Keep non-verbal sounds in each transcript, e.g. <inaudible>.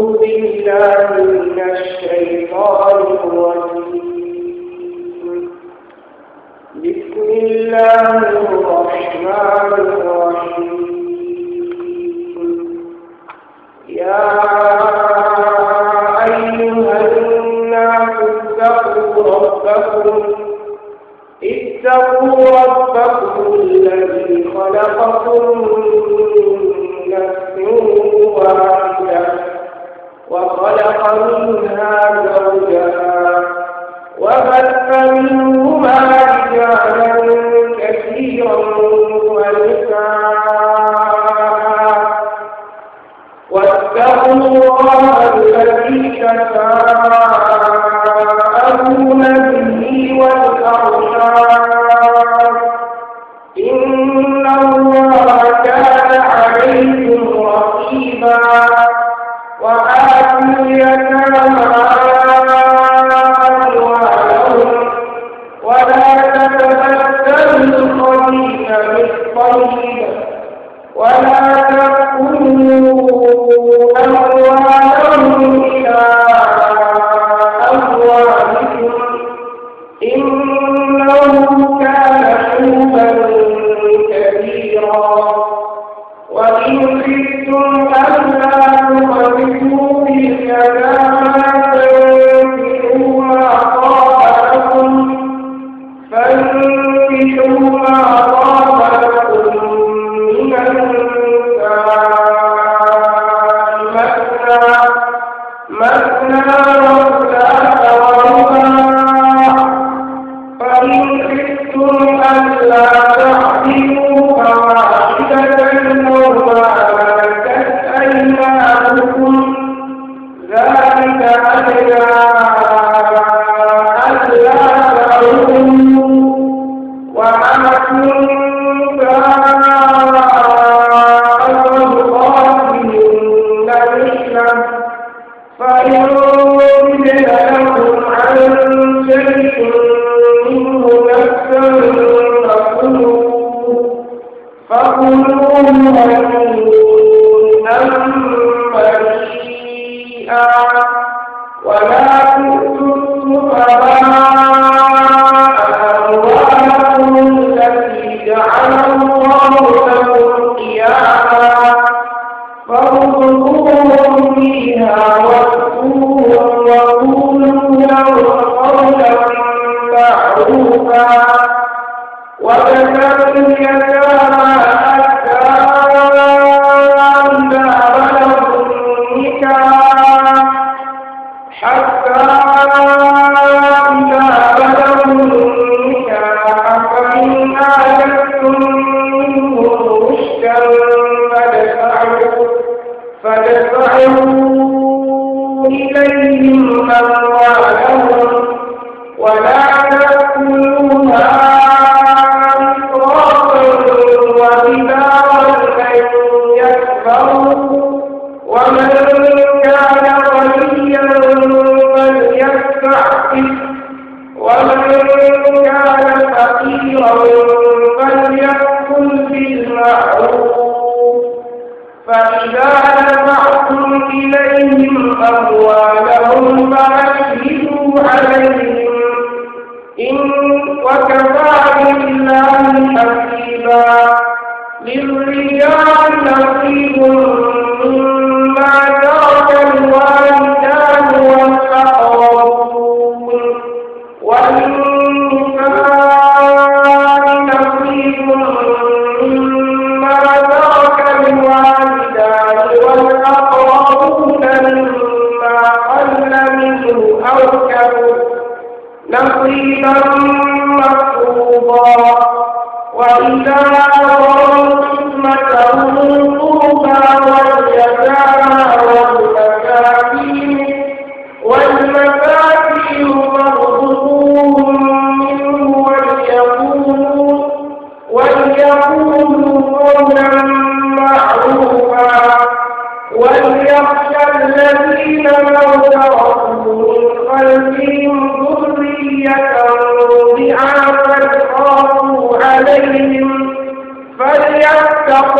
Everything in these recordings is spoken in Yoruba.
أعوذ بالله من الشيطان الرجيم بسم الله الرحمن الرحيم يا أيها الناس اتقوا ربكم اتقوا ربكم الذي خلقكم من نفس واحدة قالوا هذا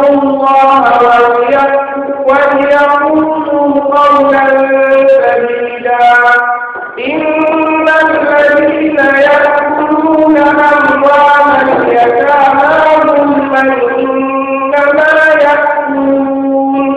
واتقوا الله وليقولوا قولا سديدا إن الذين يأكلون أموال اليتامى ظلما إنما يأكلون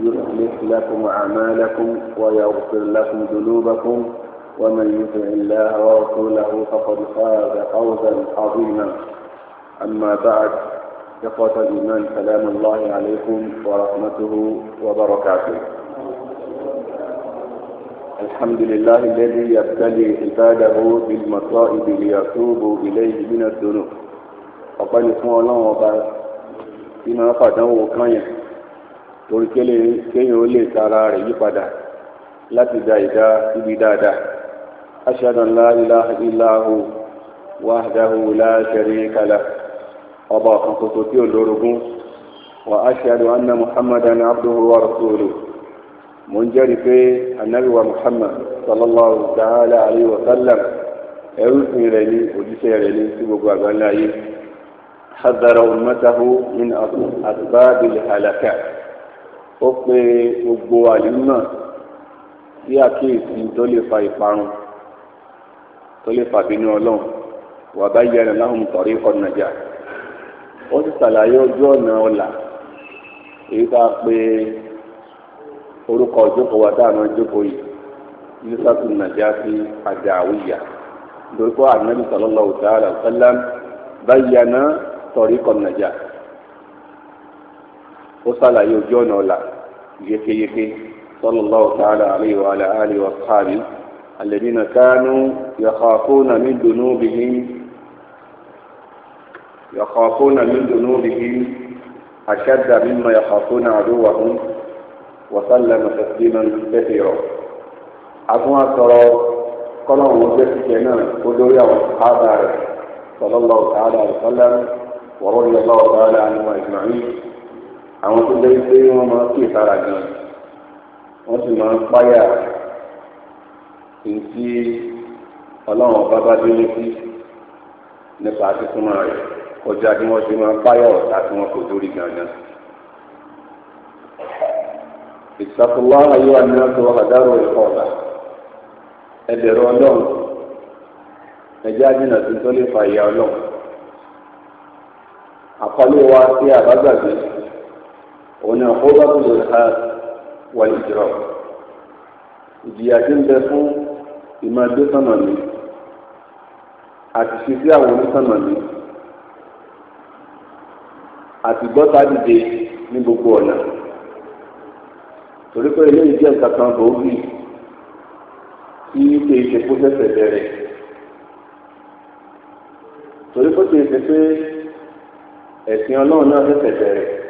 يصلح لكم أعمالكم ويغفر لكم ذنوبكم ومن يطع الله ورسوله فقد فاز فوزا عظيما أما بعد إخوة الإيمان سلام الله عليكم ورحمته وبركاته الحمد لله الذي يبتلي عباده بالمصائب ليتوبوا إليه من الذنوب ọpẹ́ ni fún ọlọ́run ọba tí máa ń torí kéèyàn ó lè tara rẹ̀ yípadà láti da ìdá ibi dáadáa ashhadu an la ilaha illa hu wahdahu la sharika lah ọba ọ̀kan ṣoṣo tí ò lórogún wa ashhadu anna muhammadan abduhu wa rasuluhu mo ń jẹ́rìí pé anabi wa muhammad sallallahu ta'ala alayhi wa sallam ẹrú sìn rẹ̀ ní òjíṣẹ́ rẹ̀ ní sí gbogbo àgbáńlá yìí حذر أمته من أسباب الهلكات ó pe gbogbo àlùm náà sí àkíyèsí tó lè fa ìparun tó lè fa bínú ọlọ́run wa bayyana lahum tariqan najah ó sì ṣàlàyé ojú ọ̀nà ọ̀la èyí tá a pe orúkọ ìjókòó wa tá a náà jókòó yìí yusuf najati adawiya lórúkọ anabi sallallahu ta'ala sallam bayyana tariqan najah. وصلى يوجون ولا يكي يكي صلى الله تعالى عليه وعلى آله وأصحابه الذين كانوا يخافون من ذنوبهم يخافون من ذنوبهم أشد مما يخافون عدوهم وسلم تسليما كثيرا أبو أسرى قال وجدت كنا قدويا وصحابه صلى الله تعالى عليه وسلم ورضي الله تعالى عنهم أجمعين àwọn tó lẹ́yìn pé wọ́n máa ń pè sára gan wọ́n sì máa ń páyà ntí ọlọ́run ọba bá dé létí nípa àtikúnmọ́ rẹ̀ kọjá bí wọ́n ṣe máa ń páyà ọ̀tá tí wọ́n kò dórí gangan. اتقوا الله ọlọ́run àjìnà tuntun lè fa ìyá òun ni ọ̀pọ̀lọpọ̀ ló ha wà ìjọ ìjìyà tí ń bẹ fún ìmọ̀ọ́dé sọ̀nà mi àti ṣíṣí àwọn onísọ̀nà mi àti gbọ́ta dìde ní gbogbo ọ̀nà torí pé eléyìí jẹ́ nǹkan gbòógì tí kì í ṣe bẹ̀rẹ̀ torí pé kì í ṣe pé ẹ̀sìn ọlọ́run náà ṣẹ̀ṣẹ̀ bẹ̀rẹ̀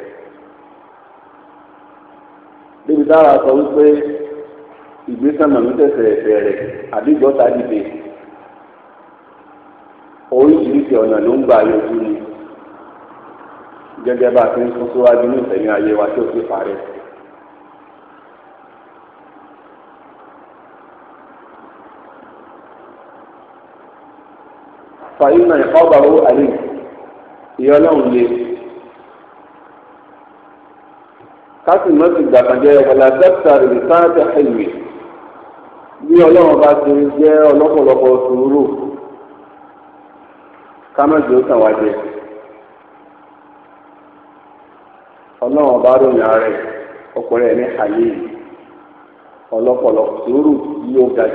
débi dára sọ wípé ìgbésẹ̀ mọ̀mí tẹ̀sẹ̀ bẹ̀rẹ̀ àbígbọ́ta dìde oríṣiríṣi ọ̀nà ló ń gbà yọjú ni gẹ́gẹ́ bá a ti ń sún síwájú ní ìsẹ̀yìn ayé wa tí ó ti parẹ́. fàyínà ìkọ́bàrú àlè ìyọlọ́run lè. kásì mọ́sì gbàgbọ́njẹ́ wàlá dẹ́kítàrì sáàtì ẹ̀mí bí ọlọ́run bá ti jẹ́ ọlọ́pọ̀lọpọ̀ sùúrù kámẹ́jì ó tàn wá jẹ ọlọ́run bá ròyìn ààrẹ ọkùnrin ẹ̀ àyè ọlọ́pọ̀lọpọ̀ sùúrù yóò ga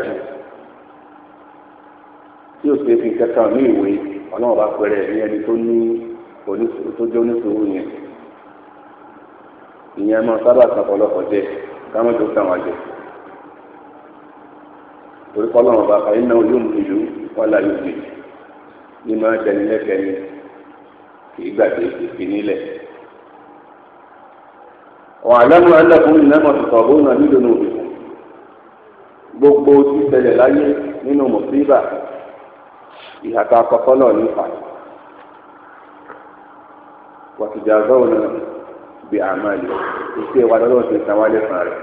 jù ṣe fi kẹta ní ìwé ọlọ́run bá pẹ̀rẹ̀ ìyẹn máa sábà sàpọ̀lọpọ̀ jẹ káwọn tó sàn wájẹ torí kọ́ lọ́wọ́ bàbá iná yóò mú ìlú wàhálà yóò gbé ní máa jẹni lẹ́kẹ̀ẹ́ni kì í gbàgbé ìfinílẹ̀. wàhálàmù aláàbò ní náà mọ̀tò sọ̀bù náà nílò ní òbí gbogbo tí láyé nínú mùsíbà ìhàtà àkọ́kọ́ náà nípa wàtìjà zọ́ọ̀ náà bí àmàlì ìṣe wa lọ́wọ́ ti san wálé fún rẹ̀.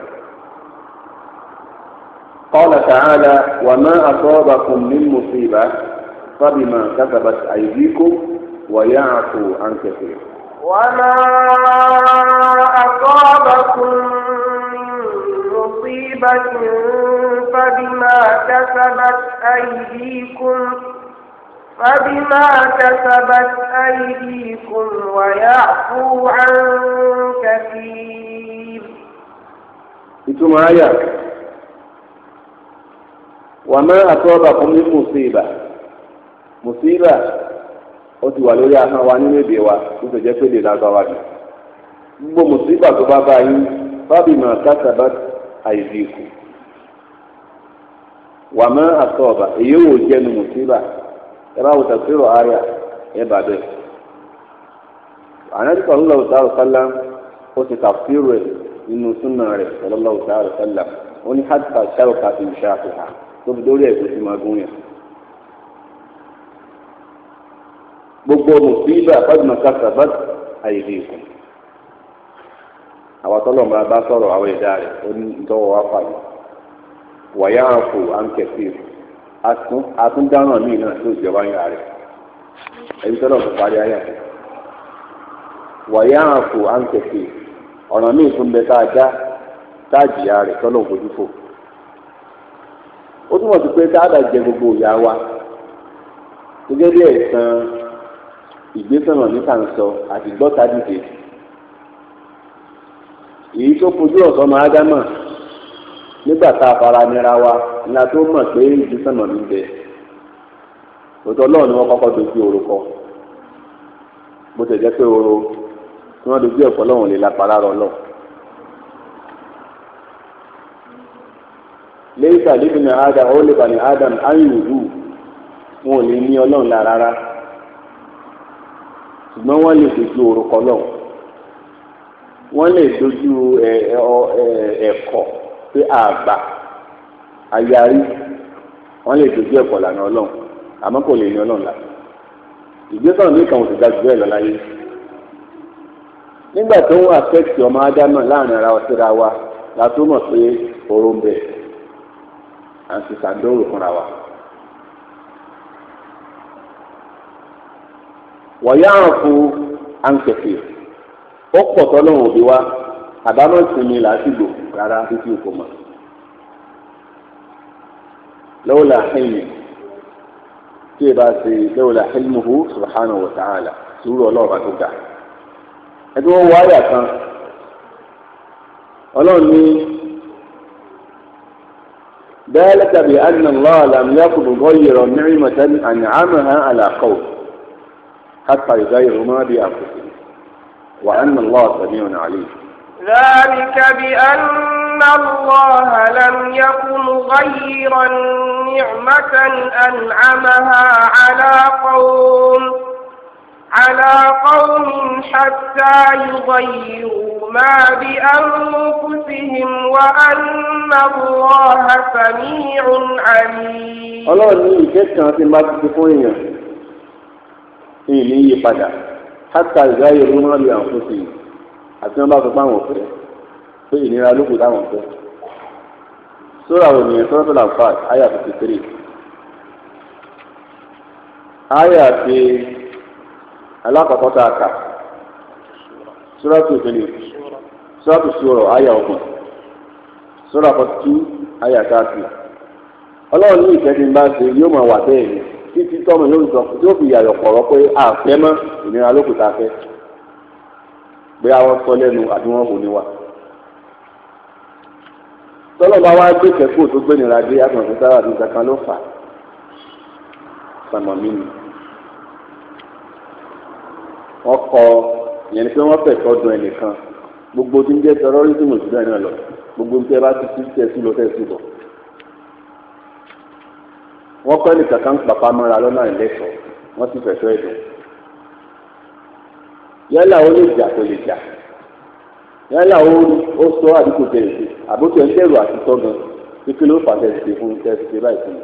qala ta'ala wa ma asabakum min musiba fabima kasabat aydikum wa ya'fu an kathir. wa ma asabakum min musibatin fabima kasabat aydikum. فبما كسبت أيديكم ويعفو عن كثير ìtumọ̀ àyà wà má àtọ́ba fún ní mùsíbà mùsíbà ó ti wà lórí ahọ́n wa nínú wa tó tẹ̀jẹ́ pé lè lágbára gbogbo mùsíbà tó bá bá yín fábì mà kásábà àìdíkù wà má àtọ́ba èyí wo jẹ́nu mùsíbà ẹ bá wo tafsirul àyà ẹ bà bẹ́ẹ̀. ànábì sallallahu ta'ala sallam ó ti tafsiru rẹ̀ nínú súnà rẹ̀ sallallahu ta'ala sallam ó ní hàtà ṣàròkà fi ṣàfihàn tó fi dórí ẹ̀kọ́ sí máa gún yàn. gbogbo mùsùlùmí fáwọn kásábàt àyèdè ìkùn àwọn tọ́lọ̀ máa bá sọ̀rọ̀ àwọn ẹ̀dá rẹ̀ ó ní ìtọ́wọ́ wá fàyè wàyà àfò àǹkẹ́sì ìkùn. A míì náà tó jẹ wáyà rẹ̀ ẹbí tọ́lọ̀ kò parí ayé àti. wàyà àǹfò àǹtẹ̀kì ọ̀ràn míì tún bẹ tá a já tá a jìyà rẹ̀ tọ́lọ̀ ògbójú fò. ó túmọ̀ sí pé táàdà jẹ gbogbo ìyá wa gẹ́gẹ́ bí ẹ̀sán ìgbésọ̀nà níta ń sọ àti gbọ́ta dìde èyí tó fojú ọ̀sán máa nira wa. la tó mọ̀ pé ìdí sànmọ̀ mi òtọ́ lọ́ọ̀ ni wọ́n kọ́kọ́ dojú kọ bó ti jẹ́ pé tí wọ́n dojú ẹ̀kọ́ lọ́wọ́n lè adam ó lè bà ní adam wọn ò lè ní ọlọ́run lára rárá ṣùgbọ́n wọ́n kọ wọ́n ayarí wọ́n lè dojú ẹ̀kọ́ lànà ọlọ́run àmọ́ kò lè ní ọlọ́run la ìgbésàn mi kan ò sì ga jù bẹ́ẹ̀ lọ láyé nígbà tó ń àfẹ́tì ọmọ ádámà láàrin ara ọ̀sẹ̀ra wa la tó mọ̀ pé oró ń bẹ̀ à ń ti sàdóòrò fúnra wa. wọ̀nyá àrùn fún àǹkẹ̀fì ó pọ̀ tọ́lọ́run òbí wa àbámọ̀ ìsinmi làásìgbò rárá títí òkò mọ̀ lọ́wọ́lá hilmi tí ẹ bá ṣe lọ́wọ́lá hilmuhu subhanahu wa ta'ala sùúrù ọlọ́ọ̀bá tó ga ẹni wọ́n wọ àyà kan ọlọ́run ní ذلك بأن الله لم يكن غير نعمة أنعمها على قوم حتى يغيروا ما بأنفسهم وأن الله سميع عليم ذلك بأن إن الله لم يكن غير نعمة أنعمها على قوم على قوم حتى يغيروا ما بأنفسهم وأن الله سميع عليم. الله يجزيك كيف كانت المادة في إيه حتى يغيروا ما بأنفسهم. حتى ما بقى pé ìnira ló kù táwọn fẹ́ sórí àwọn ènìyàn sọ́dọ̀ tó làǹfà àyà fifty three àyà ti alákọ̀ọ́kọ́ a kà sórí àti òfin sórí àti sòrò àyà ọgbọ̀n sórí àkọ́tù tú àyà káàkiri ọlọ́run ní ìfẹ́ tí ń bá ṣe yóò máa wà bẹ́ẹ̀ ni títí tọ́mọ yóò sọ tí ó fi yàyọ̀ pọ̀rọ̀ pé àfẹ́ mọ́ ìnira ló kù tá a fẹ́ bí àwọn sọ lẹ́nu àbí wọn kò ní wà tọ́lọ́ bá wá gbé kẹ́kọ̀ọ́ tó gbé nira dé àtúntò sára àti ìjàkan ló fà sàmọ̀ mí ni. wọ́n kọ ìyẹn ni pé wọ́n fẹ̀tọ́ dun ẹnìkan gbogbo tí ń jẹ́ tẹrọrìsìmù ìṣúná náà lọ gbogbo tí ẹ bá ti ti tẹ̀ sí lọ tẹ̀ sí bọ̀. wọ́n kọ́ ẹnìkan kan pàpà mọ́ra lọ́nà ìlẹ́sọ̀ọ́ wọ́n sì fẹ̀tọ́ ẹ̀dùn. yálà ó lè jà kó lè jà yálà ó sọ àdúgbò tẹ̀lé àbótú ẹ̀ ń dẹ̀rù àti tọ́gan wípé ló fà tẹ̀ ṣe fún tẹ̀ ṣe báyìí fún mi.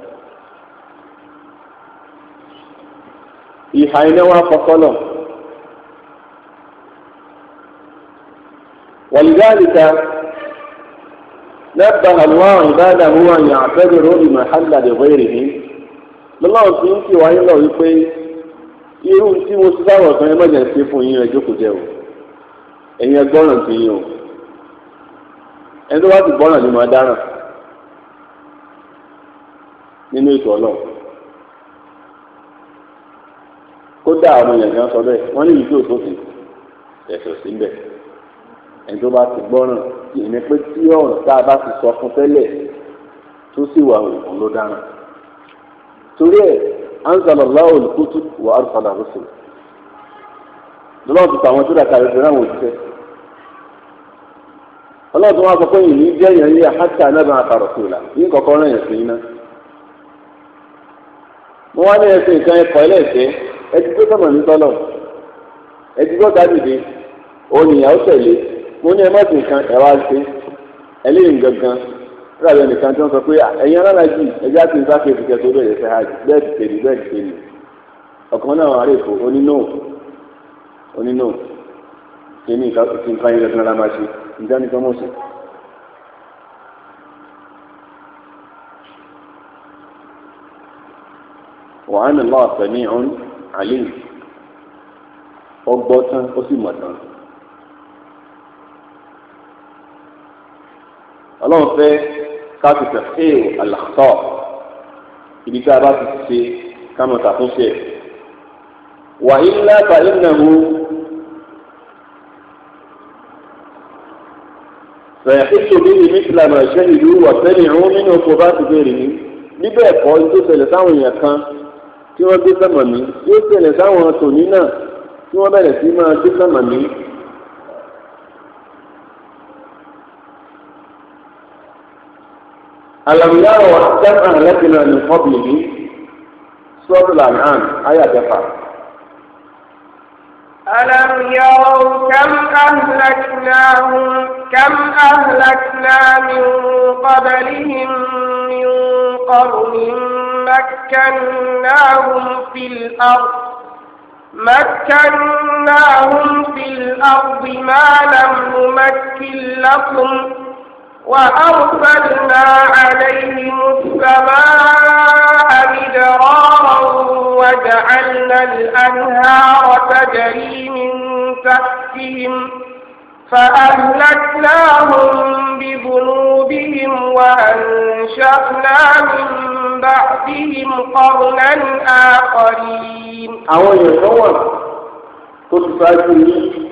ìhà iná wa fọ́kọ́lọ̀ ولذلك نبه الله عباده أن يعتبروا المحل لغيرهم lọ́lọ́run ti ń kí wáyé lọ wípé irú tí mo ti dáwọ̀ kan ẹ má ṣe fún yín ẹ jókòó jẹ́ o ẹ̀yin ẹgbọ́ràn ti yín o ẹni tó bá ti gbọ́ràn ni mo dáràn nínú ètò ọlọ́run kódà àwọn èèyàn kan sọ bẹ́ẹ̀ wọ́n ní ìdí òtòsí ẹ̀sọ̀ síbẹ̀ ẹni tó bá ti gbọ́ràn ìní pé tí ọ̀rọ̀ tá a bá ti sọ fún tẹ́lẹ̀ tó sì wà òun ló dáràn torí ẹ̀ anzalallahu al-kutub wa arsala rusul lọ́wọ́ ti pa àwọn tó dàkàrẹ̀ fẹ́ràn òṣìṣẹ́ ọlọ́run wa sọ pé ìlú jẹ́ yẹn yẹ hàtà anábà àtàrọ̀tò là ní kọ̀kọ́ rẹ̀ yẹn sí iná. mo wá ní ẹsẹ̀ nǹkan ẹ̀kọ́ ẹlẹ́ẹ̀kẹ́ ẹ ti gbé sọ̀rọ̀ ní tọ́lọ̀ ẹ ti gbọ́ dádìde ònìyàn ó tẹ̀lé mo ní ẹ má sì nǹkan ẹ̀ wá ṣe ẹlẹ́yìn gangan rírà nìkan tí wọ́n sọ pé ẹ̀yin alájì ẹjẹ́ àti nǹkan kejì kẹtó bẹ̀rẹ̀ fẹ́ hajj bẹ́ẹ̀ ti tèmi bẹ́ẹ̀ ti tèmi ọ̀kan náà wà rèéfò onínú onínú kí ni nǹkan yẹn lọ́sìn lára máa ṣe ìdáni kan mọ̀ sí. wàhánà náà fẹ̀mí ọ̀n àlẹ́ ọgbọ́ tán ó sì mọ̀ tán. ọlọ́run fẹ́ ká ti tẹ̀síì àlàkọ́ ibi tá a bá ti ṣe ká mọ̀ tàtúnṣe. wàhíńlá tàyíǹnà mú. fẹ̀yàkíṣù níbi mísìlámù ẹ̀ṣẹ́ ìlú wọ̀sẹ́ni ìrún nínú oko bá ti bèrè ní níbẹ̀ ẹ̀kọ́ tó ṣẹlẹ̀ sáwọn èèyàn kan tí wọ́n gbé sẹ́mọ̀ mí yóò ṣẹlẹ̀ sáwọn tòní náà tí wọ́n bẹ̀rẹ̀ sí máa gbé sẹ́mọ̀ mí. àlàmúyàwó sẹ́mọ̀ lẹ́kìnà ní fọ́bìlì sọ́ọ̀tù làǹhàn ayàtẹ̀fà. ألم يروا كم أهلكناهم كم أهلكنا من قبلهم من قرن مكناهم في الأرض مكناهم في الأرض ما لم نمكن لكم وأرسلنا عليهم السماء مدرارا وجعلنا الأنهار تجري من تحتهم فأهلكناهم بذنوبهم وأنشأنا من بعدهم قرنا آخرين. أو يسوع تتفاجئ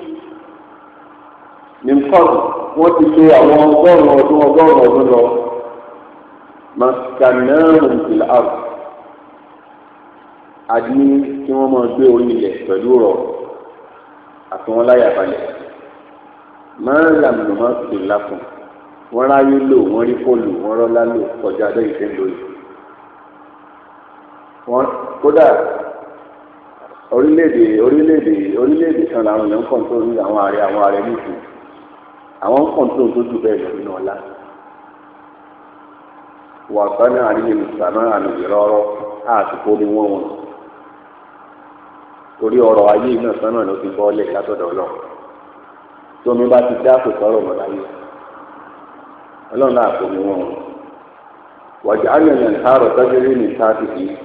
nìkọ́ọ̀tù wọ́n ti ṣe àwọn ọgọ́rùn-ún ọdún ọgọ́rùn-ún ọdún lọ maskanahum fil ard adi kí wọ́n máa gbé orí ilẹ̀ pẹ̀lú rọ̀ àti wọn láyà balẹ̀ máa ń làm lọ́mọ́ sí lápọ̀n wọ́n ráyé lò wọ́n rí fóònù wọ́n rọ́lá lò kọjá lẹ́yìn tẹ́ lórí. wọ́n kódà orílẹ̀-èdè orílẹ̀-èdè orílẹ̀-èdè kan làwọn èèyàn kàn tó ní àwọn ààrẹ àwọn ààrẹ nìkan àwọn kọ̀ǹtò tó jù bẹ́ẹ̀ lọ nínú ọlá wà sani àríyé mùsàmá àmì rọrọ àsìkò ni wọ́n wọn torí ọrọ̀ ayé náà sánà ló ti bọ́ọ̀lẹ̀ látọ̀dọ̀ ọlọ́run tómi bá ti dá kò sọ̀rọ̀ mọ́ láyé ọlọ́run náà kò wọn wàjú ní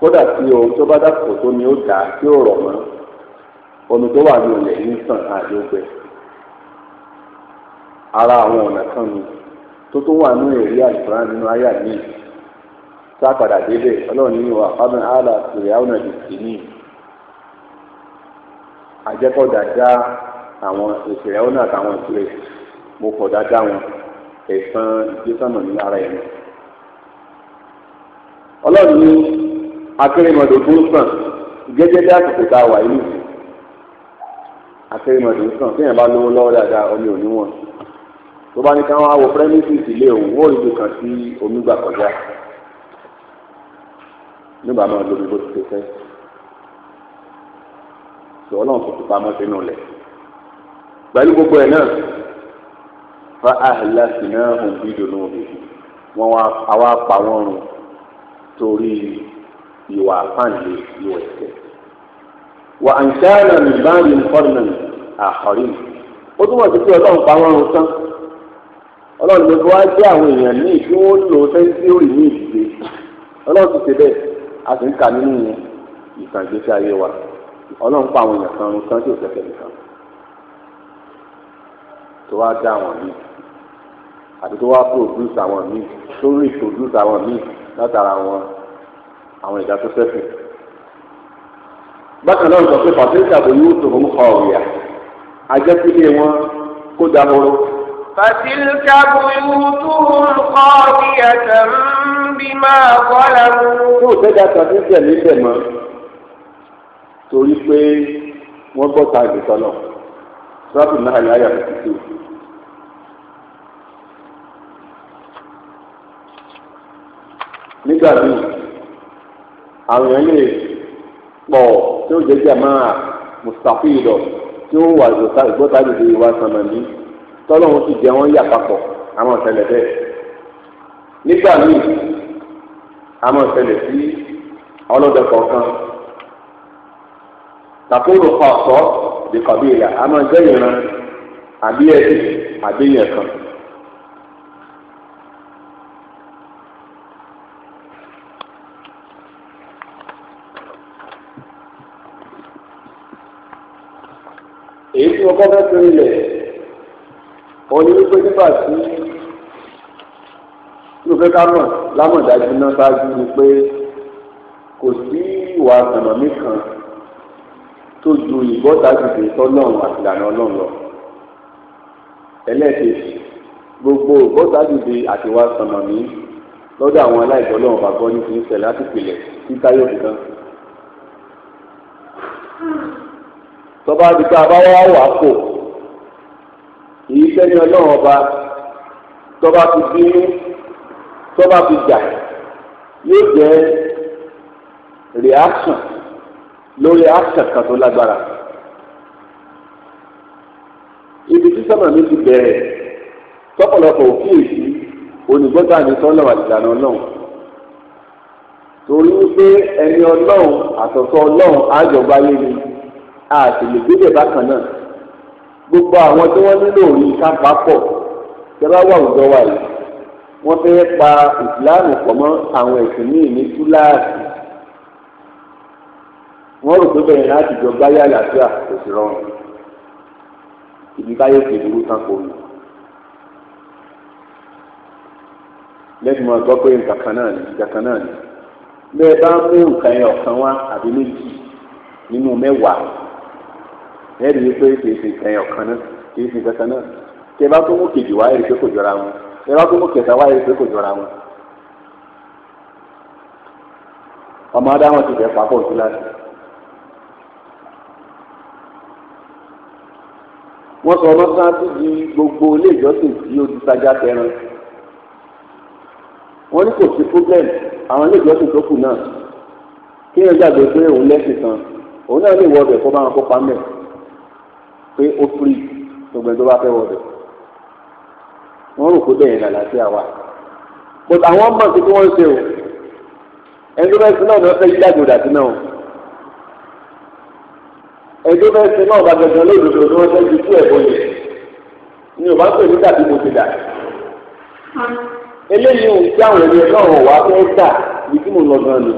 kódà tí tó bá ó dà tí ó rọ̀ mọ́ omi tó wà ní olè ní sàn ara àwọn ọ̀nà kan ni tó tún wà nínú èrí àlùfáà nínú ayé àmì sápadà débẹ̀ ọlọ́run nínú àfáàmì àlà ìyáwó náà ti ní àjẹkọ̀dà dá àwọn ìṣẹ̀yàwó náà àtàwọn ìṣẹ̀lẹ̀ mo kọ̀dá dá wọn ẹ̀sán ìgbésànà ní ara ẹ̀ náà. ọlọ́run ní akérèmọdò tó ń sàn gẹ́gẹ́ bí àsìkò tá a wà yìí akérèmọdò ń sàn kéèyàn bá lówó lọ́wọ́ dáadáa ọmọ tó bá ní káwọn awọ premises ilé òun ó rí ibi kan sí omi gbà kọjá nígbà máa lómi bó ti ṣe fẹ́ sọ ọlọ́run tó ti sínú lẹ̀ pẹ̀lú gbogbo ẹ̀ náà fa àhìlá sí náà hùn bí dùnú òbí wọn wá àwa pa wọn rùn torí ìwà àpáǹlé ìwà ẹ̀ṣẹ̀ wà àǹṣáàlà mi bá rí nǹkan náà àkọ́rí ó túmọ̀ sí pé ọlọ́run pa wọn rùn tán ọlọ́run ló fi wá jẹ́ àwọn èèyàn míì tí wọ́n lò sẹ́ńtírì ní ìdílé ọlọ́run ti ṣe bẹ́ẹ̀ a sì ń kà nínú ìtàn ìgbésí ayé wa ọlọ́run pa àwọn èèyàn kan run kan tí ò tẹ́tẹ́ nìkan tó wá dá àwọn míì àti tó wá produce àwọn míì tó rí produce àwọn míì látara wọn àwọn ìdá tó sẹ́kù bákan náà sọ pé pàṣẹ ìṣàbò yóò tó fún kọ òòyà wọn kó dahoro. فتلك بيوتهم خاوية بما ظلموا. tó sẹ́jà tàbí tẹ̀lé tẹ̀ torí pé wọ́n gbọ́ ta ìgbésọ̀ náà sọ́ọ̀tù náà ní àyà tuntun. nígbà míì àwọn èèyàn lè pọ̀ tí ó jẹ́ máa mustapha ìlọ tí ó wà ìgbọ́ta ìgbọ́ta ìdè ìwà sàmàlí. tọ́lọ́run sì jẹ́ wọ́n yà papọ̀ àmọ́ ìṣẹ̀lẹ̀ bẹ́ẹ̀. nígbà míì àmọ́ ìṣẹ̀lẹ̀ sí ọlọ́dẹ kọ̀ọ̀kan tàkùrù pàṣọ ìkọ̀bí ìlà àmọ́ ìjẹ́ ìran àbí ẹ̀sìn àbí kan. èyí tí wọ́n kọ́ òun ni wípé nígbà tí ló fẹ́ ká mọ̀ lámọ̀dájú náà ṣáájú ni pé kò sí ìwà àtàmọ̀mí kan tó ju ìbọ́ta dìde sọ́lọ́run àti ìlànà ọlọ́run lọ. ẹlẹ́ẹ̀kejì gbogbo ìbọ́ta dìde àti ìwà àtàmọ̀mí lọ́dọ̀ àwọn aláìgbọ́ lọ́wọ́ bàbá ní kì í ṣẹlẹ̀ láti pilẹ̀ sí táyọ̀ nìkan. tọ́ba adigun abáwá wà á kò èyí sẹ́ni ọlọ́run ọba tọ́ba fi bínú tọ́ba fi jà yóò jẹ́ reaction lórí action kan tó lágbára. ibi tí sọ́mà mi ti bẹ̀rẹ̀ tọ́pọ̀lọpọ̀ òkèèsí onígbọ́tà ní sọ́nà àtìlànà ọlọ́run torí wípé ẹni ọlọ́run àtọ̀tọ̀ ọlọ́run àjọgbáyé ni a sì lè gbé bẹ̀ bákan náà gbogbo àwọn tí wọ́n nílò òyìn kápá pọ̀ tẹ́lá wà àwùjọ wa yìí wọ́n fẹ́ pa ìsìláàmù pọ̀ mọ́ àwọn ẹ̀sìn míì ní túláàsì wọ́n rò pé bẹ́ẹ̀ láti jọ gbáyé àlàáfíà kò sí rọrùn ibi báyé ti burú tán kò lù lẹ́yìn mọ́ gbọ́ pé nǹkan kan náà ni nǹkan kan náà ni bẹ́ẹ̀ bá ń mú nǹkan yẹn ọ̀kan wá àbí méjì nínú mẹ́wàá ẹ̀rí wípé kìí ṣe ẹ̀yọ̀ kan náà kìí ṣe kankan náà tẹ bá tó mú kejì wá ẹ̀rí pé kò jọra wọn tẹ bá tó mú kẹta wá ẹ̀rí pé kò jọra wọn. ọmọ adáwọn ti bẹ̀ papọ̀ sí láti. wọ́n sọ ọlọ́sán tó di gbogbo ilé ìjọsìn tí ó ti sájà tẹran. wọ́n ní kò sí problem àwọn ilé ìjọsìn tó kù náà kí ẹ̀yàn gbàgbé pé òun lẹ́sìn kan òun náà lè wọ ọbẹ̀ kó bá wọn kópa mẹ́rin pé ó firi gbogbo ẹni tó bá fẹ́ wọ̀ bẹ̀. rò pé bẹ́ẹ̀ ni àlàáfíà wà. but àwọn mọ̀ sí kí wọ́n ṣe o ẹni tó bẹ́ẹ̀ sí náà ni wọ́n fẹ́ yí dájú dàtí náà o. ẹni tó bẹ́ẹ̀ sí náà bá gbẹ̀gbẹ̀ lódodo ni wọ́n fẹ́ ju tú ẹ̀bọ yẹn. ni ò bá pè ní tàbí mo ti dà. eléyìí ò ń jáwèé ni ọlọ́run wà fẹ́ dà ibi tí mo lọ gan ni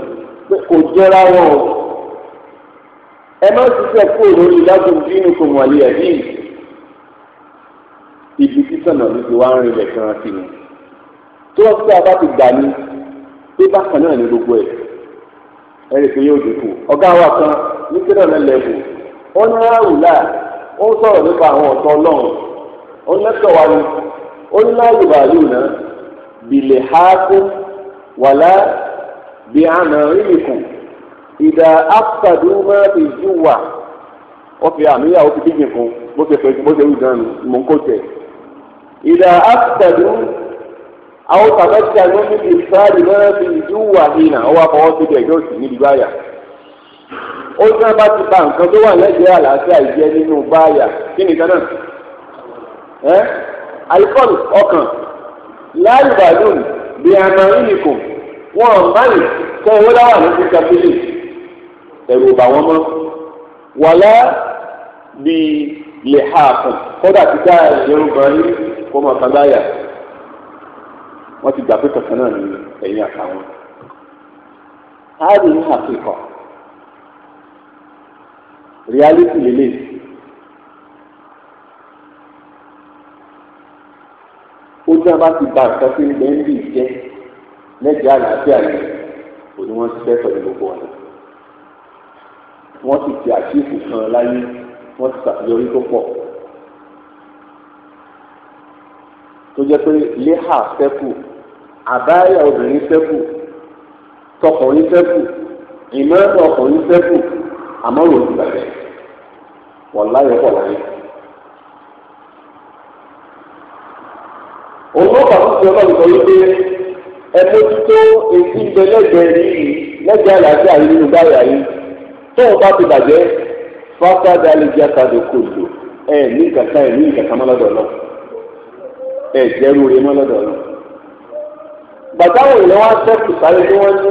pé kò jẹ́ra wọn o ẹ má ṣiṣẹ́ kúrò lórí lágùn dínú kò wọ́n lé ẹ̀dí ibi sísànà ní ti wá ń rinlẹ̀ kan sí ni tó wọ́n ti sábà ti gbà ní pé bákan náà ní gbogbo ẹ̀ ẹ rí i pé yóò dínkù ọ̀gá wa kan ní kíndà náà lẹ́bù wọ́n ní ráàlùlá ó ń sọ̀rọ̀ nípa àwọn ọ̀tọ̀ ọlọ́run ó ní lẹ́tọ̀ wa ni ó ní láàyè bàálù náà bìlẹ̀ háàkú wàlá bí àná rí ìkùn ìdá áfàdù máa fi yú wà wọ́n fi àmúyàwó fi díje fún bó ṣe pẹ̀lú bó ṣe wù gan ni mò ń kó tẹ̀. ìdá áfàdù àwọn tàbẹ́tì àgbẹ̀mí fi sáàdì máa fi yú wà hìnà ọwọ́ àfọwọ́ ti bẹ̀ yóò sì níbi báyà. ó ní wọn bá ti ba nǹkan tó wà lẹ́gbẹ̀ẹ́ àlàáfíà ìjẹ́ nínú báyà kí nìkan náà. ẹ́ alikọ́lù ọkàn láàyè bàdùn bí àmàlí nìkan wọn ò máyì kọ́ owó láwà ní ti kàfílì ẹ̀rù bà wọ́n mọ́ wàlá bí lè ha kàn kódà títà ẹ̀rù bá yín kó máa kan láyà wọ́n ti gbà pé kankan náà ní ẹ̀yìn àtàwọn. Áàdì ní àfikọ̀ reality lélẹ̀. ó dá ti ba nǹkan tí ń bẹ́ẹ̀ ń bì jẹ́ lẹ́jẹ̀ẹ́ àlàáfíà yìí òní wọ́n ti fẹ́ pẹ̀lú gbogbo ọ̀nà wọ́n sì ti àṣìkò kan láyé wọ́n ti ṣàṣeyọrí tó pọ̀. tó jẹ́ pé léhà sẹ́kù àbáyà obìnrin sẹ́kù tọkùnrin sẹ́kù ìmọ̀ràn ọkùnrin sẹ́kù àmọ́ ròdù bàjẹ́ wọ́n láyọ̀ pọ̀ láyé. òun ó bàbá ti ọlọ́run sọ wípé ẹ mójútó èsì ìgbẹ́lẹ́gbẹ̀ẹ́ yìí lẹ́gbẹ̀ẹ́ àlàáfíà yìí nínú báyà yìí. tó o bá ti bàjẹ́ fásitì alẹ́jẹ́ àtàdé kò lò ẹ ní kàkà ẹ ní kàkà má lọ́dọ̀ lọ ẹ jẹ́rú rẹ má lọ́dọ̀ lọ. bàtà àwọn èèyàn wá sẹ́kù sáré tí wọ́n ní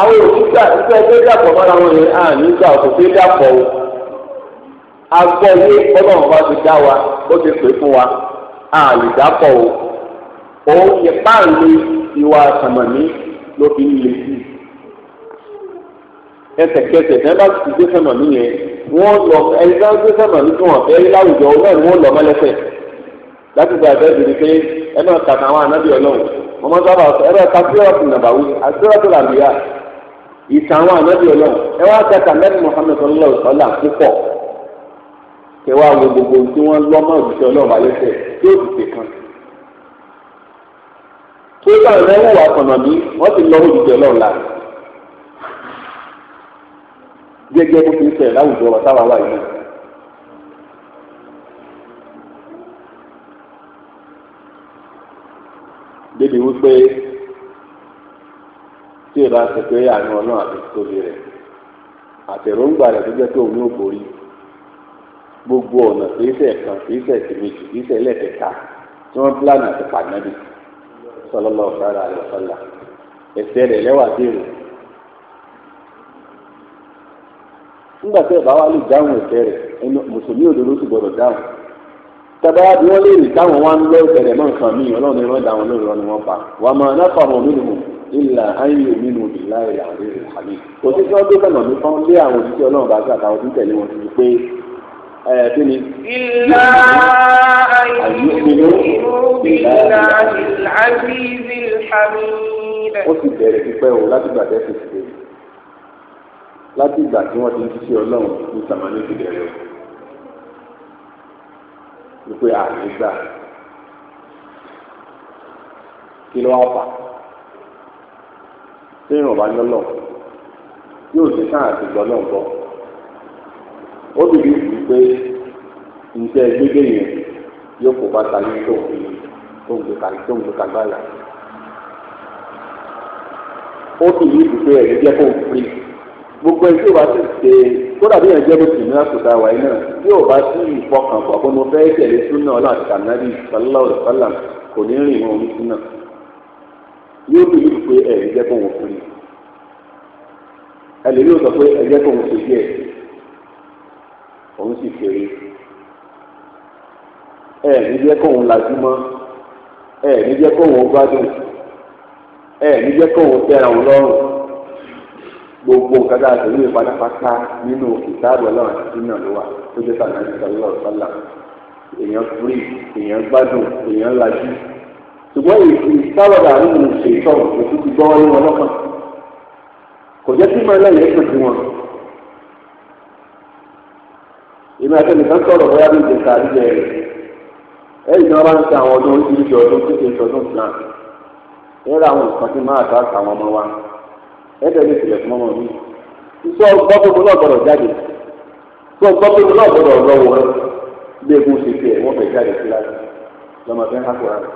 àwọn òṣìṣẹ́ ẹgbẹ́ dàpọ̀ wọn yẹn à nígbà òṣìṣẹ́ dàpọ̀ o. agbọ́ ilé wa bó ti pè fún wa à lè dàpọ̀ o. ẹsẹ̀kẹsẹ̀ náà bá ti gbé sàmà mí yẹn wọ́n lọ ẹni bá gbé sàmà mí fún ọ̀fẹ́ láwùjọ náà wọ́n lọ mọ́lẹ́sẹ̀ láti gba ẹ̀fẹ́ bìrì pé ẹ máa kà àwọn ànábì ọlọ́run wọ́n máa sábà sọ ẹ bá ka síwájú nàbàwí àsíwájú làbíyá ìtàn àwọn ànábì ọlọ́run ẹ wá ka tàmẹ́tì Muhammad sallallahu alaihi wasallam púpọ̀ kẹ wá wo gbogbo tí wọ́n lọ́ mọ́ òṣìṣẹ́ ọlọ́run alẹ́sẹ̀ tí ó sì ṣe kan tó bá ìrẹ́wọ̀ wà kànáà wọ́n ti lọ́ òṣìṣẹ́ ọlọ́run láàrin gẹ́gẹ́ bó ti ń ṣẹlẹ̀ láwùjọ wa táwa wà yìí. débi wípé tí ìbá ṣe pé àánú ọlọ́run àti tóbi rẹ̀ àtẹ̀rọ̀ǹgbà rẹ̀ tó jẹ́ pé òun yóò borí gbogbo ọ̀nà kìí ṣe kan kìí ṣe tìmejì kìí ṣe lẹ́ẹ̀kẹta tí wọ́n pílánà àti pàdánù sọlọ́lọ́ ọ̀sára àlọ́sọ́là ẹ̀sẹ̀ rẹ̀ lẹ́wà dèrò nígbà tí ẹ̀bá wa lè dáhùn ẹ̀fẹ́ rẹ̀ ẹni mùsùlùmí òdodo sì gbọdọ̀ dáhùn tàbí àbí wọn lè rí táwọn wá ń lọ ìbẹ̀rẹ̀ mọ́ nǹkan míì ọlọ́run ẹ̀rọ dá wọn lórí ọ̀nà wọn pa wà á máa náfà wọn nínú ìlà ayé nínú ìlà ẹ̀rẹ̀ àrẹ rẹ̀ àmì kò sí kí wọ́n gbé mi kan lé àwọn òṣìṣẹ́ ọlọ́run bá sí àtàwọn tẹ̀lé wọn ti pé ẹ̀ láti ìgbà tí wọ́n ti ń ṣiṣẹ́ ọlọ́run ní sàmánì ìpìlẹ̀ rẹ̀ wípé àmì gbà kí ló wá fà ní ọlọ́run yóò ṣe sáà náà gbọ́ ó bìbí ìlú pé ǹjẹ́ yẹn yóò kó bàtà ní tó ó pé ẹ̀rí jẹ́ kó gbogbo ẹni tí o bá sì ṣe kódà bí yẹn jẹ́ bó tìmí àkùdá wa iná tí o bá sì fọkàn pọ̀ pé mo fẹ́ tẹ̀lé súnà ọlọ́run àti kànáàbì sallallahu alaihi wasallam kò ní rìn wọn ní súnà yóò bí yìí pé ẹ̀rí jẹ́ kóhun fún mi ẹlẹ́ni yóò sọ pé ẹ̀rí jẹ́ kóhun ṣe díẹ̀ òun sì ṣeré ẹ̀rí jẹ́ kóhun lajúmọ́ ẹ̀rí jẹ́ kóhun gbádùn ẹ̀rí jẹ́ kóhun tẹ́ra òun lọ́rùn. gbogbo nǹkan a tẹ̀lé ìwé pátápátá nínú ìtaàbọ̀ náà ló wà tó jẹ́ sànà ìsàlọ́ sálà èèyàn fúri èèyàn gbádùn èèyàn lajú ṣùgbọ́n nínú ti gbọ́ wáyé wọn lọ́kàn kò jẹ́ sí máa lẹ́yìn ẹ̀sìn sí wọn. ìmọ̀ àti ẹnìkan sọ̀rọ̀ bóyá bí ìjẹta àdìjẹ rẹ̀ ẹ̀yìn náà bá ń àwọn ọdún oríṣiríṣi ọdún tó náà ẹ̀ẹ́dẹ̀ lè tilẹ̀ fún ọmọ mi sọ gbọ́ pé mo náà gbọ́dọ̀ jáde sọ gbọ́ pé mo náà gbọ́dọ̀ lọ́wọ́ rẹ bí egun ṣe fi ẹ̀ wọ́n fẹ́ jáde síláàsì lọ́mọ fẹ́ hákùn rẹ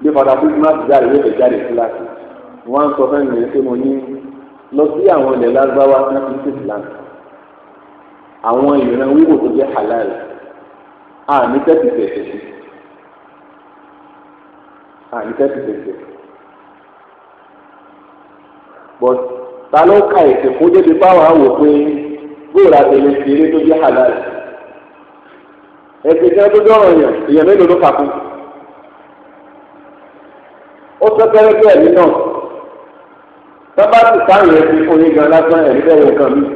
bí padà bí má ti jáde wọ́n fẹ́ jáde síláàsì wọ́n á sọ fẹ́ nìyẹn pé mo ní lọ sí àwọn ilẹ̀ lágbáwá láti ṣe ìlànà àwọn ìran wíwò tó jẹ́ halal àmì tẹ́tì tẹ̀tẹ̀ àmì tẹ́tì tẹ̀tẹ̀ but ta ló ka èsì fún débi báwa wò pé gbóòrà tèmi fi eré tó jẹ́ halal ẹ̀sìn kan tó dọ̀rọ̀ yàn èèyàn mélòó ló kàkún ó tẹ́tẹ́rẹ́ bí ẹ̀mí náà sábà ti sáyẹn fi fún yín gan lásán ẹ̀mí bẹ̀rẹ̀ nǹkan mi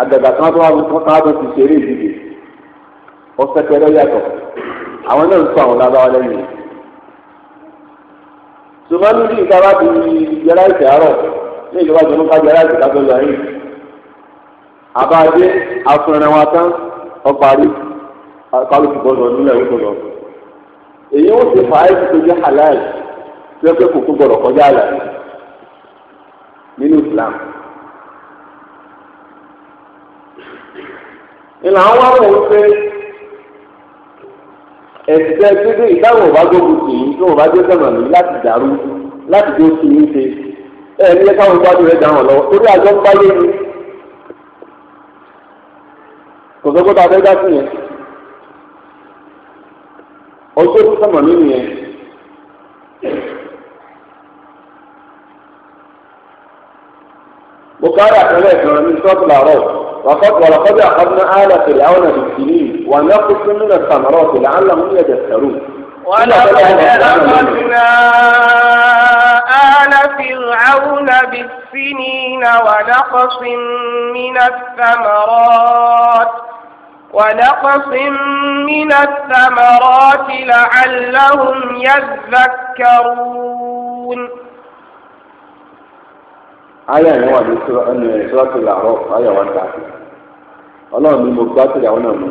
àgbàgbà kan tó wà fún káàdó ti ṣeré ìdíje ó tẹ́tẹ́rẹ́ yàtọ̀ àwọn náà ń sọ àwọn lábáwá lẹ́yìn ṣùgbọ́n níbi ìtara ti yẹra ìtẹ̀ àárọ̀ ní ìjọba ìjọba ká yẹra ìtẹ̀ kájọ lọ yìí àbájé afúnrin wa tán ọparí kálukú gbọdọ̀ nílẹ̀ yóò gbọdọ̀ èyí ó ti fà á èyí tó jẹ́ tí ó kòkó gbọdọ̀ kọjá àlà nínú Islam. ìlànà wa wò ó ẹ̀sẹ̀ gbígbé ìdáhùn ọba gbógun tì í tó ọba gbé sọ̀rọ̀ mi láti dàrú láti tó tì í ṣe ẹ ní ẹ káwọn gbádùn rẹ dáhùn lọ́wọ́ torí àjọ ń báyé ni kò sọ pé tàbí dá sí yẹn ọjọ́ tó sọ̀rọ̀ mi nìyẹn. mo kárí àtẹlẹ ìfẹ́ mi sọ́ọ̀tù làárọ̀. وقد ولقد أخذنا آل فرعون بالسنين ونقص من الثمرات لعلهم يذكرون ولقد أخذنا آل فرعون بالسنين ونقص من الثمرات ونقص من الثمرات لعلهم يذكرون àyà yẹn wà ní sọ́ọ̀tì làárọ̀ àyà wà dà ọlọ́run ni mo gbá tìyàwó náà mú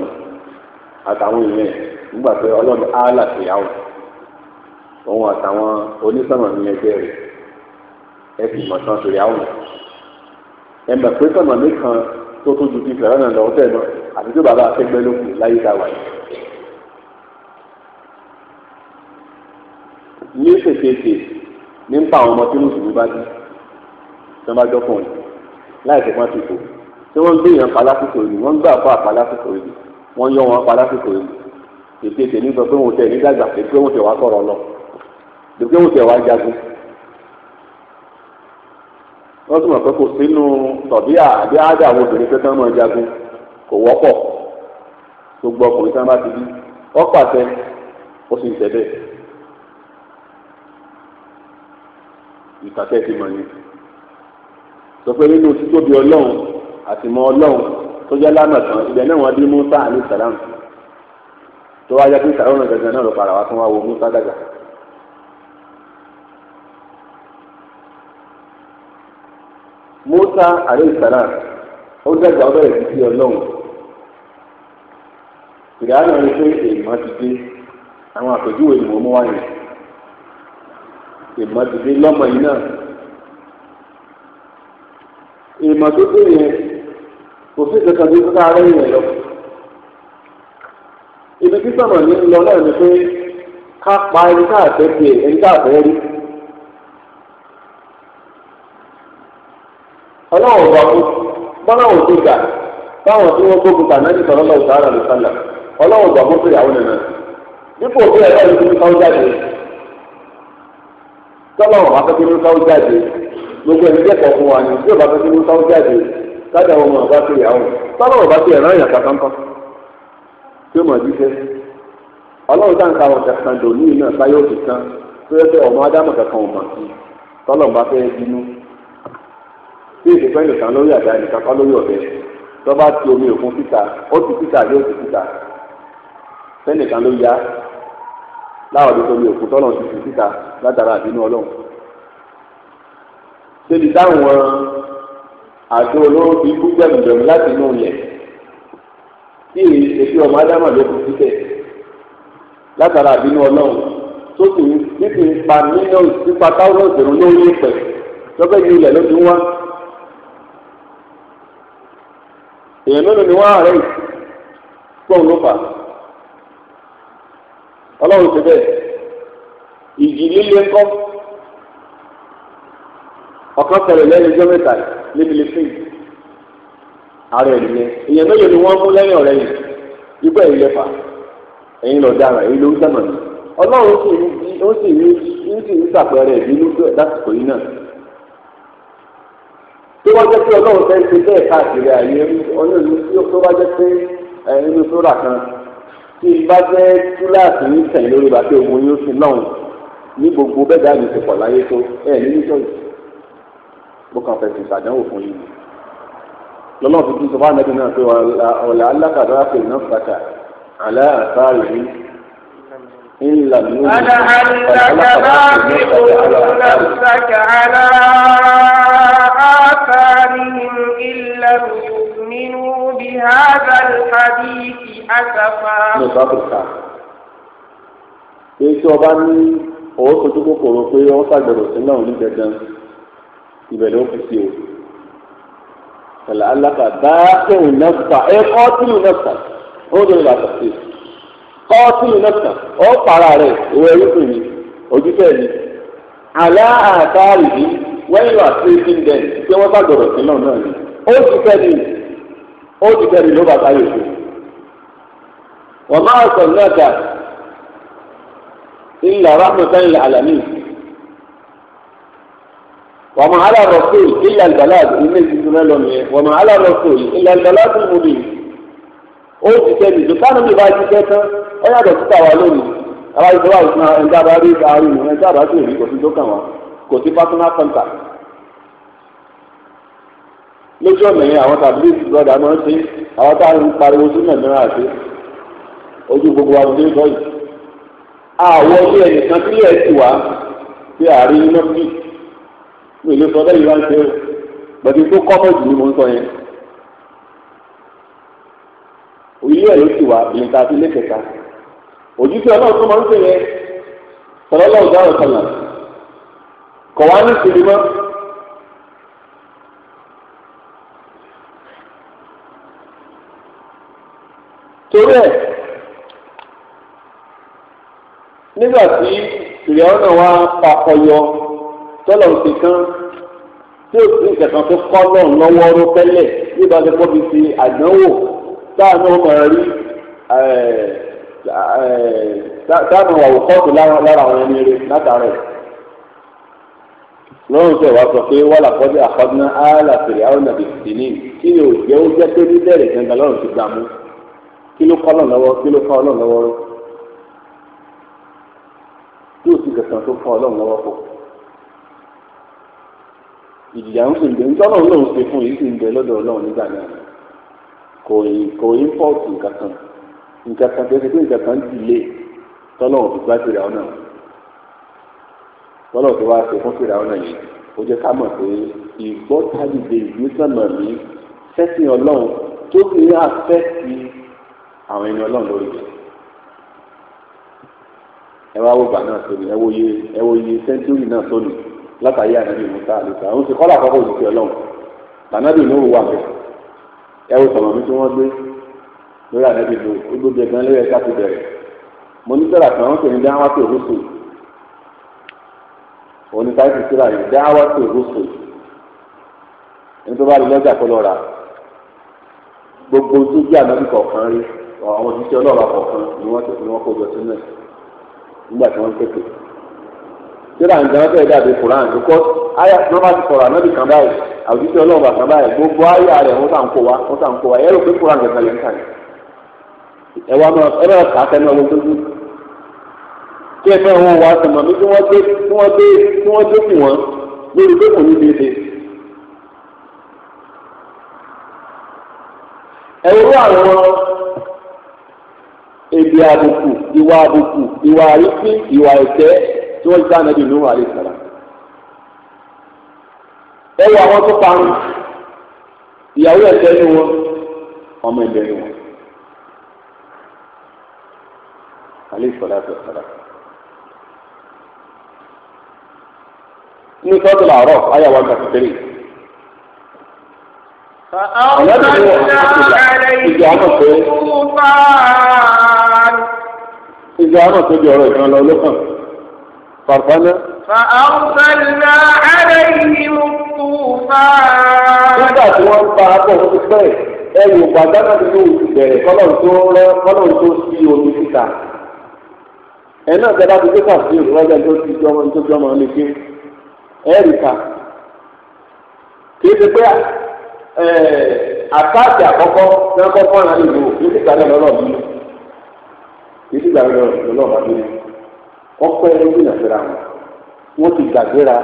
àtàwọn èèyàn nígbà pé ọlọ́run áàlà tìyàwó òun àtàwọn onísọ̀nà ní ẹgbẹ́ rẹ̀ ẹ sì mọ̀ tán tìyàwó ẹ mọ̀ pé sọ̀nà nìkan tó tó ju ti fẹ̀rẹ̀ náà lọ́wọ́ tẹ̀lé àti tó bàbá akẹgbẹ́ ló kù láyé tá a wà yìí. ní èsèkéèké ní àwọn ọmọ tí mùsùlùmí bá dùn tí wọ́n bá jọ́kùnrin láì fẹ́ pọ́n ti kò tí wọ́n ń gbìyàn palásìkò yìí wọ́n ń gbà fún àpalásìkò yìí wọ́n yọ wọn palásìkò yìí ètò ètò nígbà pé wọn tẹ̀ ní dàgbà pé pé wọn tẹ̀ wá kọ̀rọ̀ lọ pé wọn tẹ̀ wá jagun wọ́n tún mọ̀ pé kò sínú tọ̀bí àbí àádá àwọn obìnrin pé kán máa jagun kò wọ́pọ̀ gbogbo ọkùnrin tán ti bí wọ́n pàṣẹ ó sì ń tẹ̀ ìtàkẹ́ ti mọ̀ ni sọ pé nínú títóbi ọlọ́run àtìmọ́ ọlọ́run tó jẹ́ lámàtàn ibẹ̀ náà wọ́n bí musa àní sàlámù tó wáyé kí sàlámù gẹ́gẹ́ náà lọ para wá tó wá wo musa dàgbà. musa àní sàlámù ó dàgbà ó bẹ̀rẹ̀ títí ọlọ́run ìdáná ni pé èèmọ̀ ti dé àwọn àpèjúwe ìmọ̀ mọ́ wáyé èèmọ̀ ti dé lọ́mọ yìí náà. e yẹn kò sí ìkẹta tó kọ́ta ara yẹn lọ. ibi tí sọ̀rọ̀ ní lọ náà ni pé ká pa ẹni tá àfẹ́ ẹni tá àfẹ́ rí. kú bọ́lá gà tí wọ́n gbógun tà náà sọ̀rọ̀ lọ́wọ́ sàárà ló sálà kú dípò bí jáde ló jáde. gbogbo ẹni kẹ́kọ̀ọ́ fún wa ni bí ọba tó ti mú sáwọ́ jáde kájà ọmọ ọba tó yà wọn sábà ọba tó yà náà yà kankan kan tí ó mọ̀ jíṣẹ́ ọlọ́run tá n ka àwọn kankan dò ní iná sáyé òkè kan tó yẹ pé ọmọ ádámù kankan ò mọ̀ sí tọ́lọ́run bá fẹ́ bínú tí èdè pẹ́ nìkan lórí àdá nìkan kọ́ lórí ọ̀bẹ tó bá ti omi òkun síta ó ti síta lé òkè síta sẹ́nìkan ló yá láwọn ọdún tó omi òkun tọ́lọ́run ti fi síta látara àbínú ọlọ́run débi táwọn àti olóró fi kú gbẹ̀mùgbẹ̀mù láti inú yẹn tí èsì ọmọ ádámà ló kù síbẹ̀ látara àbínú ọlọ́run tó sì ń títí pa mílíọ̀nù sípa táwọn òṣèlú lórí ìpẹ̀ lọ́gbẹ́ yìí ilẹ̀ ló ti wá. èèyàn mélòó ni wọ́n àárẹ̀ fóun ló fà ọlọ́run ti bẹ́ẹ̀ ìjì líle ńkọ́ ọ̀kan tẹ̀lé lẹ́nu ọjọ́ mẹ́ta níbi lè fún yìí ààrẹ nìyẹn èèyàn mẹ́yẹ̀ ni wọ́n mú lẹ́yìn ọ̀rẹ́ yìí ibú ẹ̀yìn lẹ́fà ẹ̀yìn lọ dára èyí ló ń dámọ̀ ní ọlọ́run sì ń sì ń sì ń sàpẹrẹ ìbínú lásìkò yìí náà tó wá jẹ́ pé ọlọ́run fẹ́ ṣe bẹ́ẹ̀ káàkiri àyè ọlọ́run tó wá jẹ́ pé inú sóra kan tí bá jẹ́ kíláàsì ń tẹ̀lé lórí bàtẹ́ òun yóò fi náà ní gbogbo bẹ́ẹ̀ dáàbò ti pọ̀ láyé tó ẹ̀ nínú sọ́yìn ó kàn fẹsẹ̀ ìṣàdánwò fún yìí lọ́lọ́run tuntun sọ fún anabi náà pé ọ̀là alákàdá pè náà fàkà àlẹ́ àṣà rẹ̀ إلا فلعلك باقع نفسك على آثارهم إن لم يؤمنوا بهذا الحديث أسفا. Èyí tí ọba ní ọwọ́ sojú kòkòrò pé ó ṣàgbẹ̀rọ̀ sí náà ní dandan ibẹ̀ ló fi sí o pẹ̀lú alákà dáàkẹ́wò nẹ́fà ẹ kọ́tìlù nẹ́fà ó ń lọ àtọ̀ sí kọ́tìlù nẹ́fà ó para rẹ̀ ìwé ẹ̀rúfin mi ojúfẹ́ mi àlá àtàrí yìí wẹ́yìn wà sí ìdíndẹ̀ tí wọ́n bá gbọ̀dọ̀ sí náà náà ni ó ti fẹ́ mi ó ti fẹ́ mi ló bàtà yòókù wọ́n máa sọ̀ náà ta ìlà rámọ̀tán وما على الرسول إلا البلاغ النبي صلى الله عليه وسلم وما على الرسول إلا البلاغ المبين ó ti tẹ́lẹ̀ tó kánú mi bá ti tẹ́ tán ó yàtọ̀ síta wa lónìí ara ìṣòro àìsàn ẹ̀ńdá bá rí àárí ìmọ̀ ẹ̀ńdá bá sì rí kò sí tó kàn wá kò sí personal contact. lójú ọ̀nà yẹn àwọn tàbí ìsìn brọ́dà máa ń ṣe àwọn tá à ń pariwo sí nàìjíríà àti ojú gbogbo wa lóde ìtọ́jú. àwọn ilé ẹnìkan sílẹ̀ ti wá sí àárín iná mi lè sọ bẹ́ẹ̀ yóò wá ṣe o gbẹ̀dẹ̀ tó kọ́ mọ́jú ni mo ń sọ yẹn. òyìnbó ẹ̀ ló ti wà ìlẹ̀ta àti ilé kẹta òjútì ọlọ́run tó máa ń sèyẹ sọlọ́lọ́ ọ̀dọ́ ọ̀sán kọ̀ wá ní ìsinmi mọ́. torí ẹ̀ nígbà tí ìrẹ̀ ọ̀nà wa pakọyọ tọ́lọ̀ ń fi kán tí ó sì ń kẹ̀kan tó kọ́ náà lọ́wọ́ ọ̀rọ̀ tẹ́lẹ̀ nígbà tó kọ́ fi ti àdánwò táwọn náà máa rí táwọn wà wòkọ́ọ̀tù lára àwọn ẹni rẹ látara ẹ̀. lọ́rùn tẹ̀ wá sọ pé wọ́n làkọ́jú àkọ́dúná áàlà fèrè àwọn nàbì tìní kí ni ò jẹ́ ó jẹ́ pé ní bẹ̀rẹ̀ gangan lọ́rùn ti gbà mú kí ló kọ́ náà lọ́wọ́ kí ló kọ́ náà lọ́wọ́ tí ó sì kẹ̀kan tó kọ́ ọlọ́run lọ́wọ́ ìjìyà ń sìn bẹ ntọ́nà lòun ṣe fún yìí sì ń bẹ lọ́dọ̀ ọlọ́run nígbà náà kò yìí kò yìí ń pọ̀tù nǹkan kan nǹkan kan tó ṣe pé nǹkan kan dìlé tọ́nà òfin gbá ṣe ra ọ̀nà tọ́nà tó wá ṣe fún ṣe ra ọ̀nà yìí ó jẹ́ ká mọ̀ pé ìgbọ́ tálíbe ìlú sọ̀nà mi sẹ́sìn ọlọ́run tó fi ń àfẹ́sì àwọn ẹni ọlọ́run lórí rẹ̀ ẹ wá wò gbà náà sóni ẹ wo iye sẹ́ńtúrì náà sóni látàyé ànábì musa àlùkò àwọn ti kọ́lá àkọ́kọ́ òṣìṣẹ́ ọlọ́run ànábì ló wà bẹ́ẹ̀ ẹ wo sọ̀rọ̀ mi tí wọ́n gbé lórí ànábì ló ó gbóbi ẹ̀gbọ́n lórí ẹ̀ka ti bẹ̀rẹ̀ mo ní sọ̀rọ̀ àtàwọn kò ní dá wá sí òrùsù òun ní sáyẹ́sì síra yìí dá wá sí òrùsù ní tó bá rí lọ́jà kó lọ rà gbogbo tó jẹ́ ànábì kọ̀ọ̀kan rí àwọn òṣìṣẹ́ ọlọ́run kọ̀ọ̀kan ni wọ́n kó jọ wọ́n pèsè tíra ń jẹun fẹ́ẹ́ dàbí koran lókọ́ àyà tí wọ́n bá ti sọ̀rọ̀ ànábì kan báyìí àwùjọ ọlọ́run bàkan báyìí gbogbo àyà rẹ̀ wọ́n sàn kó wa wọ́n sàn kó wa ẹ̀rọ pé koran gẹ̀gẹ̀ lẹ́ńkà ni ẹ wá máa ẹ máa kà á fẹ́ẹ́ máa kí ẹ fẹ́ wọn wá sọ̀mọ́ mi kí wọ́n dé kí wọ́n dé kí wọ́n lórí pé kò ní dédé. ẹ àwọn èdè àbùkù ìwà àbùkù ìwà àríkí ìwà ẹ̀tẹ́ tí wọ́n gbá nàbì nù alẹ́ sàlám. ẹ wọ àwọn tó parun ìyàwó ẹ̀jẹ̀ ni wọn ọmọ ẹ̀jẹ̀ ni wọn alẹ́ sàlám tó sàlám. ní sọ́tò làárọ̀ ayàwó àgbàkùtẹ́rì. فأرسلنا عليهم طوفان ìjọ àmọ̀ tó di ọ̀rọ̀ ìkan lọ ló kàn. فربنا فأرسلنا عليهم الطوفان nígbà tí wọ́n ń pa abọ́ wọn ti pẹ́ ẹ̀yìn ògbà dáná ni yóò ti bẹ̀rẹ̀ kọ́lọ́n tó rẹ́ kọ́lọ́n tó sí omi síta ẹ̀ náà tẹ́lá ti dé kàfí ìrọ́jà tó ti jọmọ tó jọmọ ní kí ẹ̀ríkà kìí ṣe pé àtàkì àkọ́kọ́ tí wọ́n kọ́ fún àwọn ìlú kìí ṣe ìgbà náà lọ́rọ̀ mi kìí ṣe ìgbà náà lọ́rọ̀ mi ọkọ ẹni jìnnà síra wọn wọn ti gbàgbéra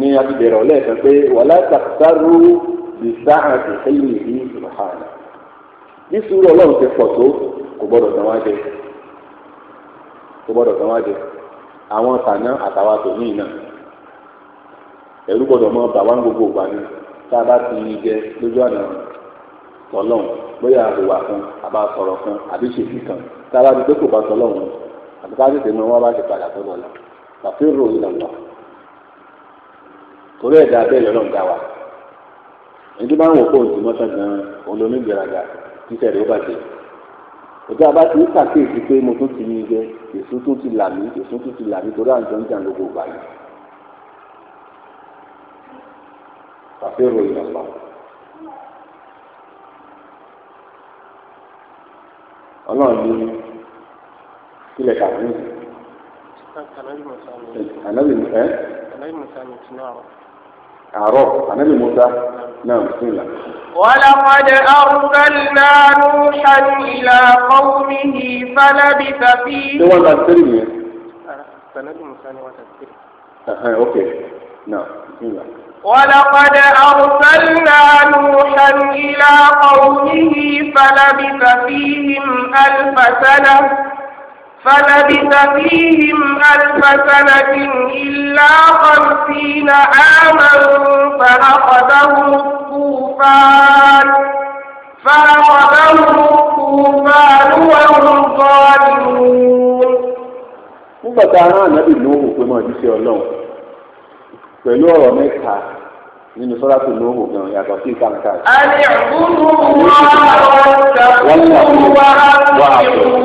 ní abidjan lẹ́ẹ̀kan pé wàlá tàkítàrú lè sáà ti sẹ́yìn lè ní ìbáhánà bí sùúrù ọlọ́run ti pọ̀ tó kò gbọ́dọ̀ tán wá jẹ kò gbọ́dọ̀ tán wá jẹ àwọn tàná àtàwọn àtòmíì náà ẹ̀rú gbọ́dọ̀ mọ bàwá gbogbo ìgbà ni tá a bá ti yin jẹ lójú àná tọ́lọ́run bóyá àbùwà kan àbá sọ̀rọ̀ kan àbí ṣèṣì kan tá a bá ti pé kò bá tọ́lọ́run àti ká tètè mọ wọn bá ti padà tó lọ́la bàtí rò ní lọ́la torí ẹ̀dá bẹ́ẹ̀ lọ́nà ń dá wa ẹni tó bá ń wò kó òtún mọ́tàn gan-an olómi gbéraga títẹ̀ rẹ̀ ó bàjẹ́ òtún abá ti ń kàkéèsí pé mo tún ti ní ibẹ̀ èso tún ti là mí èso tún ti là mí torí àǹjọ ń jà gbogbo ìgbà yìí bàtí rò ní lọ́la. ọlọ́run ní كل تعليم هنبي موسى هنبي موسى نعرف أعراف عن نعم بسم الله ولقد أرسلنا نوحا إلى قومه فلبث فيهم هو تذكرني سند موسى وتذكره أها أوكي نعم بسم الله ولقد أرسلنا نوحا إلى قومه فلبث فيهم ألف سنة فلبث فيهم ألف سنة إلا خمسين عاما فأخذهم الطوفان فأخذهم الطوفان وهم ظالمون nígbà tá a rán ànábì lóhùn pé máa jíṣẹ́ ọlọ́run pẹ̀lú ọ̀rọ̀ mẹ́ta nínú sọ́dá tó lóhùn gan yàtọ̀ sí kàńkà. a lè kúrú wá ọ̀rọ̀ tàbí wá àbẹ̀wò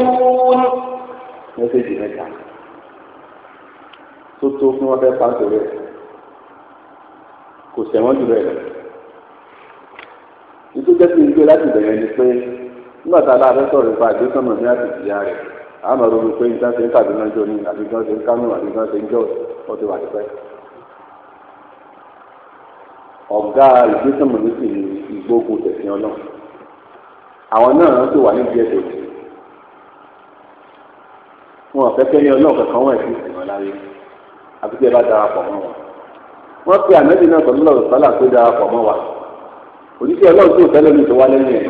mẹ́sẹ̀gì mẹ́ta tó tó fún wọn fẹ́ pàṣẹ rẹ̀ kò sẹ̀wọ́n jù bẹ́ẹ̀ lọ. ìtú jẹ́ kí n gbé láti bẹ̀rẹ̀ ni pé nígbà tá a lá abẹ́ sọ̀rọ̀ nípa àgbésọ̀nà ní àtìtì ya rẹ̀ àmọ́ ronú pé nǹkan ṣe ń Kàdúná jọ ní àbí nǹkan ṣe ń Kánò àbí nǹkan ṣe ń jọ ọ wà ní ọ̀gá ìgbésọ̀nà ní sì ìgbógun tẹ̀sán náà àwọn náà tó wà níbi ẹ̀sẹ̀ òkè wọn àfẹ́fẹ́ ní ọlọ́run kankan wọ̀ ẹ̀sìn ìsìn wọn láyé àti tí ẹ bá darapọ̀ mọ́ pe àmẹ́bí náà wa ọlọ́run tó fẹ́lẹ́ mi tó wá lẹ́yìn ẹ̀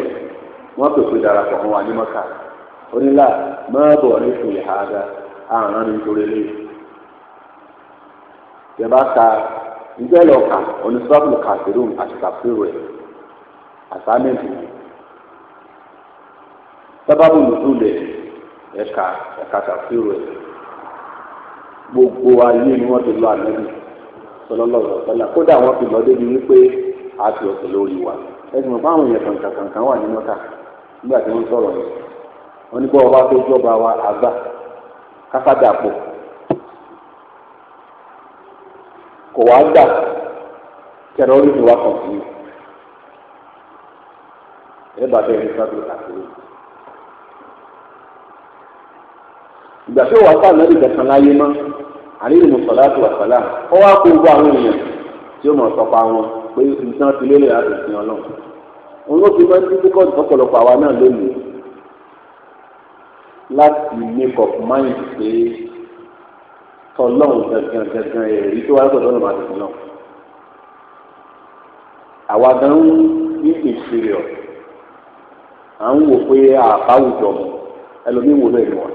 wọ́n pè pé darapọ̀ mọ́ wa ní mọ́kà onílà ní ka lọ ẹ̀ka ẹ̀ka tàfíìrù gbogbo ayé ni wọn ti lọ ànábì sallallahu alaihi wasallam kódà wọ́n ti lọ débi wípé a ti ọ̀sẹ̀ lórí wa ẹ̀sìn ọ̀pá àwọn èèyàn kankan kankan wà ní mọ́ta nígbà tí ní bọ́ọ̀ bá tó jọba wa àgbà kásádàpọ̀ kò wá gbà kẹrọ orí kàn sí ẹ ìgbà tí ó wà fáwọn ẹbí kẹsàn-án láyé mọ́ àlejò mùsọ̀láàtì wàsálà ó wá kó gbọ́ àwọn èèyàn tí ó mọ̀ sọ́pa wọn pé nǹkan ti lélẹ̀ láti sin ọlọ́run òun ló fi máa ń dín kọ́ ọ̀pọ̀lọpọ̀ àwa náà lónìí láti make up mind pé tọlọ́run gangan gangan èrí tó wá lọ́dọ̀ lọ́dọ̀ máa tẹ̀sán náà àwa gan ń ní inferior à ń wò pé àbáwùjọ ẹlòmíwò lẹ́yìn wọn.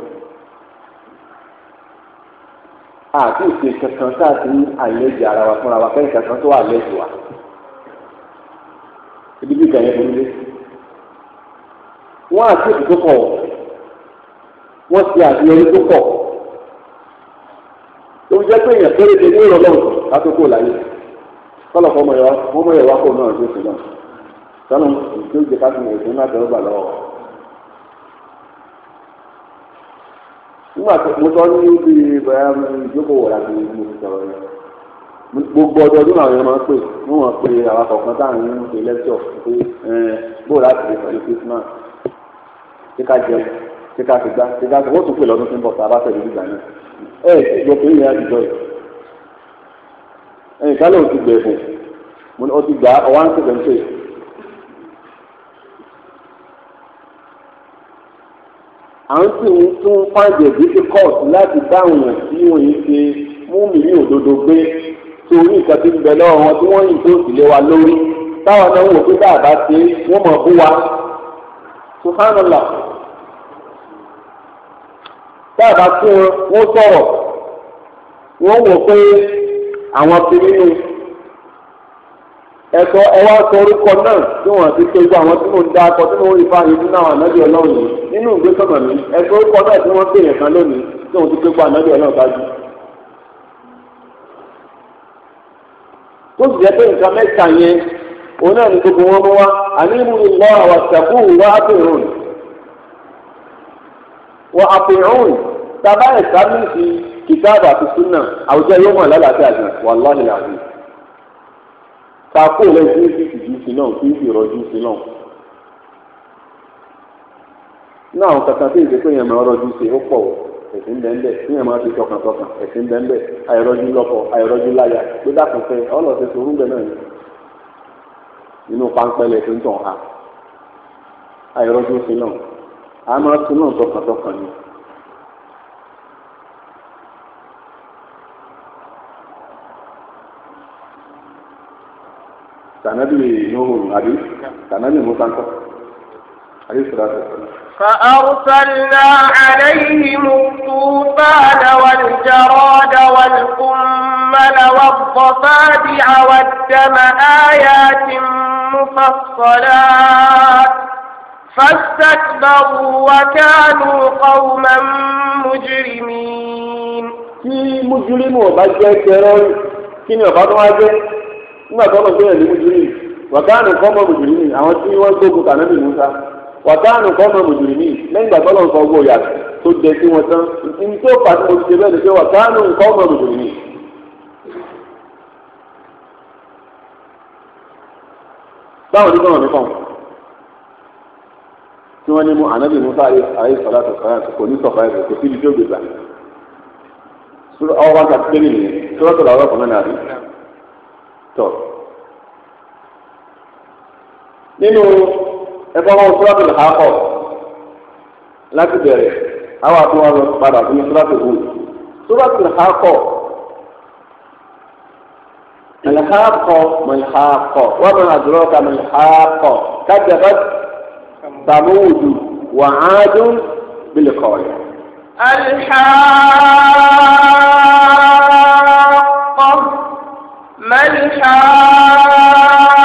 àti ìṣe kankan sáàtì àìlẹ́jì ara wa fúnra wa fẹ́ẹ́ kankan tó wà lẹ́jì wa ibi bí ìgbà yẹn ló ń lé wọ́n àti ètò tó pọ̀ wọ́n ti tó pọ̀ tó jẹ́ pé èèyàn ní láyé kọ́lọ̀ fọmọ fọmọ náà sọ́nà nígbà tó mo sọ ní bí bẹ́ẹ̀ um, ìjókòó wọ̀ láti mo sọ̀rọ̀ yẹn gbogbo ọdọọdún àwọn èèyàn máa ń pè wọ́n máa ń pè àwọn akọ̀kan táwọn ń pè lẹ́tọ̀ pé bóò láti lè pẹ̀lú Christmas ṣé ká jẹun ṣé ká fi gbá ṣé ká fi wọ́n tún pè lọ́dún tí ń bọ̀ tá a bá tẹ̀lé ìgbà náà ẹ ẹ gbọ́ pé ìyẹn àdìjọ yìí ẹ̀yìn kálọ̀ ti gbẹ̀bùn ó ti gbà ọ̀wá ń ṣègbè ń ṣègbè. à ń sì ń tún fáǹdì difficult láti dáhùn tí wọ́n yìí ṣe mú mi ní òdodo gbé torí nǹkan tí ń bẹ lọ́wọ́ wọn tí wọ́n yìí tó sì lé wa lórí táwọn náà ń wò pé bàbá ṣe wọ́n mọ̀ bú wa subhanallah bàbá fún wọn wọ́n sọ̀rọ̀ wọ́n wò pé àwọn kiri nù. ẹ̀sọ́ ẹ wá sọ orúkọ náà tí wọ́n ti pé gbọ́ àwọn tí mò ń dá akọ tí mò ń fa ìlú náà ànábì ọlọ́run yìí nínú ìwé sọ̀nà mi ẹ̀kọ́ orúkọ náà tí wọ́n béèrè kan lónìí tí wọ́n ti pé ọlọ́run bájú. tó sì jẹ́ pé nǹkan mẹ́ta yẹn òun náà gbogbo wọn mú àní mú mi takò lẹ́sìn ìsìnkú jù sí náà kí ìsìn naa sí náà ní àwọn kankan tí yẹn máa rọjú de ó pọ̀ ẹ̀sìn bẹ́ẹ̀ yẹn máa fi tọkàntọkàn ẹ̀sìn bẹ́ẹ̀ àìrọ́jú lọ́kọ àìrọ́jú láyà pé dàkúnfẹ́ ọlọ́ọ̀sẹ̀ tó rúgbẹ́ náà nínú páńpẹ́lẹ̀ tó ń tàn ha sí náà náà tànàbí nuhu àbí tànàbí musa عليه الصلاة والسلام فأرسلنا عليهم الطوفان والجراد والقمل والضفادع والدم آيات مفصلات فاستكبروا وكانوا قوما مجرمين. في مجرم وبجر كرم كن وبطوة nígbà tó lọ sí ẹ̀lú mùjúrì wàkánù kọ́mọ mùjúrì ni àwọn tí wọ́n gbógun kànábì musa wàkánù kọ́mọ mùjúrì ni lẹ́yìn ìgbà tó lọ sọ ọgbọ ìyá tó jẹ sí wọn tán ní tó pàṣẹ mo ti ṣe bẹ́ẹ̀ ni pé wàkánù kọ́mọ mùjúrì ni. báwo ni kọ́mọ mi kàn tí wọ́n ní mú ànábì musa ayé sọ̀rọ̀ àtọ̀kọ̀ kò ní sọ̀kọ̀ ẹ̀ kò sí ibi tí ó gbé gbà. ọwọ́ wa ta tẹ́lẹ̀ nìyẹn tí wọ́n tọ̀lọ̀ ọ̀rọ̀ kan náà rí tọ̀ nínú ẹ̀fọ́ wọn sọ́ọ́tù làákọ̀ láti bẹ̀rẹ̀ àwọn àti wọn lọ padà sí sọ́ọ́tù wù sọ́ọ́tù làákọ̀ mẹlẹ́hàkọ̀ mẹlẹ́hàkọ̀ wọ́n mẹ́rin àdúrà ká mẹlẹ́hàkọ̀ kájàbá sàmúwùdù wàhádùn bílẹ̀kọ̀ọ̀yà. الحاقة ما الحاق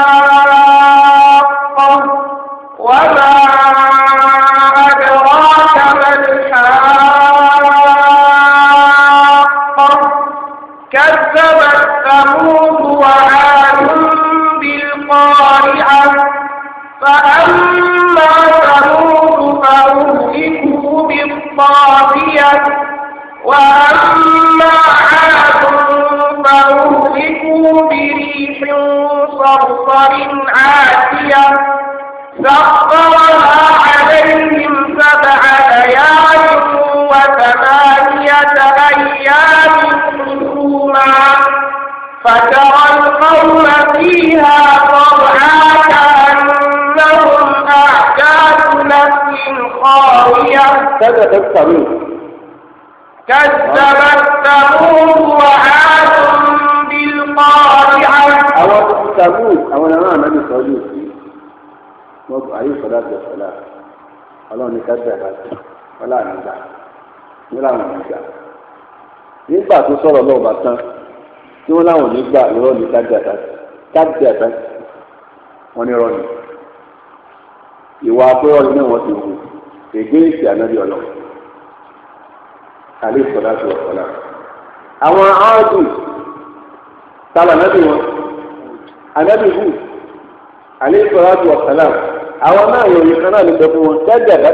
ممطر عاتية سخرها عليهم سبع ليال وثمانية أيام حسوما فترى القوم فيها صرعا كأنهم أعجاز نفس خاوية كذبت ثمود كذبت ثمود وعاد قاطعة أو تابوت أو أنا ما نبي صلي موضوع عليه صلاة والسلام الله نكذب ولا نجع ولا نجع nígbà tó sọ̀rọ̀ lọ́wọ́ bá tán tí wọ́n láwọn nígbà irọ́ ní kájàtà kájàtà wọn ní rọ́ọ̀nì ìwà àpérọ́ọ̀nì náà wọ́n ti wù ègbé ìsì ànábì ọlọ́run àlè ìfọ̀dá tó ọ̀fọ̀lá. àwọn áàdùn sálà nàbì wọn ànábì hù àlẹ́ ìsọ̀rọ̀ wọ̀sálàm àwọn náà yòòyìn kan náà ló bẹ fún wọn jẹ́jẹ́ bẹ́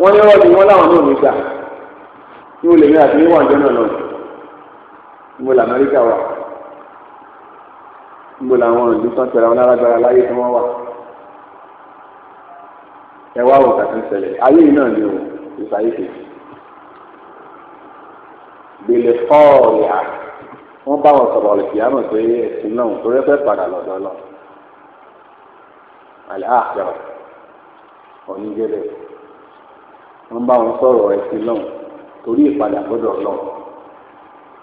wọ́n ní wọ́n di wọ́n láwọn náà nígbà tí wọ́n lè ní àti níwọ̀n àjọ náà lọ níbo la Amẹ́ríkà wà níbo la àwọn ìlú kan tẹ̀lé àwọn alágbára láyé tí wọ́n wà ẹ wá wò kàtí ṣẹlẹ̀ ayé yìí náà ni o ìsàyè kejì gbèlè fọ́ọ̀rì àti wọ́n bá wọn sọ̀rọ̀ ọ̀lẹ̀ kìá mọ̀ pé ẹ̀sìn náà torí ẹ̀fẹ́ padà lọ́dọ̀ lọ. àlẹ́ àpẹ̀rọ̀ onígẹ̀rẹ̀ wọ́n bá wọn sọ̀rọ̀ ẹ̀sìn náà torí ìpadà gbọ́dọ̀ lọ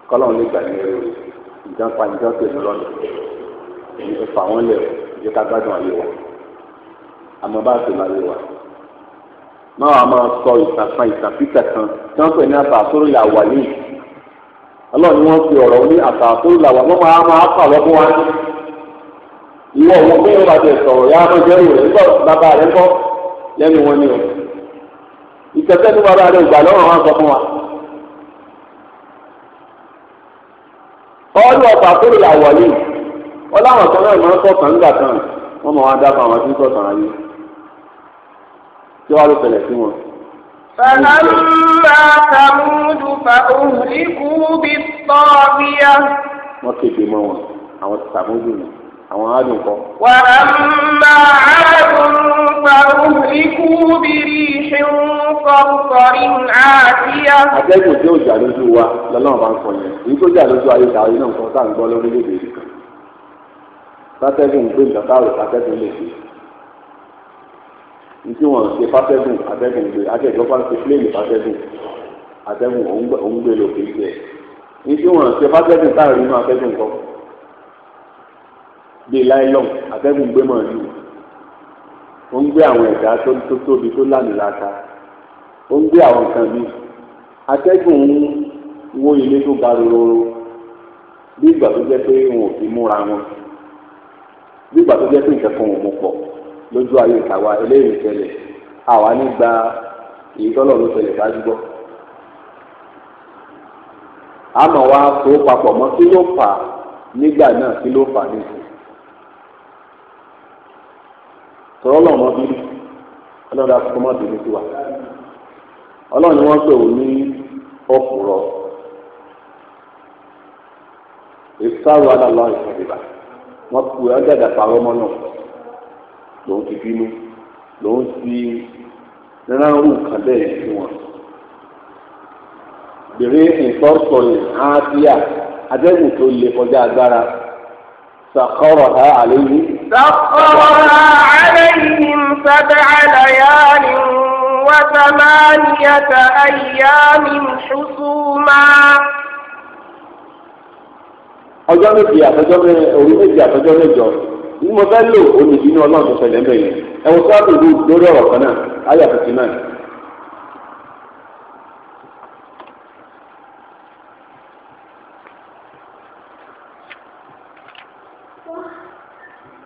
kọ́lọ́n lè gbà ní ẹrú ìjọ pa ìjọ tó ní lọ́dọ̀ ìfà wọn lẹ̀ ìjọ ká gbádùn wa àmọ́ bá tó láyé wa máa wà máa sọ ìtàkùn ìtàkùn kan tí wọ́n pè ní ọlọ́run ni wọ́n fi ọ̀rọ̀ ní àtàkó làwà wọ́n máa máa kà lọ́gbọ́n wa ní. ìwọ òun pé ó bá sọ̀rọ̀ yá ló jẹ́rù rẹ̀ nígbà bàbá rẹ̀ kọ́ lẹ́nu wọn ni o. ìtẹ̀tẹ̀ ní bàbá ìgbà lọ́rùn wọn sọ fún wa. فلما ثمود فأهلكوا بالطاغية wọ́n kéde mọ́ wọn àwọn sàmójú ni àwọn àádùn kọ. wà á má àádùn fàrúhìkú bìrì ṣeun kọ̀ọ̀kọ̀rin àtìyá. àtẹ́gùn tí ó jà lójú wa lọ́lọ́run bá ń sọ yẹn èyí tó jà lójú ayé tààrí náà nǹkan tá à ń gbọ́ lórílẹ̀-èdè kan. sátẹ́gùn gbé nǹkan táwọn sátẹ́gùn lè fi nítí wọn ṣe fàtẹ́gùn atẹ́gùn gbé atẹ́gùn bá ṣe pléènì fàtẹ́gùn atẹ́gùn òun gbé lòkè jẹ nítí wọn ṣe fàtẹ́gùn táàrí inú atẹ́gùn kọ bíi láìlọ́n atẹ́gùn gbé mọ̀ ní ó ń gbé àwọn ẹ̀dá tó tóbi tó lánìláta ó ń gbé àwọn nǹkan bíi atẹ́gùn ń wó ilé tó ga rororo bí ìgbà tó jẹ́ pé wọn ò fi múra wọn bí ìgbà tó jẹ́ pé ìkẹ́kọ̀ọ́ wọn mú pọ̀. lójú ayé tàwa eléyìí tẹlẹ àwa nígbà ìtọ́lọ̀ ló tẹlẹ bá àmọ́ wa tó papọ̀ mọ́ kí ló fà nígbà náà kí ló fà nìkan. ọlọ́dà ni wọ́n pè ó ní ọ̀pùrọ̀ ìsáwọ́ adàlọ́ ìfọ̀dìbà wọ́n pè ọ́ lòun ti bínú lòun ti ránrù kan bẹ́ẹ̀ sí wọn. bèrè ìtọ́sọ̀ yìí á bíyà adẹ́gùn tó le kọjá agbára sàkọ́rọ̀ ha àléyìn. sàkọ́rọ̀ ha àléyìn sábẹ́ àlàyé وثمانية أيام حسوما ọjọ́ méjì àtọjọ́ orí méjì àtọjọ́ mẹ́jọ ní mo fẹ́ lò onídìí ní ọlọ́run tó ṣẹlẹ̀ ńbẹ̀ yẹn ẹ̀wọ̀n sọ́ọ́tù ìlú lórí ọ̀rọ̀ kan náà ayà fifty nine.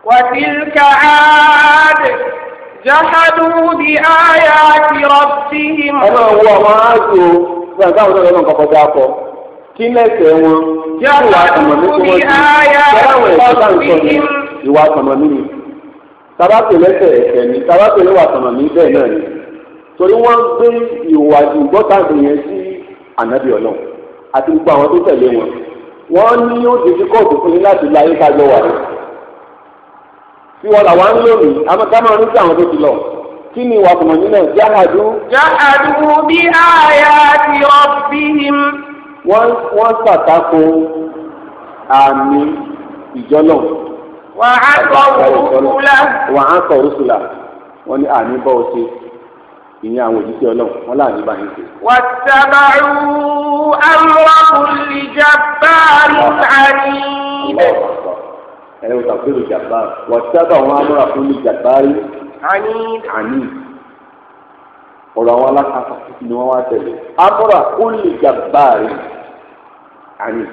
وتلك عاد جحدوا بآيات ربهم أنا هو معاذ gbàgbà àwọn ọlọ́run kọ̀ọ̀kan bá kọ kí lẹ́sẹ̀ wọn kí àwọn ìwà àtọ̀mọ̀mí ni tabapè lẹ́sẹ̀ ẹ̀fẹ̀ ni tabapè lẹ́wà àtọ̀mọ̀mí bẹ́ẹ̀ náà ni torí wọ́n gbé ìwà ìgbọ́tàgbé yẹn sí ànábì ọlọ́run àti gbogbo àwọn tó tẹ̀lé wọn wọ́n ní ó di díkọ̀tù fún yín láti la yíká jọ wà rẹ̀ tí wọn làwọn ń lónìí amákámá ń sí àwọn tó ti lọ kí ni ìwà àtọ̀mọ̀mí náà jáhàdú. jáhàdú bí àyà ti rabbihim. wọ́n wọ́n ṣàtakò àmì ìjọ náà wà á sọ rúṣùlà wọn ní àní bọ́ ọ sí ìyẹn àwọn òjíṣẹ́ ọlọ́run wọn láàbí bá yín sí. wàtàbàrú amúhàmùlì jàbáàrú àní. ẹ wò tàbílù jàbáàrú wàtàbàrú amúhàmùlì jàbáàrú àní. ọ̀rọ̀ àwọn alákàtà ni wọ́n wá tẹ̀lé amúhàmùlì jàbáàrú àní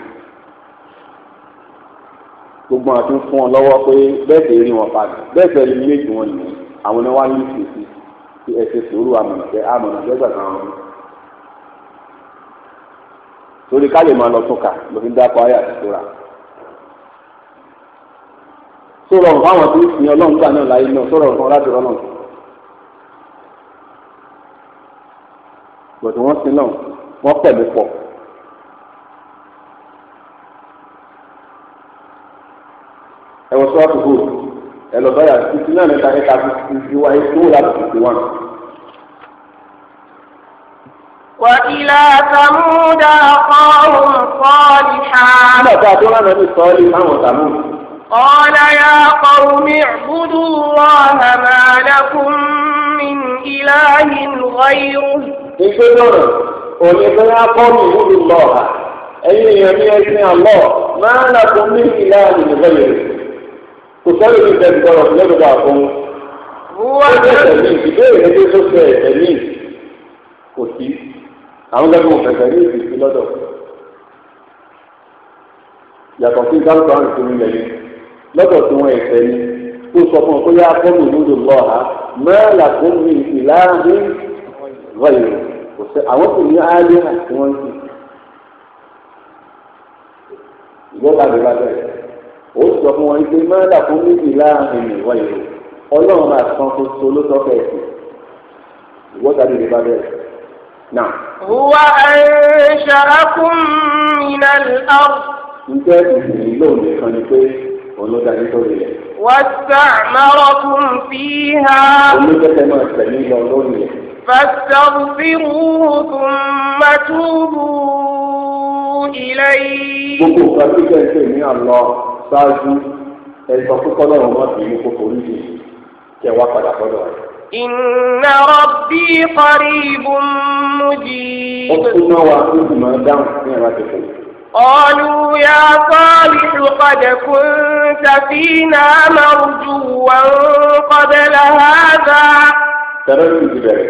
gbogbo àwọn tó ń fún ọ lọ́wọ́ pé bẹ́ẹ̀ tẹ̀ rí wọn padà bẹ́ẹ̀ tẹ̀ rí méjì wọn nìyẹn àwọn ni wọ́n á ní ìfèsì tí ẹ ṣe sòrò àmọ̀nàfẹ́ àmọ̀nàfẹ́ gbàgbà wọn. torí ká lè máa lọ tún kà ló fi ń dákọ ayé àtúntò rà. sọ̀rọ̀ nǹkan àwọn tó ń sìn ọlọ́run gbà náà láyé náà sọ̀rọ̀ nǹkan láti rọ́nà. bọ̀dọ̀ wọ́n sin náà wọ́n pẹ̀lú pọ̀. ẹ̀wọ̀n tó wà tó gbòòrò ẹ̀lọ́ sọ́yà títí náà lẹ́ta ẹ̀ka títí wáyé tó wà láti tètè wọn. وإلى ثمود أخاهم صالحا. قال يا قوم اعبدوا الله ما لكم من إله غيره. òní tó yá kọ́ mi ìlú lọ́ọ̀ha ẹ̀yin èèyàn ní ẹ̀sìn àlọ́ máa ń làkún ní ìlà ìlú kò sọ́ọ́ lórí bẹ́ẹ̀ gbọ́dọ̀ lọ́dọ̀ bá fún un. wọ́n ti tẹ̀lé ìbéèrè ní pé sọ́sẹ̀ ẹ̀mí kò sí àwọn lẹ́gbẹ̀ẹ́ òfẹ́fẹ́ ní ìdìbò lọ́dọ̀. yàtọ̀ sí ìdáhùn àwọn ìsinmi lẹ́yìn lọ́dọ̀ tí wọ́n ẹ̀fẹ́ ni tó sọ fún un pé yá fọ́ọ̀mù lódò lọ́ha mẹ́rẹ̀lá tó ń rí ìlànà rọ̀yìn kò sí àwọn kò ní áálé àti wọ́n ń sìn. ìgbọ́ ó sọ fún wọn pé má dà fún méjì láàrin ìwọ ìlú ọlọ́run àtàn tuntun ló sọ fẹ́ẹ̀ sí ìwọ tàbí lè bá bẹ̀rẹ̀ náà. huwa ansha'akum minal ard. njẹ́ ìsìn lóun nìkan ni pé olóda nítorí rẹ̀. wasta'marakum fiha. olùkẹ́kẹ́ náà tẹ̀lé lọ lórí rẹ̀. fastaghfiruhu thumma tubu ilayhi. gbogbo ìgbà tó jẹ́ ìṣe ní àlọ́ ṣáájú ẹ̀sọ́ púpọ̀ náà wọ́n ti ní kókó oríṣi kí ẹ wá padà sọ́dọ̀ rẹ̀. Inna rabbi qaribun mujib. Ó tún náà wá ó sì máa dáhùn ní ẹ̀rọ àtẹ̀kọ́. قالوا يا صالح قد كنت فينا مرجوا قبل هذا ترى الجبال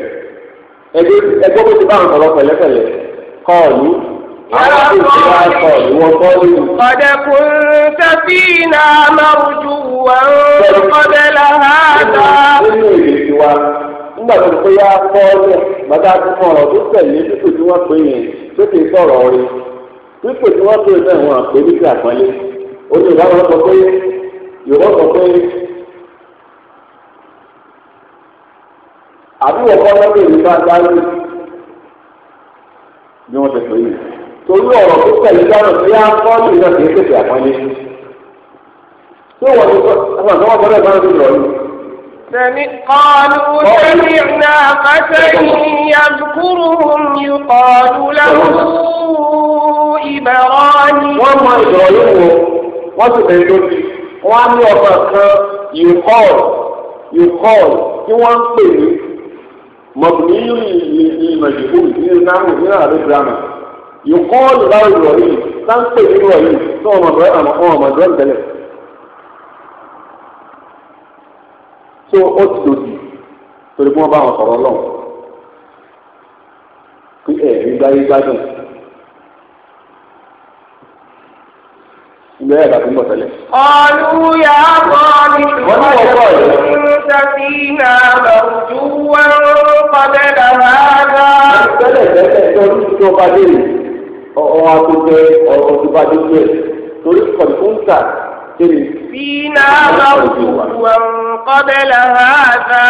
ẹgbẹ́ bó ti bá àwọn ọ̀rọ̀ pẹ̀lẹ́pẹ̀lẹ́ kọ́ọ̀lù قد كنت فينا مرجوا قبل هذا nígbà tó pé yá kọ́ ọ́lẹ̀ mọ́tàkì fún tó tẹ̀lé pípò tí wọ́n pè yẹn tó kì í sọ̀rọ̀ rí pípò tí wọ́n pè náà wọ́n àpè ní kí sọ pé sọ pé àbúrò kọ́ pè ní wọ́n ti pè torí ọ̀rọ̀ tó tẹ̀lé dáná tí a kọ́ kìí tètè àpọ́nlé. Ṣé wọ́n ti sọ àwọn àtọ́wọ́ sọ́dọ̀ ìbára ti yìí? Sẹ̀mi kọlu sẹ́mìnà fẹ́sẹ̀yìn yàgùkúrùn yìí ìbẹ̀rọ ni. Wọ́n mọ ìdọ̀rọ̀ wọ́n sì bẹ̀rẹ̀ Wọ́n á ní ọba kan yìí yìí wọ́n ń pè ní mọ̀bùnú yìí ní ìmọ̀ ìdìbò ìdílé náà ní yòókọ́ọ̀lù láwọn ìwọ̀ yìí sáńpẹ̀ ìwọ̀ yìí tó ọmọ ọ̀dọ́ àwọn ọmọ ọ̀dọ́ ìbẹ̀lẹ̀. tó ó ti dòdì torí kí wọ́n bá wọn sọ̀rọ̀ lọ́wọ́ kí ẹ̀ ń gbáyé gbádùn. ilé ẹ̀ka tó ń bọ̀ tẹ́lẹ̀. ọ̀lú yà á bọ̀ ní ìwọ̀n tí nà lọ́jú wọn pàdé dàgbà dá. tẹ́lẹ̀ tẹ́lẹ̀ tó ń tó bá dé yìí ọ̀hún àtúntẹ ọ̀hún tó bá dé tó ẹ̀ torí kọ̀ǹpútà tẹ̀lé. Fínà bá wù wọ́n kọ́bẹ́lá hàdá.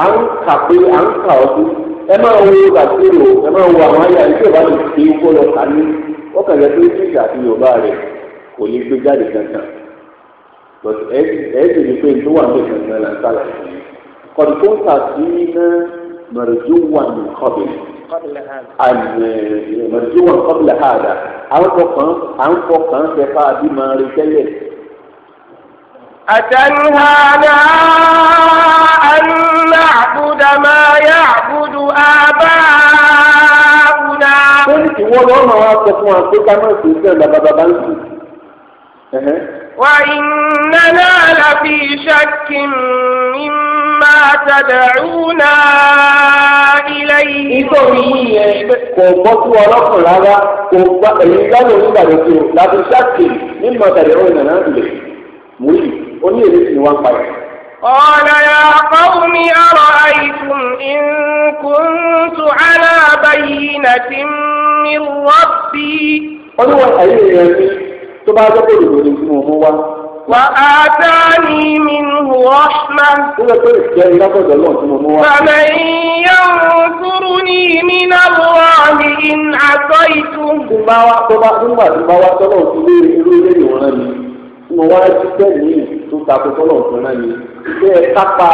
À ń kà pé à ń kà ọ́ sí. Ẹ máa wo Bàtírò, ẹ máa wo àwọn ayé àti ìjọba lè fi kó lọ kà ní. Ó kàn yẹ pé Tíṣà àti Yorùbá rẹ̀ kò ní gbé jáde kankan. Ẹ sì rí pé ìlú wà ní kankan là Kọ̀ǹpútà sí iná mẹ̀rẹ̀dúwà ní kọ́bẹ̀lì. مرجوع قبل هذا أن فوقان فقادي ما رجلي أتنهانا أن نعبد ما يعبد آباؤنا كنت ولو ما وقت ما قلت ما سيسا لبابا بانسي وإننا لفي شك مما ما تدعونا إليه kò bọ́ sí ọlọ́kùn rárá kò gba èyí lọ́dún nígbà láti ṣáàkì nàná ó ní èrè àyè rẹ̀ tó bá dọ́kọ̀ wá. وآتاني منه رحمة فمن ينصرني من الله إن عصيته mo wá ṣiṣẹ́ yìí tó takò tọ́lọ̀ fún náà ni ṣé ẹ kápá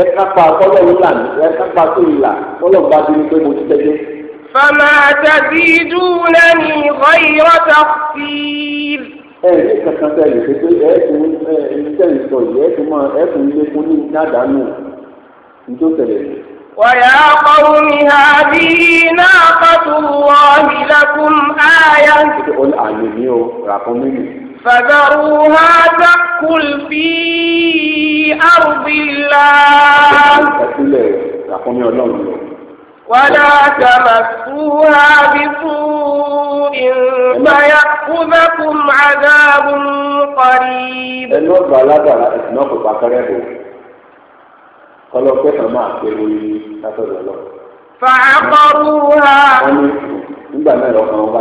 ẹ kápá tọ́lọ̀ ńlá ni ẹ kápá tó ìlà tọ́lọ̀ bá bí pé mo ti tẹ́lẹ̀. فما تزيدونني غير تخسير ẹ ní kankan tẹ lè pé pé ẹ tún ẹ tẹ lè yìí ẹ máa ẹ tún fún ní dáadáa níjó tẹlẹ. ويا قوم هذه ناقة الله لكم آية فذروها تأكل في أرض الله ولا تمسوها بسوء فيأخذكم عذاب قريب ẹnu ọgbà alágbára ẹsìn náà kò pàkẹrẹ bò ọlọpẹ kan máa pé lórí látọ̀dọ̀ lọ. fàákọrùhà. wọn ní nígbà náà lọkàn wọn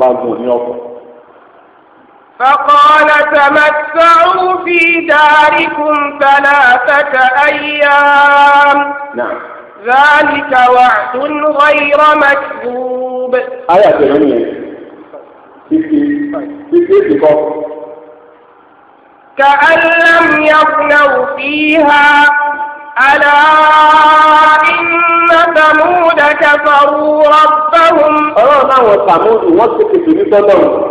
bá فقال تمتعوا في داركم ثلاثة أيام نعم ذلك وعد غير مكذوب آية ثمانية كأن لم يغنوا فيها ألا إن ثمود كفروا ربهم ألا نعم ثمود وصفت بسبب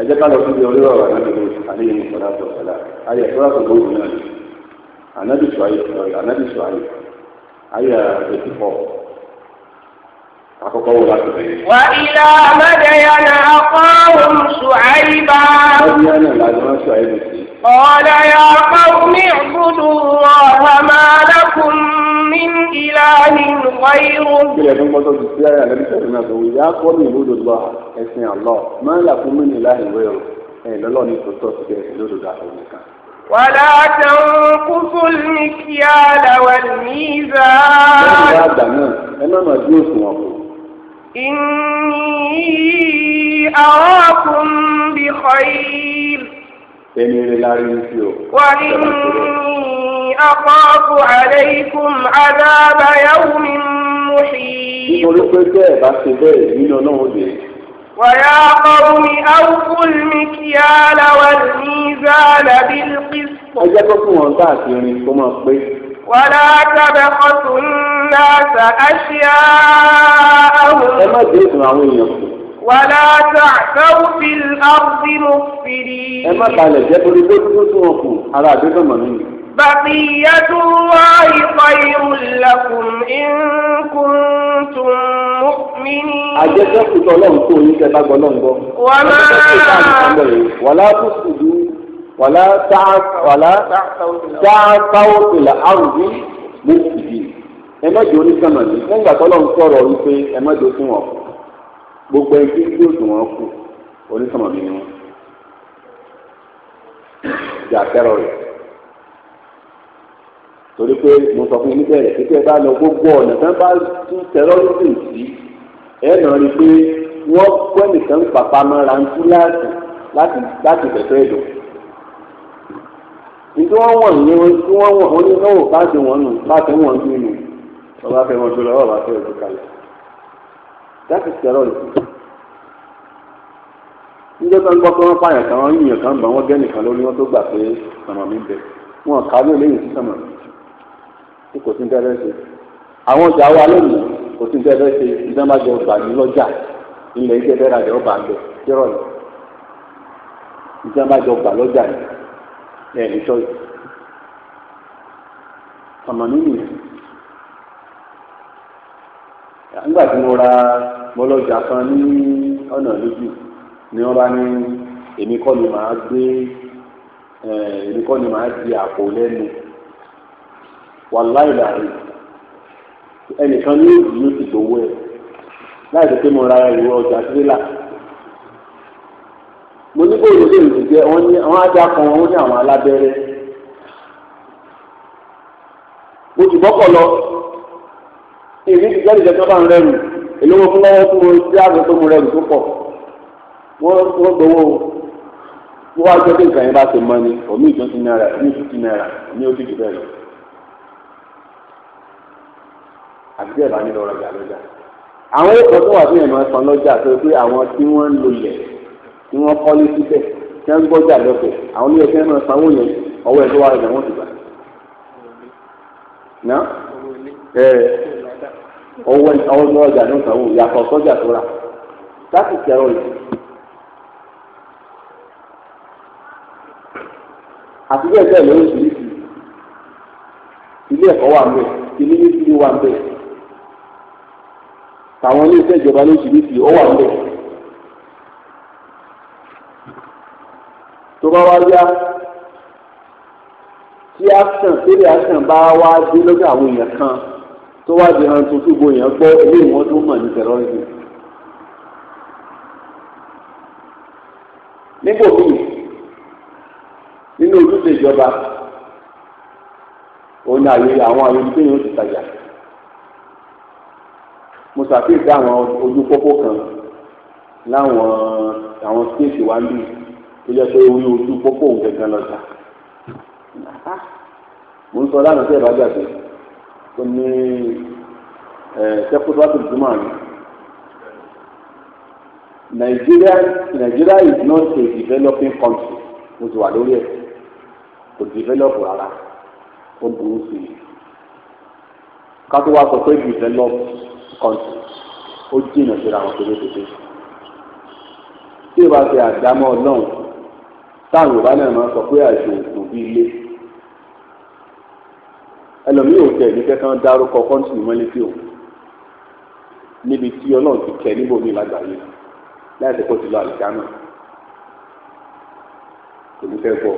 ẹjẹ ká lọ síbi ọlọ́rọ̀ ọ̀rọ̀ anábì ní àlẹ́ yìí sọ̀rọ̀ àtọ̀ sọ̀lá ayé sọ̀rọ̀ àtọ̀ gbòòrò náà ni anábì sọ̀rọ̀ anábì sọ̀rọ̀ ayé eighty four àkọ́kọ́ wò láti bẹ̀rẹ̀. wà ilà mẹ́dẹ̀yàna akọ́hùn ṣùáìbà. mẹ́dẹ̀yàna làwọn ṣùáìbà sí. ọ̀la ya kọ́mi gbúdú ọ̀hàmà lákùn mí ilà ní wáyú. kílẹ̀ fún gbọ́dọ̀ ti sí ayé àlẹ́ nítorí náà tó ya kọ́mi gbúdú lọ ẹ̀sìn àlọ́ máa ń làkùn mí ilà ìwé o ẹ̀ lọ́lọ́ ní tòótọ́ sí ẹ̀sìn lódodo àtọ̀ nìkan. ولا تنقصوا المكيال والميزان. إني أراكم بخير وإني أخاف عليكم عذاب يوم محيط ويا قوم أوفوا المكيال والميزان بالقسط ولا تبخسوا الناس أشياءهم ولا تعثوا في الأرض مفسدين بقية الله خير لكم إن كنتم مؤمنين وما wàlá táàkáwó tìlà àrùbí lẹ́sìdì ẹ mẹ́jọ oníkànnà ní lẹ́yìn àtọ́lọ́ ń sọ̀rọ̀ wípé ẹ mẹ́jọ fún wọn gbogbo ẹgbẹ́ tí ó dùn wọn kù oníkànnà mi ni wọn jà kẹrọ rẹ torí pé mo sọ fún yín níbẹ̀rẹ̀ pé tẹ́ ẹ bá lọ gbogbo ọ̀nà tán bá tún tẹ́rọ́rìsì sí ẹ nà rí pé wọ́n pẹ́ nìkan pàpà máa ra ń tú láti láti bẹ̀tẹ̀ ìdùn tí wọ́n wọ̀n ní tí wọ́n wọ̀n ní náwó láti wọ̀n nù láti wọ̀n nínú ọba fẹ́ wọn jùlọ ọba fẹ́ ojú kalẹ̀ láti sẹ́rọ̀ ní. níjẹ́ kan gbọ́ pé wọ́n pààyàn kan wọ́n yìnyín kan bọ̀ wọ́n gẹ́ nìkan lórí wọn tó gbà pé sàmà mi bẹ̀ wọn kà ló léyìn sí sàmà tí kò sí ń tẹ́lẹ̀ ṣe. àwọn ọjà wa lónìí kò sí ń tẹ́lẹ̀ ṣe ìdánmájọ ọgbà ní lọ́jà ilẹ̀ ìjẹ́bẹ́ra ọgbà àgbẹ̀ jẹ́rọ̀ ní ìdánmájọ ọgbà lọ́jà yìí ẹ̀ lè tọ́ nígbà tí mo ra kan ní ọ̀nà lójú ni wọ́n bá ní èmi kọ́ ni màá gbé èmi kọ́ ni màá di àpò lẹ́nu ẹnìkan ní ló ti gbowó ẹ̀ mo ní bóyá ilé ìlú jẹ wọn ní àwọn ajá kan wọn ní àwọn alábẹ́rẹ́ mo ti bọ́kọ̀ lọ ìrìn ti jáde jẹ́jọ́ bá ń rẹ́rù èlówó fún lọ́wọ́ fún mo jẹ́ àgbẹ̀ tó mo rẹ́rù tó pọ̀ wọ́n wọ́n gbowó wọ́n wá jẹ́ pé nǹkan yẹn bá ti mọ ni omi ìjọ ti náírà omi ìjọ ti náírà omi ó dìbò bẹ́ẹ̀ lọ. àbí bẹ́ẹ̀ bá nílò ọ̀rọ̀ ìjà lọ́jà àwọn èèkó tó wà fún ìmọ̀ ẹ̀sán lọ́jà tó pé àwọn tí wọ́n ń lo ilẹ̀ tí wọ́n kọ́ lé síbẹ̀ tí wọ́n gbọ́jà lọ́fẹ̀ àwọn ilé ẹ̀fẹ́ náà sanwó yẹn ọwọ́ ẹ̀ tó wà ti ná ẹ ọwọ́ ọwọ́ sanwó yàtọ̀ sọ́jà tó rà láti kẹrọ yìí. bẹ́ẹ̀ ilé ẹ̀kọ́ wà ń bẹ̀ ilé wà ń bẹ̀ tàwọn ilé ìjọba ó wà ń tó bá wá yá tí action tẹ́lẹ̀ action bá wá dé lọ́dọ̀ àwọn èèyàn kan tó wá di hàn tuntun gbogbo èèyàn gbọ́ ilé ìwọ́n tó mọ̀ ní terrorism. nípò míì nínú ojúṣe ìjọba òun ni àyè àwọn àyè olùgbéyàn ti tajà mo ṣàkíyèsí àwọn ojú pópó kan láwọn àwọn stéètì wa ń bí tó jẹ́ pé orí ojú pópó òun kankan lọ sá mo ń sọ lánàá tẹ́ ẹ bá gbàgbé tó ní sẹ́kútúwátì jùmọ̀ ni Nigeria Nigeria is not a developing country mo ti wà lórí ẹ̀ kò develop rárá ó burú sí i kátó wá sọ pé develop country ó jìnnà síra wọn kérékété tí o bá fi àdámọ́ ọlọ́run táwọn yorùbá náà máa sọ pé àìsàn òkú bí ilé ẹlòmíì ò tẹ̀ ní kẹ́kẹ́ dárúkọ kọ́ńtìnì tí ò ti kẹ́ níbo mi lágbàáyé láì tẹ́ ti lọ àlùkò kò ní fẹ́ bọ̀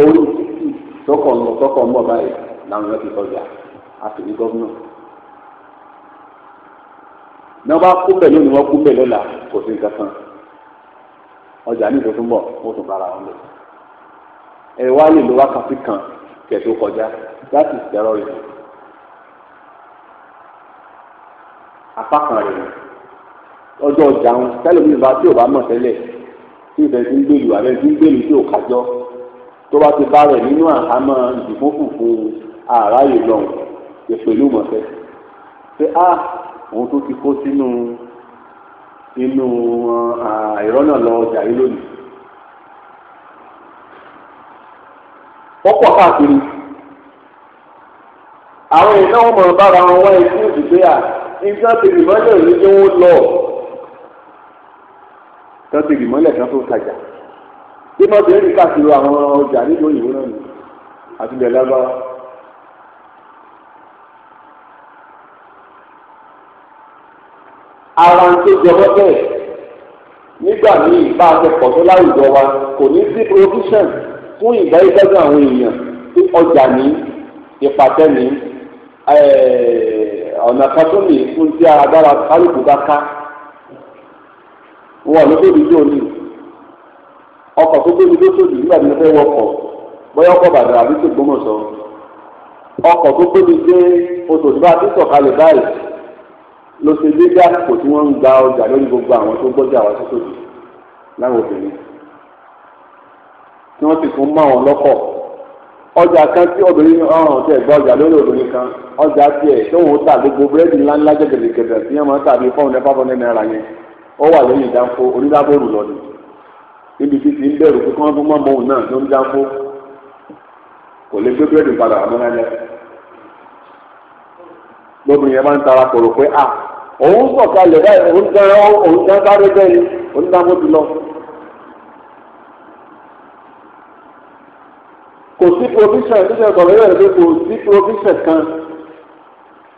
orí títì ń lọ ń bọ̀ báyìí làwọn yóò ti ní ní wọ́n bá kú lónìí wọ́n kú lọ́la kan. ọjà ní ìtòtún bọ̀ wọ́n tún bára wọn lò ẹ wá lè lo wákàtí kan kẹtó kọjá that is terrorism apá kan rẹ̀ ọjọ́ ọjà ń tẹ́lẹ̀mí bá tí ò bá mọ̀ tẹ́lẹ̀ tí ìbẹ̀ ti ń gbèlú àbẹ̀ ti ń gbèlú tí ò kájọ́ tó bá ti bá rẹ̀ nínú àhámọ́ ìdìbò fùfú àráyè lọ́hùn ìpèlú mọ̀tẹ́ pé a ah, òun tó ti kó sínú inú ìrọ́nà lọ ọjà yìí lónìí. pọ́pọ̀ káàkiri àwọn èèyàn wọn mọ̀ bára wọn wá ẹtí òdìgbé à nígbà tí ìmọ̀lẹ̀ òní tí wọ́n lọ tó ti ìmọ̀lẹ̀ kan tó tajà bí wọ́n ti rí káàkiri àwọn ọjà nílùú òyìnbó náà ni àti ilẹ̀ ara ń tó jọ bẹ́ẹ̀ nígbà míì bá a fẹ́ pọ̀ tó láwùjọ wa kò ní sí provision fún ìgbà ìtọ́jú àwọn èèyàn tí ọjà ní ìpàtẹ ní ọ̀nà kan tó ní fún tí agbára kálukú bá ká wọn ló tóbi tó ní ọkọ̀ tó tóbi tó tóbi nígbà tí mo fẹ́ wọkọ̀ bóyá ọkọ̀ bàdàn àbí tògbómọ̀ṣọ́ ọkọ̀ tó tóbi dé oṣù tí bá ti sọ̀kalẹ̀ báyìí ló ṣe dédé àsìkò tí wọ́n ń gba ọjà lórí gbogbo àwọn tó gbọ́jà wá sókòtò láwọn obìnrin tí wọ́n sì tún mọ́ àwọn lọ́pọ̀ ọjà kan tí obìnrin ọ̀ràn tẹ̀ gba ọjà lórí obìnrin kan ọjà tiẹ̀ tóun ó tà gbogbo búrẹ́dì ńláńlá jẹ̀gẹ̀dẹ̀ gẹ̀dẹ̀ tí wọ́n máa ń tà bíi fọ́ọ̀nù ẹ̀fọ́ fọ́ọ̀nù náírà yẹn ó wà lẹ́yìn ìdánfó onídàbòrò lọ́dún níbi tí ti ń bẹ̀rù pé kí wọ́n fún mọ́mọ́ òun náà ló ń dánfó kò lè gbé búrẹ́dì padà àmọ́ lálẹ́ lóbìnrin yẹn máa ń tara kòrò pé ah òun pọ̀ kalẹ̀ báyìí òun tán òun tán sáré bẹ́ẹ̀ ni òun tán mọ́tò lọ. kò sí provision ní ìṣẹ̀lẹ̀ sọ̀rọ̀ yẹn pé kò sí provision kan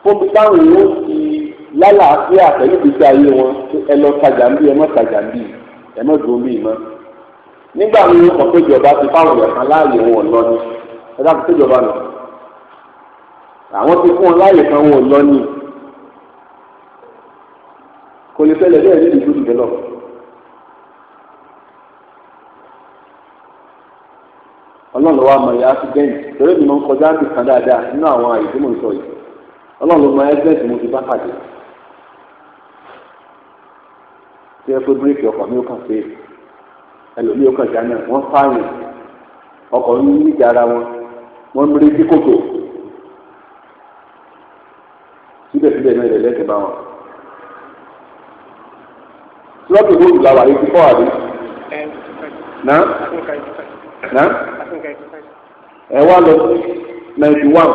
fún bí táwọn èèyàn ti lálàáfíà pẹ̀lú ìgbésí ayé wọn ẹ lọ tajà ń bí ẹ mọ́ tajà ń bí ẹ mọ́ dùn bí mọ́. nígbà wo ọ̀pọ̀ péjọba ti fáwọn èèyàn kan láàyè wọn lọ ni ẹ dákun péjọba nù àwọn ti fún wọn láàyè kan wọn lọ ni kò lè fẹlẹ̀ bẹ́ẹ̀ níbi ìlú ìbẹ̀lọ̀. ọlọ́run wa mọ̀ ìyá accident torí mi máa ń kọjá àti kan dáadáa nínú àwọn àyè tí mò ń sọ yìí ọlọ́run mọ ẹgbẹ́ẹ̀tì mo ti bá pàdé tí ẹ pé bíréèkì ọkọ̀ mi ò kàn pé ẹlòmíì ò kàn já náà wọ́n fáyìn ọkọ̀ ń níjà ara wọn wọ́n ń rí sí kòtò síbẹ̀síbẹ̀ náà ìrẹ̀lẹ̀ ti bá wọn lọ́tò lóòdù làwà yìí fífọ́ àdé. na na ẹ wá lọ ninety one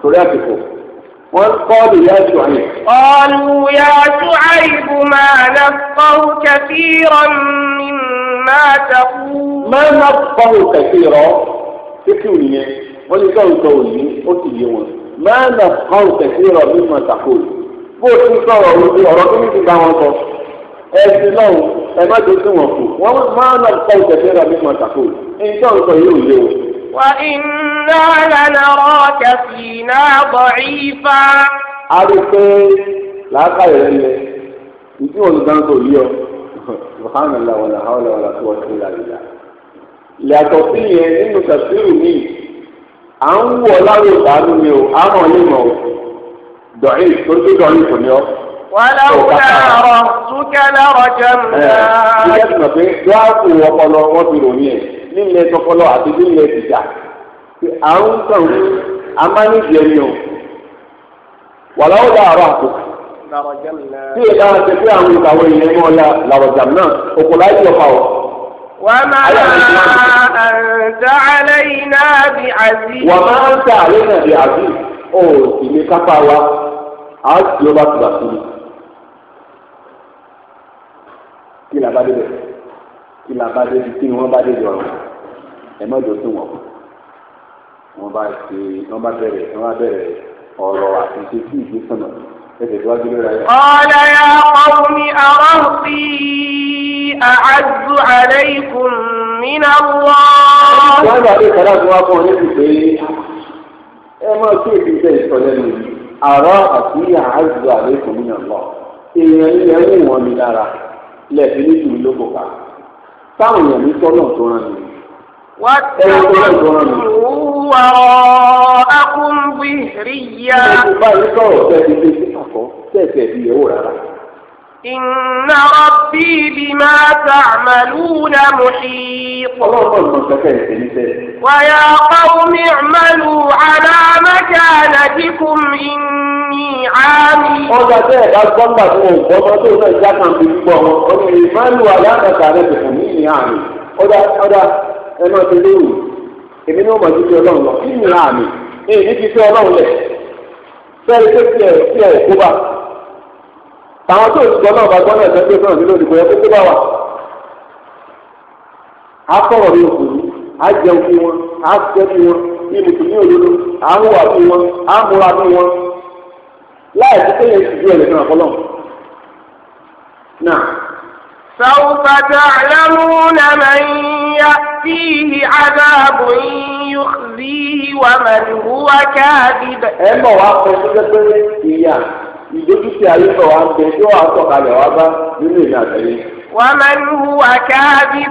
torí àsìkò. wọ́n kọ́ lè yá aṣọ àyè. ọ̀lù yá ṣùáìb máa nà kọ́hù kẹfìrọ̀ mi máa tẹ̀kú. máa nà kọ́hù kẹfìrọ̀ kíkì òyìn wọ́n ní sọ̀rọ̀ sọ̀rọ̀ yìí ó sì yé wọn. máa nà kọ́hù kẹfìrọ̀ mi máa tẹ̀kú. bó o ti sọ̀rọ̀ ọ̀rọ̀ tó ní ti bá wọn sọ ẹsìn náà ẹ má dojú wọn kù wọn máa ń lọ kọ́ ìtẹ̀sẹ̀ rà mí máa tàkó nǹkan nǹkan yóò lé o. وإنا لنراك فينا ضعيفا. a rí i pé làákàyè rẹ lẹ ìdí olùdáná tó yí ọ subhanallah wàlà hàwàlà wàlà tó wà sí ìlàlílà. ìyàtọ̀ sí yẹn nínú tafsiru mi à ń wọ̀ láwọn ìdánù àwọn ọ̀lẹ́mọ̀ dọ̀yìn tó tó dọ̀yìn wàláwùlà rọ súnkẹlẹ rọjẹ mùlá. ìyá ti mọ̀ pé dúwàkù ọpọlọ wọn ti ròyìn ẹ̀ nílẹ̀ tọpọlọ àti nílẹ̀ ìjà àrùn kan amánìjì ẹni o wàláwùlà rọ àkókò tí ìlà ṣe fún àwọn ìkàwé yẹn mọ́ la làwọ̀jà náà òkò láì yọ pa ọ́. وما أنت علينا بعزيز وما أنت علينا بعزيز أو إني كفاوة أجل بطلة kí là bá débẹ̀ kí là bá débi kí ni wọ́n bá débi ọ̀rọ̀ ẹ má jọ sún wọn wọ́n bá ṣe wọ́n bá bẹ̀rẹ̀ wọ́n bá bẹ̀rẹ̀ ọ̀rọ̀ àtúnṣe sí ìgbésọ̀nà ẹsẹ̀ tó wá dé lóra yẹn. ọ̀la ya qawmi arọ́sí a'azzu alaykum min Allah. wọ́n gbà pé kọ́lá tó wá fún ọ níbi pé ẹ máa kí èdè bẹ́ẹ̀ sọ lẹ́nu àrọ́ àti a'azzu alaykum min Allah èèyàn ilẹ̀ lẹ́ẹ̀fín ní ìlú ló kò táwọn èèyàn ní tọ́lọ̀ tó rán mi. wọ́n ti wọ akúnwí rí ya. ìgbà yìí sọ̀rọ̀ tẹ́ẹ̀tì tẹ́ẹ̀tì àkọ́ tẹ́ẹ̀tì ẹ̀bí yẹ̀wò rárá. ìnáwó ربي بما تعملون محيط ويا قوم اعملوا على مكانتكم إني عامل ọjà tẹ ẹ bá gbọ́ gbà fún òun gbọ́dọ̀ tó náà já wọn ó ní ìmáàlú aláàbàtà rẹ ti fún àmì ní wọn ti fi ọlọ́run lọ yìnyín àmì èyí ti fi àwọn tó ti gbọ́ náà bá gbọ́ náà jẹ́ náà nílò ìbò yẹn kókó bá wà. a sọ̀rọ̀ ní òkú yìí a jẹun fún wọn a jẹ́ fún wọn ní mùsùlùmí òdodo ń wà fún wọn à ń múra fún wọn láì sí pé yẹn ti ju ẹ̀rẹ̀ náà fọlọ́ náà. سوف تعلمون من يأتيه عذاب يخزيه ومن هو كاذب. ẹ mọ̀ wá kọ́ sí ìyá ìdójútì ayé sọ wa ń bẹ tí wàá sọ kalẹ̀ wá bá nínú ìlú àtẹ̀yẹ. wà á máa ń hu àkáàbí.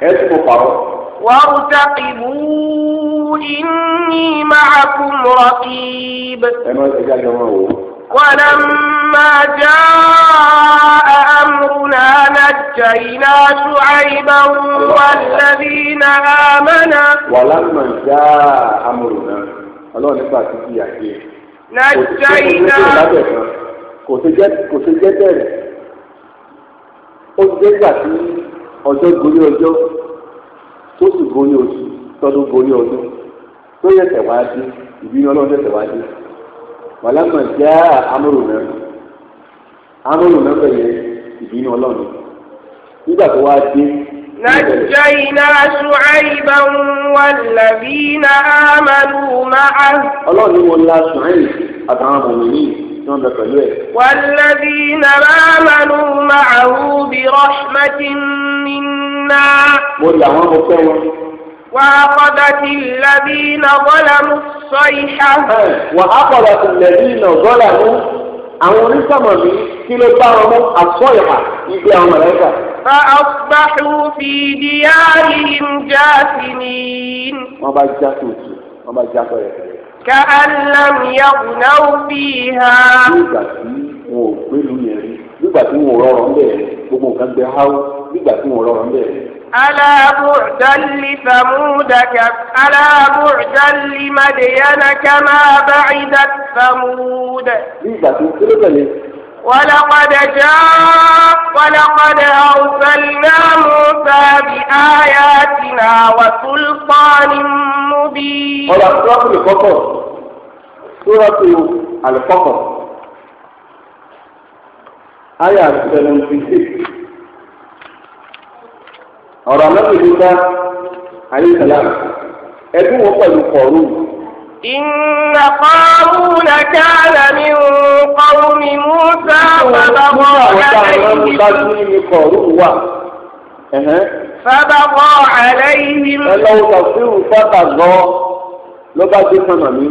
ẹ ti kó pàrọ. wà á tàbí mú máa kú mọ́rọ́ kíb. ẹ máa ṣe jáde wọn o. ولما جاء أمرنا نجينا شعيبا والذين آمنوا ولما جاء أمرنا الله نفع تكي نجينا kò ṣe jẹ́ kò ṣe jẹ́ bẹ́ẹ̀ ó jẹ́ gbà tí ọjọ́ gorí ọjọ́ tó sì gorí oṣù tọdún gorí ọdún tó yẹ tẹ̀wá dé ìbí ọlọ́run tẹ̀tẹ̀ wá dé wàlámà jẹ́ amúrò náà amúrò náà bẹ̀rẹ̀ ìbí ọlọ́run nígbà tó wá dé. نجينا شعيبا والذين آمنوا معه. الله هو الله شعيب أدعى مؤمنين tí wọ́n bẹ pẹ̀lú ẹ̀. walladhina amanu ma'ahu bi rahmatin minna. mo yà wọ́n mo fẹ́ wọn. وأخذت الذين ظلموا الصيحة وأخذت الذين ظلموا àwọn onísàmọ̀ mi kí ló bá wọn mú àsọ̀yà ibi àwọn mọ̀lẹ́kà. fa asbahu fi diyarihim jasimin. wọ́n bá já sóòtù wọ́n bá já sọ̀rọ̀ ẹ̀sẹ̀. كأن لم يغنوا فيها wọn ò gbélu yẹn rí nígbà tí wọn ò rọrọ ń bẹ̀rẹ̀ gbogbo nǹkan gbẹ háwó nígbà tí wọn ò rọrọ ń bẹ̀rẹ̀. alábùdálì fàmúdàkà alábùdálì màdìyànà kàmá bàìdà fàmúdà. nígbà tí kéré tẹ̀lé ولقد جاء ولقد أرسلنا موسى بآياتنا وسلطان مبين ولا سورة الفطر سورة الفطر آية 76 ọ̀rọ̀ anábìyí ńlá ayé sàlámù ẹdún wọn pẹ̀lú kọ̀ọ̀rù إن قارون كان من قوم موسى فبغى عليهم فبغى عليهم ẹlọ́wọ́ tàbíù fọ́tà lọ ló bá dé sànà mi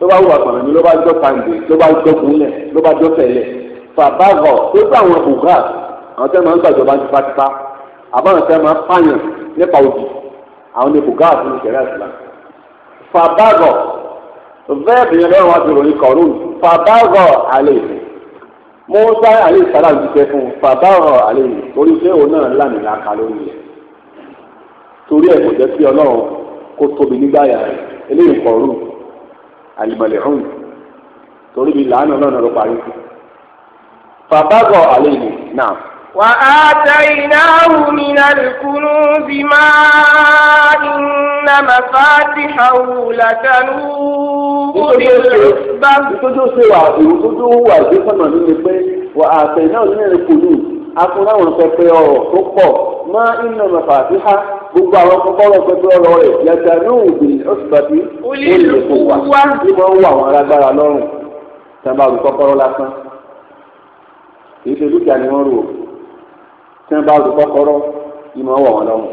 ló bá wà sànà mi ló bá jọ pàǹdé ló bá jọ gúnlẹ̀ ló bá jọ tẹ̀lẹ̀ fàbàgọ̀ tó bá àwọn bùgà àwọn tẹ́ máa ń gbàjọba tipátipá àbáwọn tẹ́ máa ń pààyàn nípa òdì àwọn ní bùgà àti ìṣẹ̀lẹ̀ àti ìlànà fàbágọ̀ vẹ́ẹ̀bì yẹn lọ́rùn wá ti ròyìn kọ̀ọ̀rùn fàbágọ̀ àlẹ́ mọ́sá àlẹ́ ìsàlá jíjẹ fún fàbágọ̀ àlẹ́ torí pé òun náà lànà ìlàkà lórí rẹ̀ torí ẹ̀ kò jẹ́ sí ọlọ́run kó tóbi nígbà yà rẹ̀ eléyìí kọ̀ọ̀rùn àlìmọ̀lẹ̀ hùn torí bí làánà náà ló parí fàbágọ̀ àlẹ́ náà. وآتيناه من الكنوز ما إن مفاتحه لتنوء بالعصبة wà á tẹ̀lé náà nínú ìkùnú afúnáwọn pẹpẹ ọ̀rọ̀ tó pọ̀ má iná mẹ́fà sí ha gbogbo àwọn kọ́kọ́rọ́ pẹpẹ ọ̀rọ̀ rẹ̀ yàtọ̀ ní òbí ọ̀sùpàtì olùkùwà tí wọ́n wà wọn alágbára lọ́rùn tàbí àwọn kọ́kọ́rọ́ lásán kì í ṣe dúkìá ni wọ́n rò ó tí bá rú kọ́kọ́rọ́ ìmọ̀ wọ̀ wọn lọ́wọ́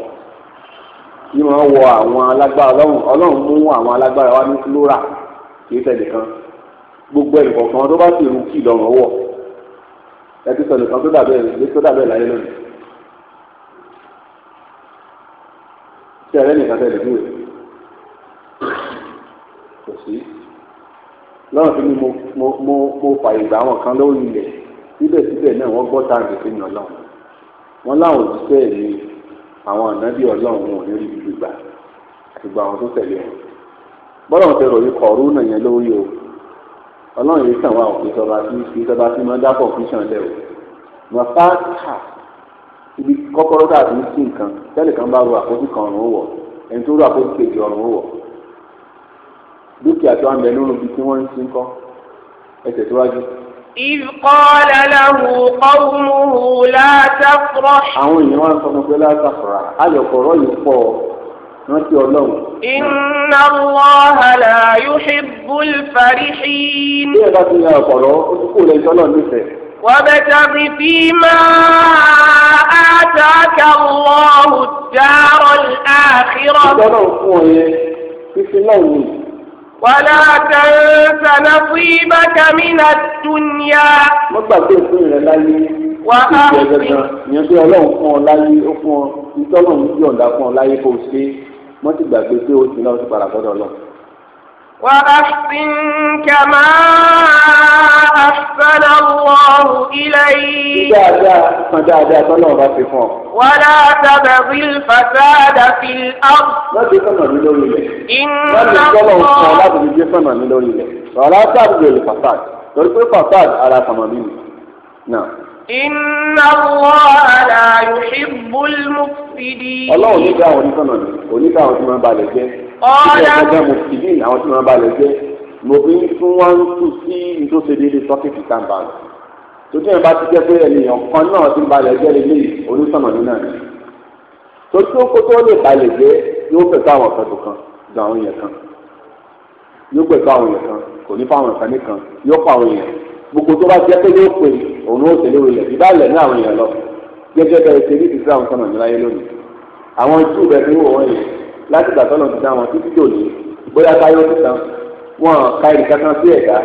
ìmọ̀ wọ àwọn alágbára ọlọ́run ọlọ́run mú àwọn alágbára wá ní flora kì í kan gbogbo ẹnìkọ̀ọ̀kan tó bá sì rú kì lọ́rùn ọwọ́ ẹ ti sọ tó dàbẹ̀ ẹ̀ tó dàbẹ̀ láyé lónìí tí ẹ̀rẹ́ nìkan tẹ̀lé dúró kò sí lọ́rùn fi ni mo mo mo fàyè gbà àwọn kan lórí ilẹ̀ síbẹ̀síbẹ̀ náà wọ́n gbọ́ táǹkì sí mi ọlọ́run. wọn láwọn òṣìṣẹ́ mi àwọn ànábì ọlọrun ò ní rí ibi gbà àtìgbà àwọn tó tẹ̀lé wọn bọ́lá wọn ti ròyìn kọ̀ọ̀rú náà yẹn lórí o ọlọrun yìí sàn wá òfin sọba tí fi sọba tí máa ń dápọ̀ fún o ibi ibi kọ́kọ́rọ́ dàbí sí nǹkan tẹ́lẹ̀ kan bá ro àkókò kan ọ̀run wọ̀ ẹni tó ro àkókò kejì ọ̀run wọ̀ dúkìá tó ń bẹ lórí ibi tí ń إذ قال له قومه لا تفرح àwọn èèyàn wá sọ pé لا تفرح ayọ̀kọ̀rọ̀ yìí pọ̀ rántí ọlọ́run. إن الله لا يحب الفرحين. bí ẹ bá ti yan ọ̀pọ̀rọ̀ ó ti kú lẹ́yìn tọ́lọ̀ nífẹ̀ẹ́. وابتغ فيما آتاك الله الدار الآخرة. ìjọba fún ọ yẹn fífi náà wù wàlá tẹ̀sánà fún ibà kàmínà dúnìá. wọ́n gbà pé ìpín rẹ̀ láyé wà á fi ìyẹn pé ọlọ́run fún ọ láyé ó fún ọ ìtọ́lọ́run yọ̀ǹda fún ọ láyé kó o ṣe wọ́n ti gbàgbé pé ó ti náà ti padà gbọ́dọ̀ lọ. وأحسن كما أحسن الله إليك ولا تبغي الفساد في الأرض إن ولا تبغي الفساد تركوا الفساد على ثمانين نعم إن الله لا يحب المفسدين الله ونكا ونكا ونكا ونكا ونكا ọ̀dà ọ̀dà mùsùlùmí àwọn tí wọ́n bá lè jẹ́ mo fi ń tún wọn ń tún sí nítòsí déédéé sọ́kìtì kàǹbà tó tí wọ́n bá ti jẹ́ pé ènìyàn kan náà ti balẹ̀ jẹ́ lélẹ̀ onísọ̀nà nínú àná tó kó tó lè balẹ̀ jẹ́ yóò pẹ̀ àwọn kan kan ju àwọn èèyàn kan yóò pẹ̀ àwọn èèyàn kan kò ní fáwọn kan nìkan yóò pa àwọn èèyàn gbogbo tó bá jẹ́ pé yóò pè òun ó tẹ̀lé òun ilẹ̀ ìbálẹ̀ ní àwọn èèyàn lọ gẹ́gẹ́ bẹ́ẹ̀ ṣe ní ìsirà àwọn sọ̀nà níláyé lónìí àwọn júù bẹ́ẹ̀ fi ń yẹn láti gbà tọ́lọ̀ ti dá wọn títí dòní bóyá táyọ̀ ti tán wọn ka ìrìkà kan sí ẹ̀dá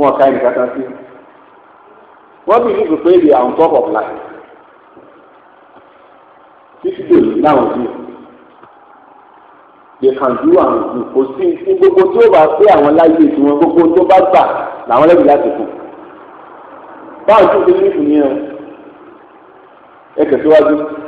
wọn ka ìrìkà kan sí wọn bí nígbà pé they are on top of life títí dòní láwọn bí they can do àwọn òkú kò sí ní gbogbo tí ó bá pé àwọn láyé ìtumọ̀ gbogbo tó bá gbà làwọn lẹ́bi láti kù báwọn tó ń gbé nípìnlẹ̀ ẹ̀ tẹ̀síwájú.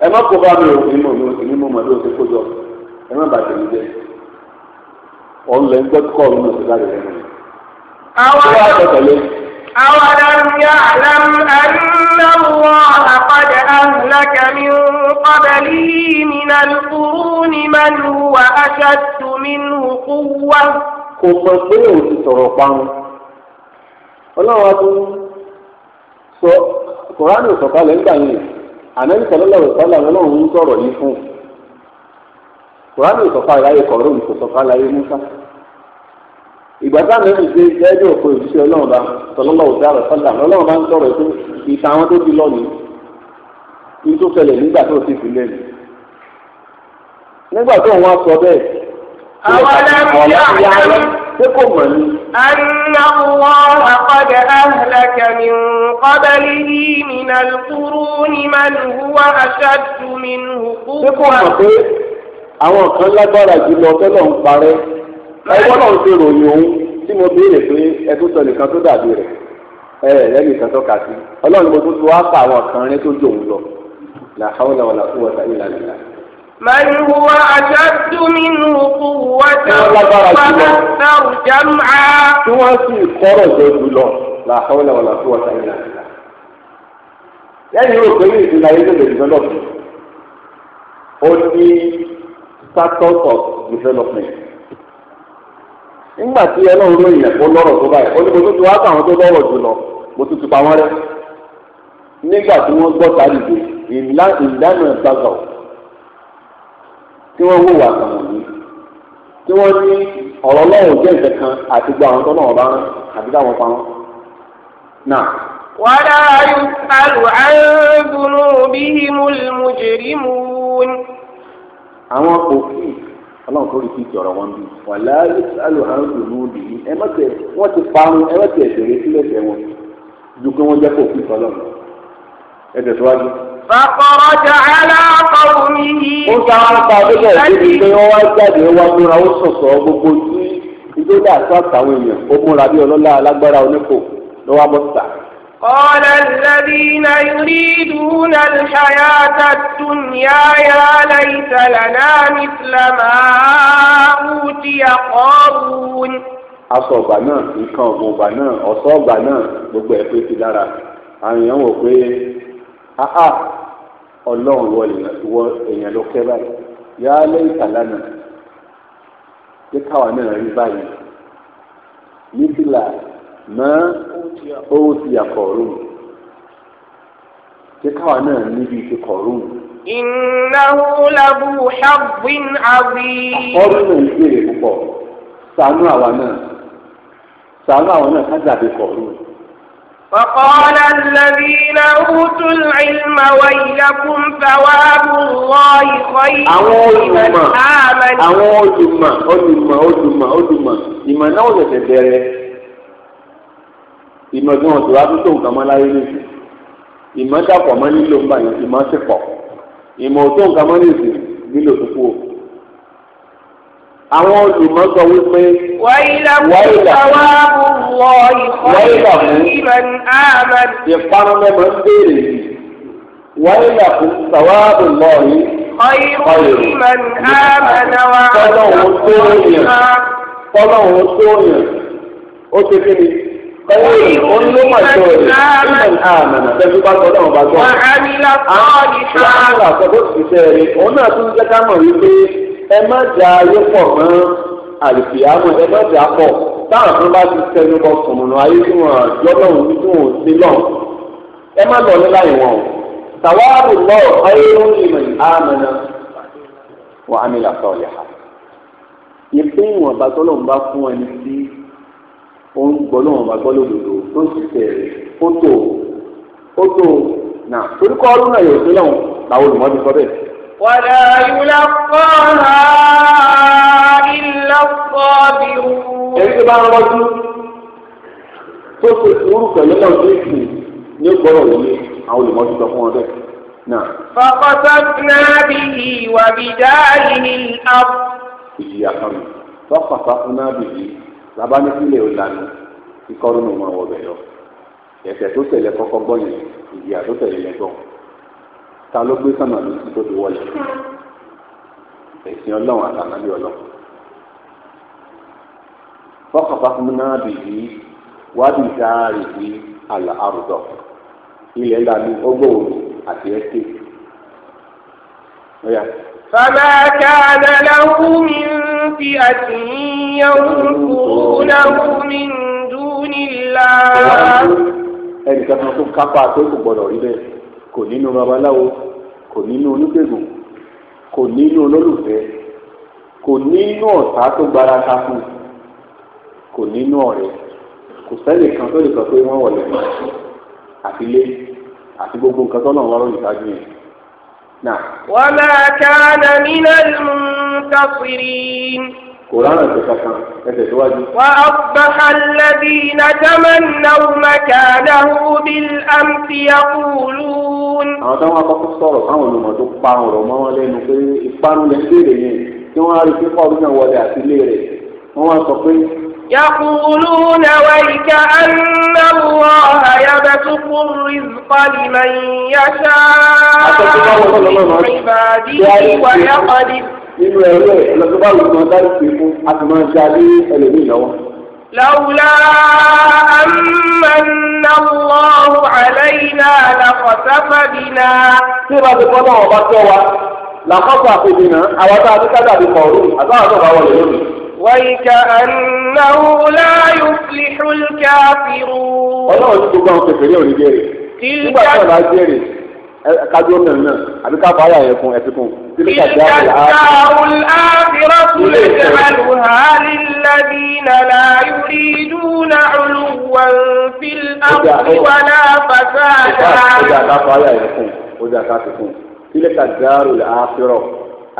ẹ má kó bá mi ò ní mò ní mò mọ̀ ní oṣù kójọ ẹ má bàjẹ́ mi jẹ́ ọ̀lẹ́ ń gbọ́ kọ́ ọ̀run lọ́sẹ̀ láti rẹ̀ mọ̀. أولم يعلم أن الله قد أهلك من قبله من القرون من هو أشد منه قوة kò sọ pé òun ti sọ̀rọ̀ parun ọlọ́run á tún sọ kòránì sọ̀kalẹ̀ ń gbà yín ànábì sọlọ́lọ́ ìsọ́lá ọlọ́run ń sọ̀rọ̀ yìí fún kùránì ìsọ̀fà láyé kọ̀ọ̀rọ̀ ìsọ̀fà láyé músà ìgbà tá àmì ìṣe jẹ́jọ́ òpin òṣìṣẹ́ ọlọ́run bá sọlọ́lọ́ ìsọ̀rọ̀ sọ́lá ọlọ́run bá ń sọ̀rọ̀ pé ìta àwọn tó ti lọ ní ní tó fẹlẹ̀ nígbà tó ti fi lẹ́nu nígbà tó wọn sọ bẹ́ẹ̀ ṣé kò mọ̀ ni. anna Allah qad ahlaka min qablihi min al-quruni man huwa ashaddu minhu quwwa. ṣé kò mọ̀ pé àwọn kan lágbára jùlọ tọ́lọ̀ ń parẹ́ ẹgbọ́n náà ṣe ròyìn òun tí mo béèrè pé ẹ sọ nìkan tó dàbí rẹ̀ ẹ rẹ̀ nìkan tó kà sí ọlọ́run mo tún ti wá pa àwọn kan rẹ tó jò òun lọ làhàwọn làwọn làkúwọ̀ta ìlànà ìlànà. من هو أشد منه قوة وأكثر جمعا تواسي خرج بلون لا حول ولا قوة إلا بالله yẹ́nì yóò gbé ní ìdílé ayé lè development ó ní status of development nígbà tí ẹlọ́run ló yẹ kó lọ́rọ̀ tó báyìí ó ní mo tún ti wá káwọn tó lọ́rọ̀ jù lọ mo tún pa wọ́n rẹ́ nígbà tí wọ́n gbọ́ sáré dé ìlànà ìdáná ìgbàgbọ́ tí wọ́n wò wá kàn wọ̀nyí tí wọ́n ní ọ̀rọ̀ ọlọ́run jẹ́ ìfẹ́ kan àti gba àwọn tọ́nà ọ̀bá rán àbí dáwọn pa wọn. náà. wàdà ayùsàlù àǹdùnú bí mùlùmùjìrìmùn. àwọn òkú ọlọ́run tó rí kí ìjọ̀rọ̀ wọn bí wàlá ayùsàlù àǹdùnú bí ẹ má tẹ wọ́n ti parun ẹ má tẹ ẹ̀sẹ̀ rẹ sílẹ̀ tẹ̀ wọn ju pé wọ́n jẹ́ kó òkú ìfọlọ́run ẹ tẹ̀síwájú. Fàkọ̀rọ̀jà aláàkọ̀wò mi yìí. Ó sá ń pa abẹ́lẹ̀ ìdíbi pé wọ́n wá jáde wá múra ó sọ̀sọ̀ gbogbo tí ìjọ dà tó àtàwọn èèyàn ó múra bí ọlọ́lá alágbára onípò lọ́wọ́ bọ́sà. قال الذين يريدون الحياة الدنيا يا ليت لنا مثل ما أوتي قارون aṣọ ọgbà náà nǹkan ọgbọ̀n ọgbà náà ọ̀ṣọ́ ọgbà náà gbogbo ẹ̀ pé ti lára àwọn wò pé haha ọlọ́run wọ èèyàn ló kẹ́ báyìí yà á lé ìtàlá náà yẹ káwa náà rí báyìí nífìlà mọ́ owó ti yà kọ̀ọ̀rùn yẹ káwa náà níbi ti kọ̀ọ̀rùn. Innahu lahu habbin azim. Ọ̀rọ̀ náà ń gbèrè púpọ̀. Ṣàánú àwa náà. Ṣàánú àwa náà ká dàbí kọ̀ọ̀rùn. فقال الذين أوتوا العلم ويلكم ثواب الله خير àwọn olùmọ̀ àwọn olùmọ̀ olùmọ̀ olùmọ̀ olùmọ̀ ìmọ̀ náà ṣẹ̀ṣẹ̀ bẹ̀rẹ̀ ìmọ̀ tí wọ́n ti wá tó nǹkan mọ́ láyé nìyí ìmọ̀ dàpọ̀ mọ́ nílò ń báyìí ìmọ̀ sì pọ̀ ìmọ̀ tó nǹkan mọ́ nìyí nílò tó kú o àwọn olùmọ̀sọ wípé. wàyílà wàyílà wàyílà mú ìparun mẹ́mọ̀ ń béèrè yìí wàyílà fún sàwáàbù lọ́ọ̀yì. ọ̀yìn ìmọ̀ ní àmàlà wà. tọ́lọ́hún tó yàn tọ́lọ́hún tó yàn ó ti fi mi olùmọ̀ tó rẹ̀ ìmọ̀ àmàlà tẹ́lú bá tọ́lá ọba tó. wàhálà sọ́ọ̀dì sọ́ọ̀dì. àwọn àgbà sọ́kòtì sẹ́ẹ̀rẹ̀ òun náà tún jẹ́ ká mọ̀ wípé ẹ má dà ayé pọ̀ mọ́ àlùfíàmù ẹ má dà pọ̀ táwọn kan bá ti tẹnu bọ sùnmùnú ayé tí wọn jọlọ́hún tí wọn ò sí lọ ẹ má lọ nílá ìwọ̀n o tàwáàbù lọ ayé lóhùn ìmọ̀ àmàna wà á mi làtọ̀ yà á ìpín ìwọ̀nba tọ́lọ́hún bá fún ẹni tí ó ń gbọ́ lọ́wọ́n bá gbọ́ lódodo tó sì tẹ̀ ó tó ó torí kọ́ ọdún náà yóò sí lọ́wọ́ làwọn olùmọ́bí ولا يلقاها إلا الصابرون èyí bá rọjú tó ṣe sùúrù pẹ̀lú ọjọ́ ìsìn ní gbọ́rọ̀ wọlé àwọn olùmọ̀jú sọ fún ọdẹ náà. فخسفنا به وبداره الأرض. ìjìyà kan mi فخسفنا به labanisílẹ̀ ìlànà ìkọrùnù máa wọ bẹ̀rẹ̀ ẹ̀sẹ̀ tó tẹ̀lé kọ́kọ́ gbọ́ yẹn ìjìyà tó tẹ̀lé lẹ́gbọ̀n ta ló gbé sànà ló ti tó fi wọlé ẹ̀sìn ọlọ́run àtàlálẹ́ ọlọ́run fọkànfà fún náà bì í wádìí ìdáàrí sí àlà àrùdọ̀ ilẹ̀ lanu ọgbọ̀n àti ẹ̀sìn. فما كان له من فئة ينصرونه من دون الله kò nínú babaláwo kò nínú onígbègùn kò nínú olólùfẹ́ kò nínú ọ̀tá tó gbára ta kò nínú ọ̀rẹ́ kò sẹ́lẹ̀ kan tó lè sọ pé wọ́n wọlé àti ilé àti gbogbo nǹkan tó náà wọ́n lóyún ìtajú yẹn. Wàlá kánà nínú ìmú kásìrín. قرآن تكفى وأصبح الذين تمنوا مكانه بالأمس يقولون àwọn táwọn akọ́kọ́ sọ̀rọ̀ táwọn olùmọ̀ tó parun ọ̀rọ̀ mọ́ wọn lẹ́nu pé ìparun lè ń béèrè yẹn tí wọ́n á rí pípọ̀ ọdún náà wọlé àti ilé rẹ̀ wọ́n wá sọ pé. يقولون ويك أن الله يبسط الرزق لمن يشاء من عباده ويقدر nínú ẹ̀rọ ẹ̀ lọ́sọ́bà lọ́sọ́ dárí pé fún àtìmọ́ṣá ní ẹlòmíì lọ́wọ́. لولا أمن الله علينا لخسف بنا. síbà tí kọ́nà ọba tọ́ wa làkọ́sọ̀ àkójìnà àwọn tá a ti ká dàbí kọ̀ọ̀rù àtàwọn àtọ̀wà wọlé lónìí. ويكأنه لا يفلح الكافرون. ọlọ́run ti gbogbo àwọn kẹfẹ́ ní òní jẹ́rìí. nígbà tí ọ̀la jẹ́rìí kájú ọ̀nà náà àbí ká báyà yẹn fún ẹ̀sìn fún. Tilka darul akhiratu naj'aluha lilladhina la yuriduna 'uluwan fil ardi wala fasada. Ọjà ká báyà yẹn fún ọjà ká fi fún. Tilka darul akhiratu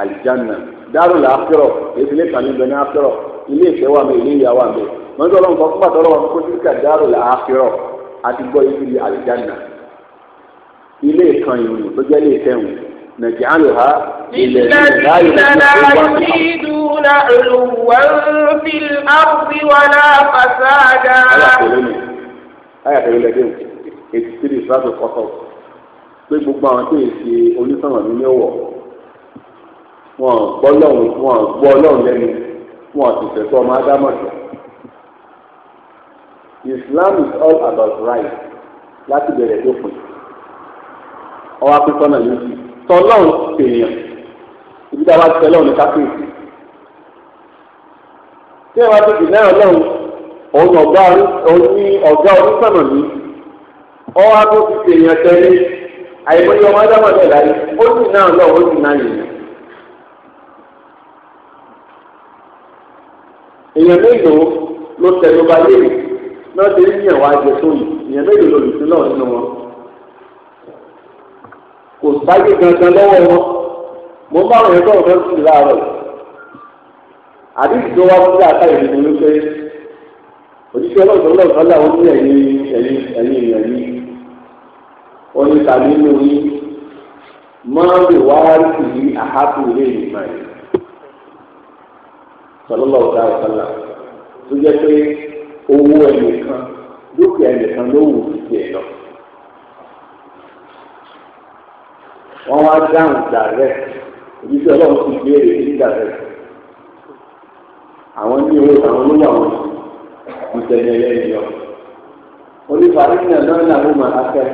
aljanna. Darul akhiratu èyí lè kàn níbẹ̀ ní àfẹ́rọ̀. Ilé ìfẹ́ wà mí, ilé ìyá wà mí. Mọ́tò ọlọ́run kan fún pàtó ọlọ́run kó tilka darul akhiratu àti gbọ́ ibi àlìjáná ilé kan ìrìn tó jẹ́ ilé kẹrùn nàìjíríà àlò ha ilẹ̀ láàyè tó ìdúnà olùwọ́n fi àwùjọ wà náà fàṣáàdà. ayà tẹ̀lé lẹ́dẹ̀ o eighty three ìfúrásù kọ́kọ́ pé gbogbo àwọn tó yẹ ṣe onísọ̀rọ̀ nínú ọ̀wọ̀ wọn gbọ́ lọ́hùn wọn gbọ́ lọ́hùn lẹ́nu wọn sì fẹ́ sọ ọmọ ádámọ̀ṣọ́. Islam is all about right láti bẹ̀rẹ̀ tó pin ọwọ́ apẹ́tọ́nà yìí tọ́lọ́run tèèyàn ibi tá a bá ti tẹ́lọ́run ní káfíńsì tí ẹ bá ti dìnnà ọlọ́run òun ọ̀gá òní ọ̀gá onísànà mi ọwọ́ apẹ́ ti tèèyàn tẹ́lẹ̀ àìmọye ọmọ adámọ̀ náà láyé ó dìnnà ọlọ́run ó dìnnà yìí. èèyàn mélòó ló tẹnu ba léèrè lọ́dẹ yíyan wá jẹ sóyè èèyàn mélòó lòlùsí náà nínú wọn kò sáyé gangan lọ́wọ́ wọn mo bá wọn ẹgbẹ́ ọ̀dọ́ sí láàárọ̀ àdéhùn tó wá fún láàká ìlú ló pé òṣìṣẹ́ ọlọ́sọ̀ ọlọ́sọ̀ làwọn ní ẹ̀yìn ẹ̀yìn ẹ̀yìn ẹ̀yìn ọ̀yìn tàbí lórí máa ń lè wá sí ní àhápù ilé ìgbà yìí sọlọ́lọ́ ọ̀gá ọ̀sọ́là tó jẹ́ pé owó ẹnìkan dúkìá ẹnìkan ló wù sí ẹ̀ lọ. wọ́n wá dáhùn dàrẹ́ ìdíṣẹ́ ọlọ́run sì béèrè ní dàrẹ́ àwọn ní owó àwọn olówó àwọn ìtẹ̀lẹ̀ ẹlẹ́yìn lọ. onífàárí náà náà náà ló máa fẹ́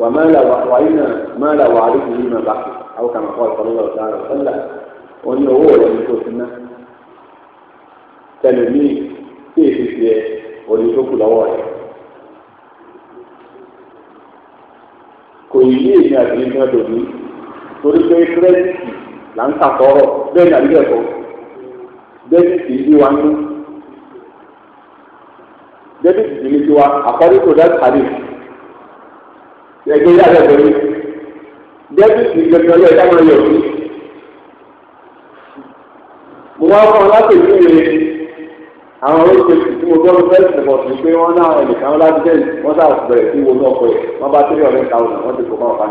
wà máa là wà wáyé náà máa là wà àríkùn yìí máa bá àwọn kàmá kọ́ ìfọlọ́lọ́ sára ọ̀sánlá wọn ní owó rẹ̀ ní kò sí ná. tẹ̀lé mi tí èsì tiẹ̀ òní tó kù lọ́wọ́ rẹ̀. kò yí èmi àti ní torí pé kírẹ́dìtì là ń sàkọ́rọ̀ bẹ́ẹ̀ ni àbíkẹ́ kọ́ dẹ́bìtì bí wa ní dẹ́bìtì bí ti wa àkọ́rí tó dá tàbí ẹgbẹ́ yára ẹgbẹ́ mi dẹ́bìtì gbẹgbẹ́ lọ́ọ́ ẹ̀dá máa yọ̀ mí. mo wá fún ọ láti ìlú mi àwọn olóṣèlú tí mo gbọ́dọ̀ fẹ́ sọ̀rọ̀ sí pé wọ́n náà ẹnìkan láti jẹ́ wọ́n sáà bẹ̀rẹ̀ sí wo náà pẹ̀ wọ́n bá tẹ́lẹ̀ ọ̀rẹ́ ta ọ̀nà wọ́n ti kó bá wọn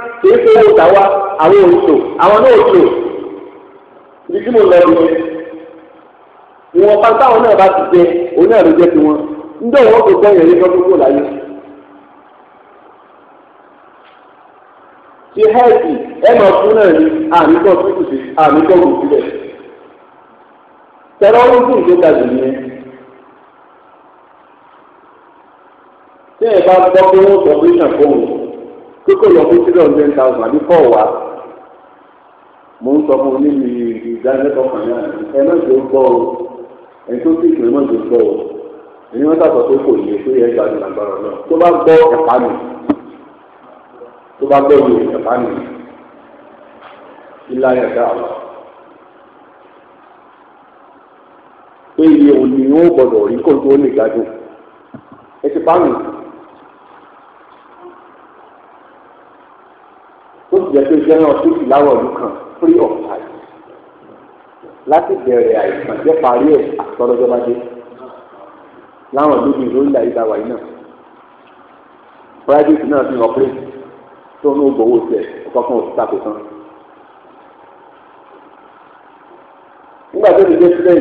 kìí ṣe owó wá àwọn òṣò àwọn náà òṣò ibi tí mo lọ rí i ìwọ̀n pátá àwọn náà bá ti jẹ òun náà ló jẹ ti wọn ndé wọn kò gbọ́ yẹn lé lọ́dún kó láyé. ti hẹ́ẹ̀kì ẹ máa fún náà ní àmì tó tí kò lọ fún three hundred thousand àbí four wa mo ń sọ fún un nínú ìdánilẹ́kọ̀ọ́ kan náà ẹ náà ṣe ń gbọ́ o ẹni tó sì kìlọ̀ náà ṣe gbọ́ o èyí wọ́n sàtọ̀ pé kò yẹ tó yẹ gbàdúrà gbàdúrà náà tó bá gbọ́ ẹ̀ka nù tó bá gbọ́ yẹ ẹ̀ka nù ilá yẹn dá àwọn. pé iye òní ó gbọdọ̀ rí kó tó lè gbádùn ẹ ti pa nù. jẹ́ pé general hospital láwọ̀ ọdún kan free of charge láti bẹ̀rẹ̀ àìsàn jẹ́ parí ẹ̀ àtọ́lọ́jọ́ bá dé láwọn ọdún bíi lórí àyíká wáyé náà private náà fi hàn pé tó ní ògbówó tiẹ̀ ọ̀kọ̀ọ̀kan ò sàkó tán. nígbà tó ti dé sílẹ̀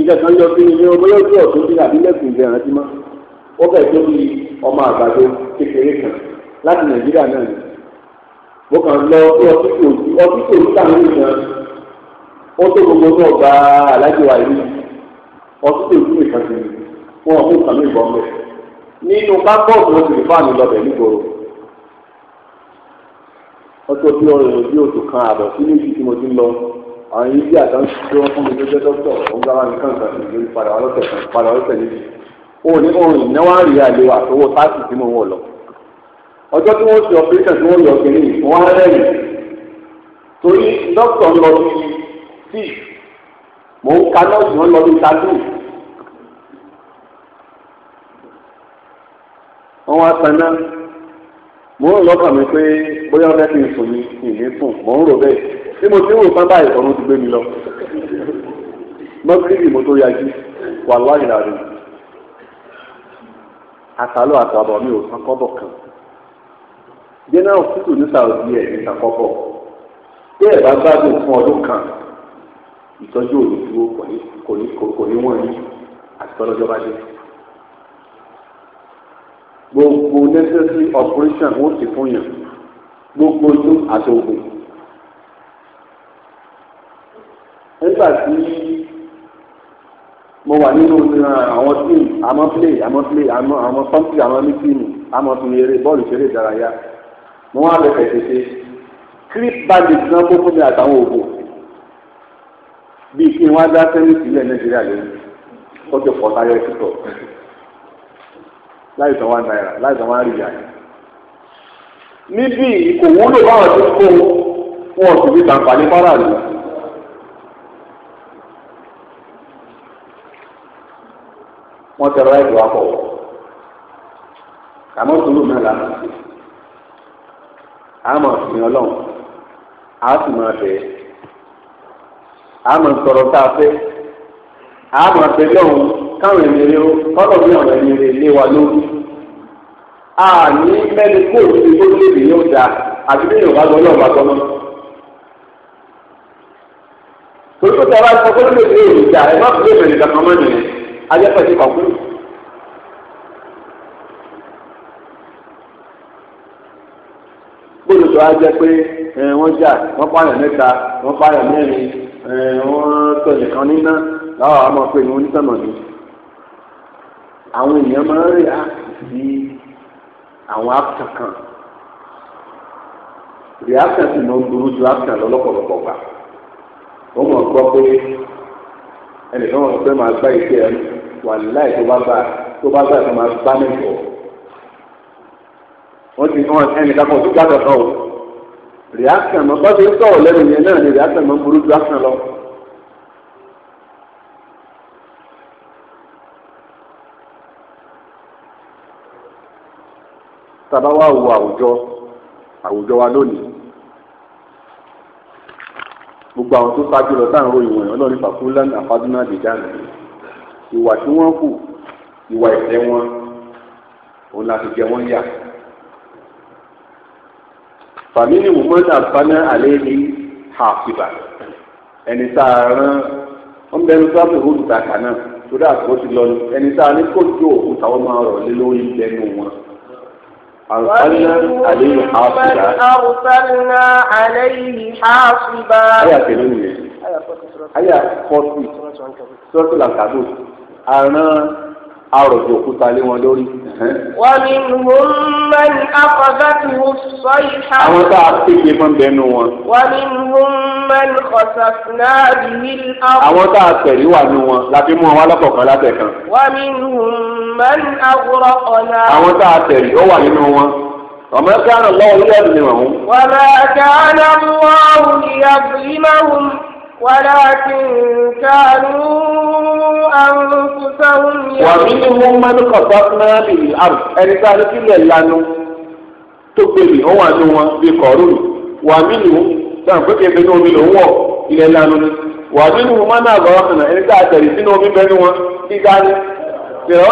ìgbà kan yọ sí ilé ọmọ yóò tó ọ̀tún sí àbílẹ̀kùn ìgbà rántí mọ́ ó bẹ̀ tó bí ọmọ àgbàdo kékeré kan láti Nàìjíríà náà ni mo kàn lọ sí ọtútù ọtútù ìtàn nìkan ó tó gbogbo náà gba alájọ àìrí ọtútù ìtàn nìkan sí wọn ò mú nǹkan mi bọ́ mẹ́ nínú pápọ́ọ̀tù wọn sì lè fáàmì lọ́bẹ̀ nígboro ọtọ́ bí ọ̀rọ̀ ìròyìn bí kan àbọ̀ sí ní ìdí mo ti lọ àwọn yìí bí àtàn tí wọ́n fún mi ló jẹ́ dókítọ̀ ó ń gbára nìkan sí ìlú padà wà lọ́sẹ̀ kan padà wà lọ́sẹ̀ níbi òun ní òun àríyá ọjọ́ tí wọ́n ṣe ọ̀pẹ́sẹ̀ tí wọ́n yọ kiri wọ́n á rẹ́yìn torí dókítà lọ sí tíì mò ń ka nọ́ọ̀sì wọn lọ sí tatu wọ́n wá sanná mò ń lọ́kàn mi pé bóyá ọ̀rẹ́ kì í sùn ní ìní sùn mò ń rò bẹ́ẹ̀ tí mo ti ń rò sábà ìtọ́nu ti gbé mi lọ mọ́kìrì mo tó yájú wà láyìí àtàlọ́ àtàbọ̀ mi ò san kọ́bọ̀ kan general hospital ní saudi ẹ̀ ní sàkọ́kọ́ bí ẹ̀ bá gbádùn fún ọdún kan ìtọ́jú olùdúró kò ní wọ́n ní àtọ́lọ́jọ́ bá dé. gbogbo necessary operation wọ́n ti fún yàn gbogbo inú àtòògùn. nígbà tí mo wà nínú àwọn tíìmù àmọ́ play àmọ́ play àmọ́ àmọ́ pọ́ńpì àmọ́ ní tíìmù àmọ́ fi eré bọ́ọ̀lù ṣeré ìdárayá mo wá bẹ̀rẹ̀ tètè crip bandage náà kó fún mi àtàwọn òògùn bíi kí n wá dá sẹ́yìn sílẹ̀ nàìjíríà lónìí kọjọ pọ̀ táyọ̀ ìtútọ̀ láì tàn wá náírà láì tàn wá rí ìyá yẹn níbí kò wúlò báwọn tó kó wọn sì fi tàǹfààní fáráàlú. wọ́n tẹ̀rọ ẹ̀dùn akọ̀ àmọ́ sùúrù mẹ́la àmọ́ ìyẹn ọlọ́run a sì máa bẹ̀ ẹ́ sọ̀rọ̀ tá a fẹ́ àmọ́ bẹ̀ lọ́hùn káwọn ènìyàn rẹ kọ́lọ̀ bí àwọn ènìyàn rẹ lé wa lórí a ní mẹ́ni kó o ti tó lébi yóò dáa àti bí yorùbá gbọ́ yóò bá gbọ́ mọ́. torí pé tí a bá sọ pé lóde yóò dáa ẹ má fi lóde nìkan kan mọ́ nìyẹn ajẹ́pẹ̀sí kọ̀ọ̀kúrú. wá jẹ́ pé wọ́n jà wọ́n pààyàn mẹ́ta wọ́n pààyàn mẹ́rin wọ́n tọ̀ nìkan níná láwọn àmọ́ pé wọ́n nítàmọ̀ ni. àwọn èèyàn máa ń rí àkìsí àwọn áfíà kan reaction sì ló ń burú ju action lọ lọ́pọ̀lọpọ̀ gbà wọ́n mọ̀ gbọ́ pé ẹnìkan wọn fẹ́ máa gbá iṣẹ́ ẹ wà láì tó bá gbà tó bá gbà tó máa gbá mẹ́fọ̀ wọ́n ti wọ́n ẹnìkan kan tó gbàgbọ́ kan o reaction mọ bọ́sẹ̀ ń sọ̀rọ̀ lẹ́nu yẹn náà ni reaction mọ burú ju action lọ. tàbá wá wo àwùjọ àwùjọ wa lónìí gbogbo àwọn tó ṣáájú lọ sáà ń ròyìn wọ̀nyí ọlọ́run fàkúńlá ní àfádúná àdìjáde ìwà tí wọ́n kù ìwà ìfẹ́ wọn òun la jẹ wọ́n yà fàmílì mọ̀mọ́dà báná àlẹ́ ní hàfìbà ẹni tá a rán wọn bẹ̀rù sábà òkú tàkà náà torí àtúntò ti lọ ẹni tá a ní kó tó òkú táwọn máa rọ̀ lé lórí lẹ́nu wọn. أرسلنا عليه حاصبا أرسلنا عليه حاصبا أيا كلمة أيا فوتي سورة العنكبوت أنا àròjò òkúta lé wọn lórí. wọ́n ní mùmẹ́ni akọ̀dọ́tì sọ ìṣá. àwọn tá a kéde fún bẹnu wọn. wọ́n ní mùmẹ́ni kọ̀sọ̀fúnà bìí àwọn. àwọn tá a tẹ̀lé wà nù wọn láti mú wọn lọ́kọ̀ọ̀kan látẹ̀kan. wọ́n ní mùmẹ́ni agurọ̀ ọ̀nà. àwọn tá a tẹ̀lé ó wà nínú wọn. وما كان الله ليظلمهم وما كان الله ليظلمهم ولكن كانوا أنفسهم ومنهم من خسفنا به الأرض ẹnìkan kí lè lanu tó gbèrè ó wà ní wọn bí kọrùn wà mílíọ̀n náà pé kébé ní omi ló na wọ ilẹ̀ lanu ni wà mílíọ̀n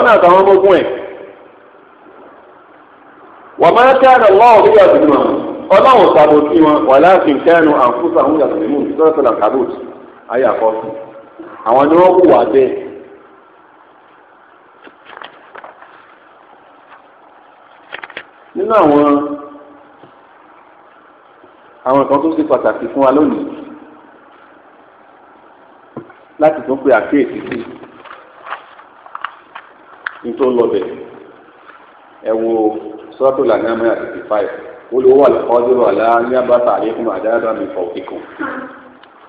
na náà gbọ́ ogun ọlọ́run sàbòtì wọn wà láàfin kẹ́nu àǹfùsà àwọn yàtọ̀ nínú ìsọ́sọ́lá kàbòtì ayé àkọ́sí àwọn ni wọ́n hùwà bẹ́ẹ̀. nínú àwọn àwọn nǹkan tó ṣe pàtàkì fún wa lónìí láti tún pe àkíyèsí sí ní tó lọ bẹ̀ ẹ wo sọ́tò làǹgámẹ́ àti fífáìsì olùwọ́ àlùkọ́dúró àlá ní abáta àlékún àdáyébá mi fọ̀ kíkùn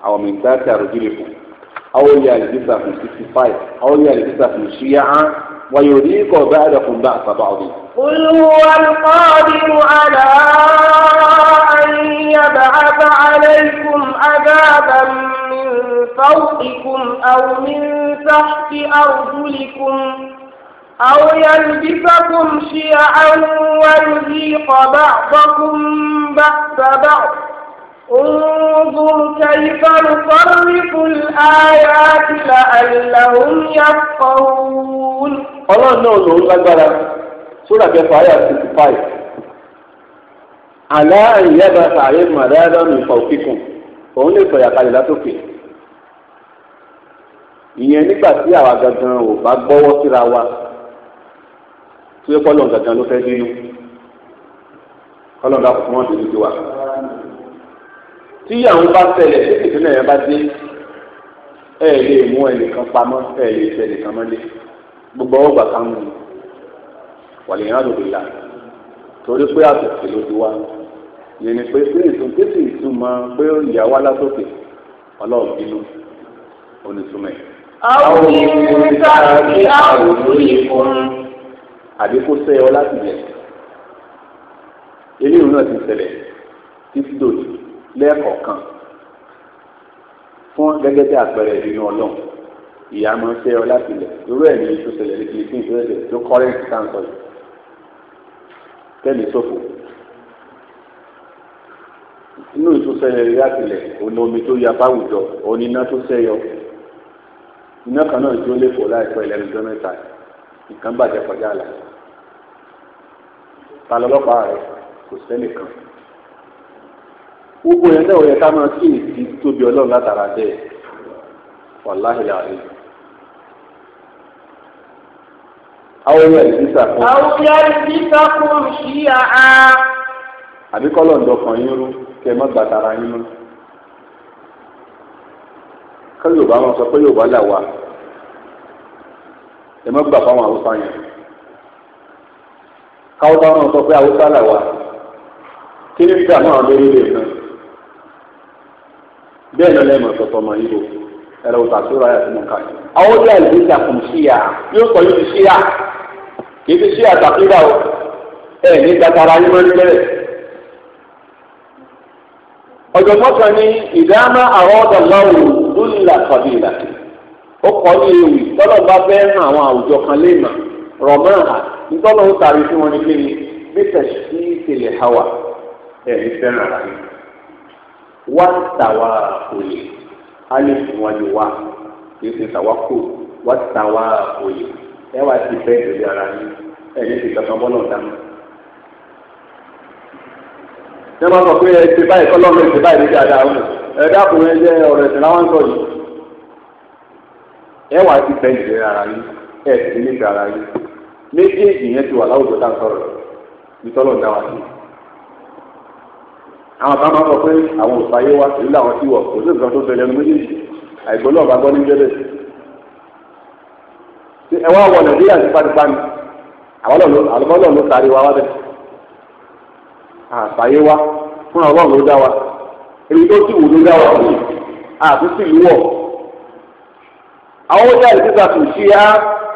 àwọn mi gbá tí a rojú lè fún àwọn olè àlùbísà fún sixty five àwọn olè àlùbísà fún ṣíyá án wọ́n yóò ní kọ́ bá ẹ̀rọ bá àtàbà ọ̀dún. olùwọ́ àlùkọ́dúró àlá يبعث عليكم عذابا من فوقكم أو من تحت أرجلكم أو يلبسكم شيعا ويذيق بعضكم بأس بعض انظر كيف نصرف الآيات لعلهم يفقهون ọlọ́run náà lòún lágbára sórí àgbẹ̀fọ́ àyà sixty five àlá ìyába sàárè màdáyàdá mi fà òkìkùn òun lè sọ̀yà kalẹ̀ látòkè ìyẹn nígbà tí àwa gangan ò bá gbọ́wọ́ síra wa tí ó kọ́lọ̀ gàgán ló fẹ́ bínú kọ́lọ̀ dàpọ̀ fún wọn tó dúdú wa. tí àwọn bá tẹ̀lẹ̀ tí ìpínlẹ̀ yẹn bá dé ẹ lè mú ẹnìkan pamọ́ ẹ lè tẹ ẹnìkan mọ́lé gbogbo ọwọ́ gbà kan mú un wàlẹ̀ yẹn á lò lélà torí pé àtẹ̀tẹ̀ ló ti wá yẹn ni pé pé ìtúntẹ́sì ìtumọ̀ pé ìyàwó alásòkè ọlọ́run bínú onísùnmẹ̀. àwọn ìrìnsà ti àwòrán yìí fún un àbí kó sẹ ọ láti yẹ eléyìí náà ti ṣẹlẹ̀ títí dòdì lẹ́ẹ̀kọ̀ọ̀kan fún gẹ́gẹ́ bí àpẹẹrẹ ìdùnnú Ọlọ́run ìyá máa ń sẹ ọ láti yẹ irú ẹ̀ ní ìtú ṣẹlẹ̀ ní kìlìkì ìṣẹ̀lẹ̀ tó kọrẹǹtì sáǹsọ yìí tẹmí ṣòfò inú ìtú ṣẹlẹ̀ rí láti yẹ òun omi tó yá fáwùjọ òun iná tó ṣẹ̀yọ iná kan náà jó lẹkọọ láìpẹ́ lẹ́nu jọ mẹ́ta nǹkan bàjẹ́ kọjá àlàyé. talọ́lọ́pàá rẹ̀ kò sẹ́nìkan. gbogbo yẹn náà yẹ ká máa kí èsì tóbi ọlọ́run látara bẹ́ẹ̀ wàláhì àwọn yẹn ti sàkóso. àwọn yẹn sàkóso sí àá. àbí kọ́lọ̀ yín rú ẹ má yín ká sọ pé là ẹ má gbà káwọn bá wọn sọ pé haúsá là wà kí ní ìgbà náà lórí ilé náà bẹ́ẹ̀ náà lẹ́mọ̀ sọ̀tọ̀ ọmọ yìí o ẹ̀rọ òtà tó ra ẹ̀sìn nǹkan yìí. àwọn ọjà ìlú ìjàkùn síyà yóò sọ yóò ti síyà kì í ti síyà tàkìlá o ẹ̀ ní gbàtàrà yín máa ń bẹ̀rẹ̀. ọ̀jọ̀gbọ́n kan ní ìdáná àwọn ọ̀dọ̀ lọ́rùn lónìlà tọ́lú ìlà ó kọ́ ní ewì tọ́lọ̀ bá fẹ́ àwọn àwùjọ kan lè mà rọ̀mọ́ àti ìtọ́lọ́ ó tàbí fún wọn ní kí ni bí tẹ̀sí ìpìlẹ̀ hawa ẹ̀ ní fẹ́ràn rà ní. wá tàwa òye alifu wọn ni wá kì í ṣe tàwa kò wá tàwa òye ẹ wá ti fẹ́ ìdílé ara ní ẹ̀ ní ìgbà kan bọ́lá ọ̀dá mi. ṣé sọ pé ẹ ti báyìí kọ́ lọ́mọ ìṣe báyìí lójú àdá ọ̀nà ẹ dákun ẹ jẹ́ ọ̀rọ̀ ẹ̀sìn láwọn sọ yìí ẹ wá ti fẹ́ ìdílé ara ní ẹ̀ ti ní ìgbà ara yìí méjèèjì yẹn ti wà láwùjọ tá à ń sọ̀rọ̀ nítọ́lọ̀ dá wa sí. àwọn kan máa ń sọ pé àwọn òṣùpá yé wa sí làwọn ti wọ̀ kò sí nǹkan tó tẹ̀lé ẹnu méjèèjì àìgbọ́n náà bá gbọ́ ní jẹ́lẹ̀. ẹ wá wọ nàìjíríà sí pátipámi àwọn náà ló kárí wa wá bẹ̀. àṣàyé wa fún àwọn ọlọ́run ló dá wa èyí tó sì wù ló dá wa fún àtúntì lúwọ̀. àwọn ó dá ìdíjà kù sí á.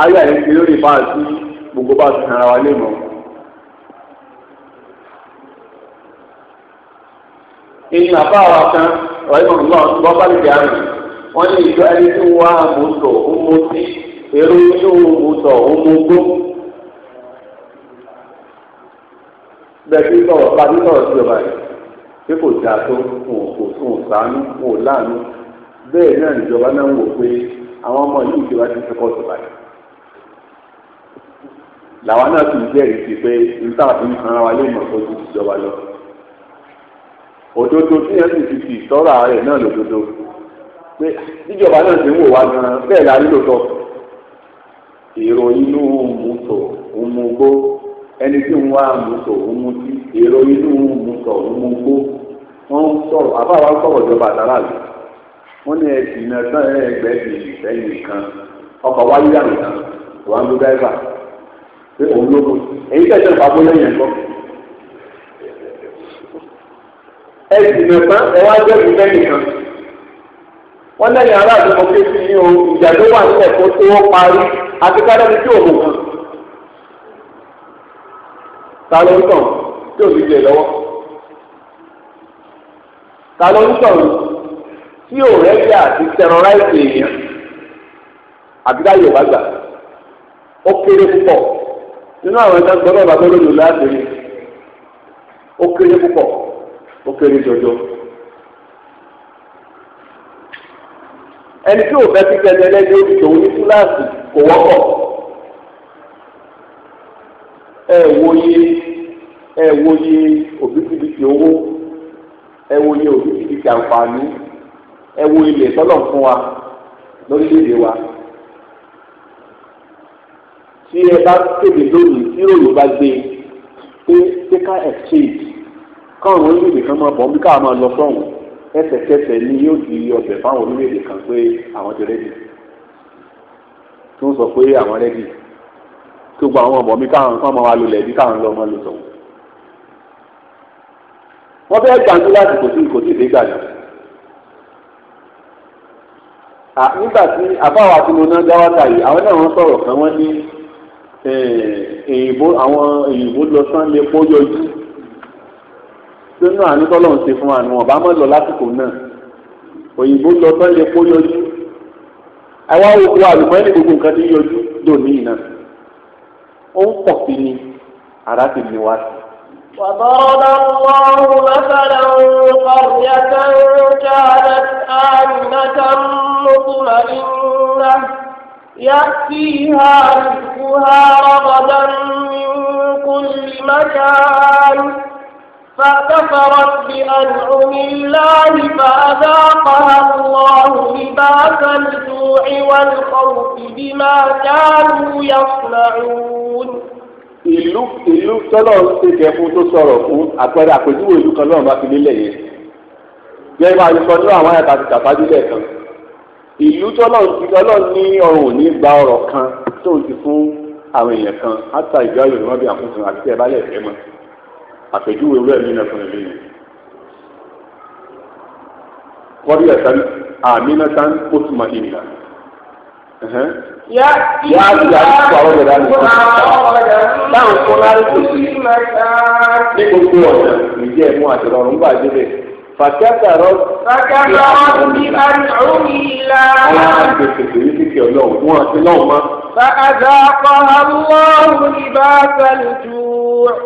ayé àyè ti lórí ìfáà sí gbogbo bá ti hàn ara wa lé mọ́. ìyìn àbá wa kan ọ̀rẹ́ mọ̀ náà wọ́n bá lè jẹ́ àrùn wọ́n ní ìjọ ẹni tí wọ́n á mú sọ ó mú sí èrò tí ó mú sọ gbó. bẹ́ẹ̀ bí sọ̀rọ̀ bá bí sọ̀rọ̀ sí ọba yìí pé kò dáa tó fún òkò fún òsánú fún òláàánú bẹ́ẹ̀ náà ìjọba náà ń wò pé àwọn ọmọ yìí ti ti fẹ́ kọ́ ọ̀sọ̀ báyìí làwọn náà sì ń jẹ́rìí sí pé níta fi ń sanra wa lè mọ̀ tó ti jọba lọ. òdodo tí yẹn sì ti fi sọ́ra rẹ̀ náà lòdodo pé ìjọba náà ti ń wò wá gan-an bẹ́ẹ̀ la nílò tọ́. èrò inú mùtò òmùgbó ẹni tí ń wá mùtò òmùtí èrò inú mùtò òmùgbó wọ́n ń sọ̀rọ̀ àbáwá ń sọ̀rọ̀ ìjọba àtàrà rẹ̀ wọ́n ní ẹ̀sìn náà sọ́yìn ẹgbẹ́ ti ìfẹ́ nìkan ọkọ̀ wáyé àná pé òun ló mú èyí tẹ̀sẹ̀ ìpàgọ́ lẹ́yìn ẹ̀kọ́. ẹ sì mẹ̀fán ẹ wá jẹ́ ìfẹ́ nìkan wọ́n lẹ́yìn aráàlú mọ̀ pé kí ni o ìjà tó wà nílẹ̀ kó tó parí àti kádàbí tí òun kan. ta ló ń tàn tí òbí jẹ lọ́wọ́ ta ló ń tàn tí òrẹ́jà àti tẹ̀rọ̀ráìtì èèyàn àbí bá gbà ó kéré púpọ̀ nínú àwọn ẹ̀dá gbọ́dọ̀ bàbá olódò láti rí ó kéré púpọ̀ ó kéré jọjọ. ẹni tí ò fẹ́ kíkẹ́ ẹni ẹlẹ́dẹ́ ó ti tòun ní kíláàsì kò wọ́pọ̀ ẹ wòye ẹ wòye òbítíbitì owó ẹ wòye òbítíbitì àǹfààní ẹ wo ilẹ̀ tọ́lọ̀ fún wa lórílẹ̀‐èdè wa tí ẹ bá kéde lónìí tí ròyìn bá gbé pé pé exchange káwọn orílẹ̀-èdè kan máa bọ̀ bí káwọn máa ẹsẹ̀kẹsẹ̀ ni yóò di ọbẹ̀ fáwọn orílẹ̀-èdè kan pé àwọn ti rẹ́dì tó ń sọ pé àwọn rẹ́dì tó gba àwọn ọmọ mi káwọn kan máa wá lulẹ̀ káwọn lọ máa lò sọ̀hún. wọ́n fẹ́ gbàǹdú láti kò sí kò sí ìdè gbàǹdú nígbà tí àbáwá tí mo ná dáwọ́ta yìí àwọn náà wọ́n sọ̀rọ̀ kan wọ́n ní Eh, èyìnbó àwọn èyìnbó lọ sán lè pọ́jọ́ yìí lónú àánú tọ́lọ̀ ń ṣe fún àánú ọ̀bá mọ̀ lọ lásìkò náà òyìnbó lọ sán lè pọ́ yọjú àwa òkú àlùmọ́ẹ́lì gbogbo nǹkan ti yọjú dòní iná ó ń pọ̀ sí ni ara ti ní wá sí. وضرب الله مثلا قرية كانت آمنة مطمئنة يأتيها رزقها رغدا من كل مكان فكفرت بأنعم الله فأذاقها الله لباس الجوع والخوف بما كانوا يصنعون ìlú ìlú tọ́lọ̀ ń ṣèkẹ́ fún tó sọ̀rọ̀ fún àpẹẹrẹ àpèjúwe ìlú kan lọ́run bá fi lélẹ̀ yẹn. bí ẹ máa ń sọ nínú àwọn àyàtà ti tàbájú lẹ́ẹ̀kan ìlú tọ́lọ́run ti tọ́lọ́run ní ọrùn òní gba ọ̀rọ̀ kan tó ń ti fún àwọn èèyàn kan áta ìjọ yorùbá wọn bí àkóso àti tẹ balẹ̀ ẹ̀fẹ́ mọ́ àpèjúwe ewúrẹ́ mi náà fún ẹ̀mí kọ́rí ẹ̀sán àmì náà tán ó tún máa dìbò yá ti àdúgbò àwọn ọ̀dà nìkan táwọn fúnra rẹ̀ kò sí ní gbogbo ọ̀nà ìjẹ́ ẹ̀mú àti ọ̀rùn gbà débẹ̀ fàkẹ́tàrọ́. fàkẹ́tàrọ́ bí alùmí la. wọ́n á ti tètè yí títí ọlọ́run wọ́n á ti náà má. fàkàdà kọ́hálọ́ọ̀hún ní bá sàlùjù.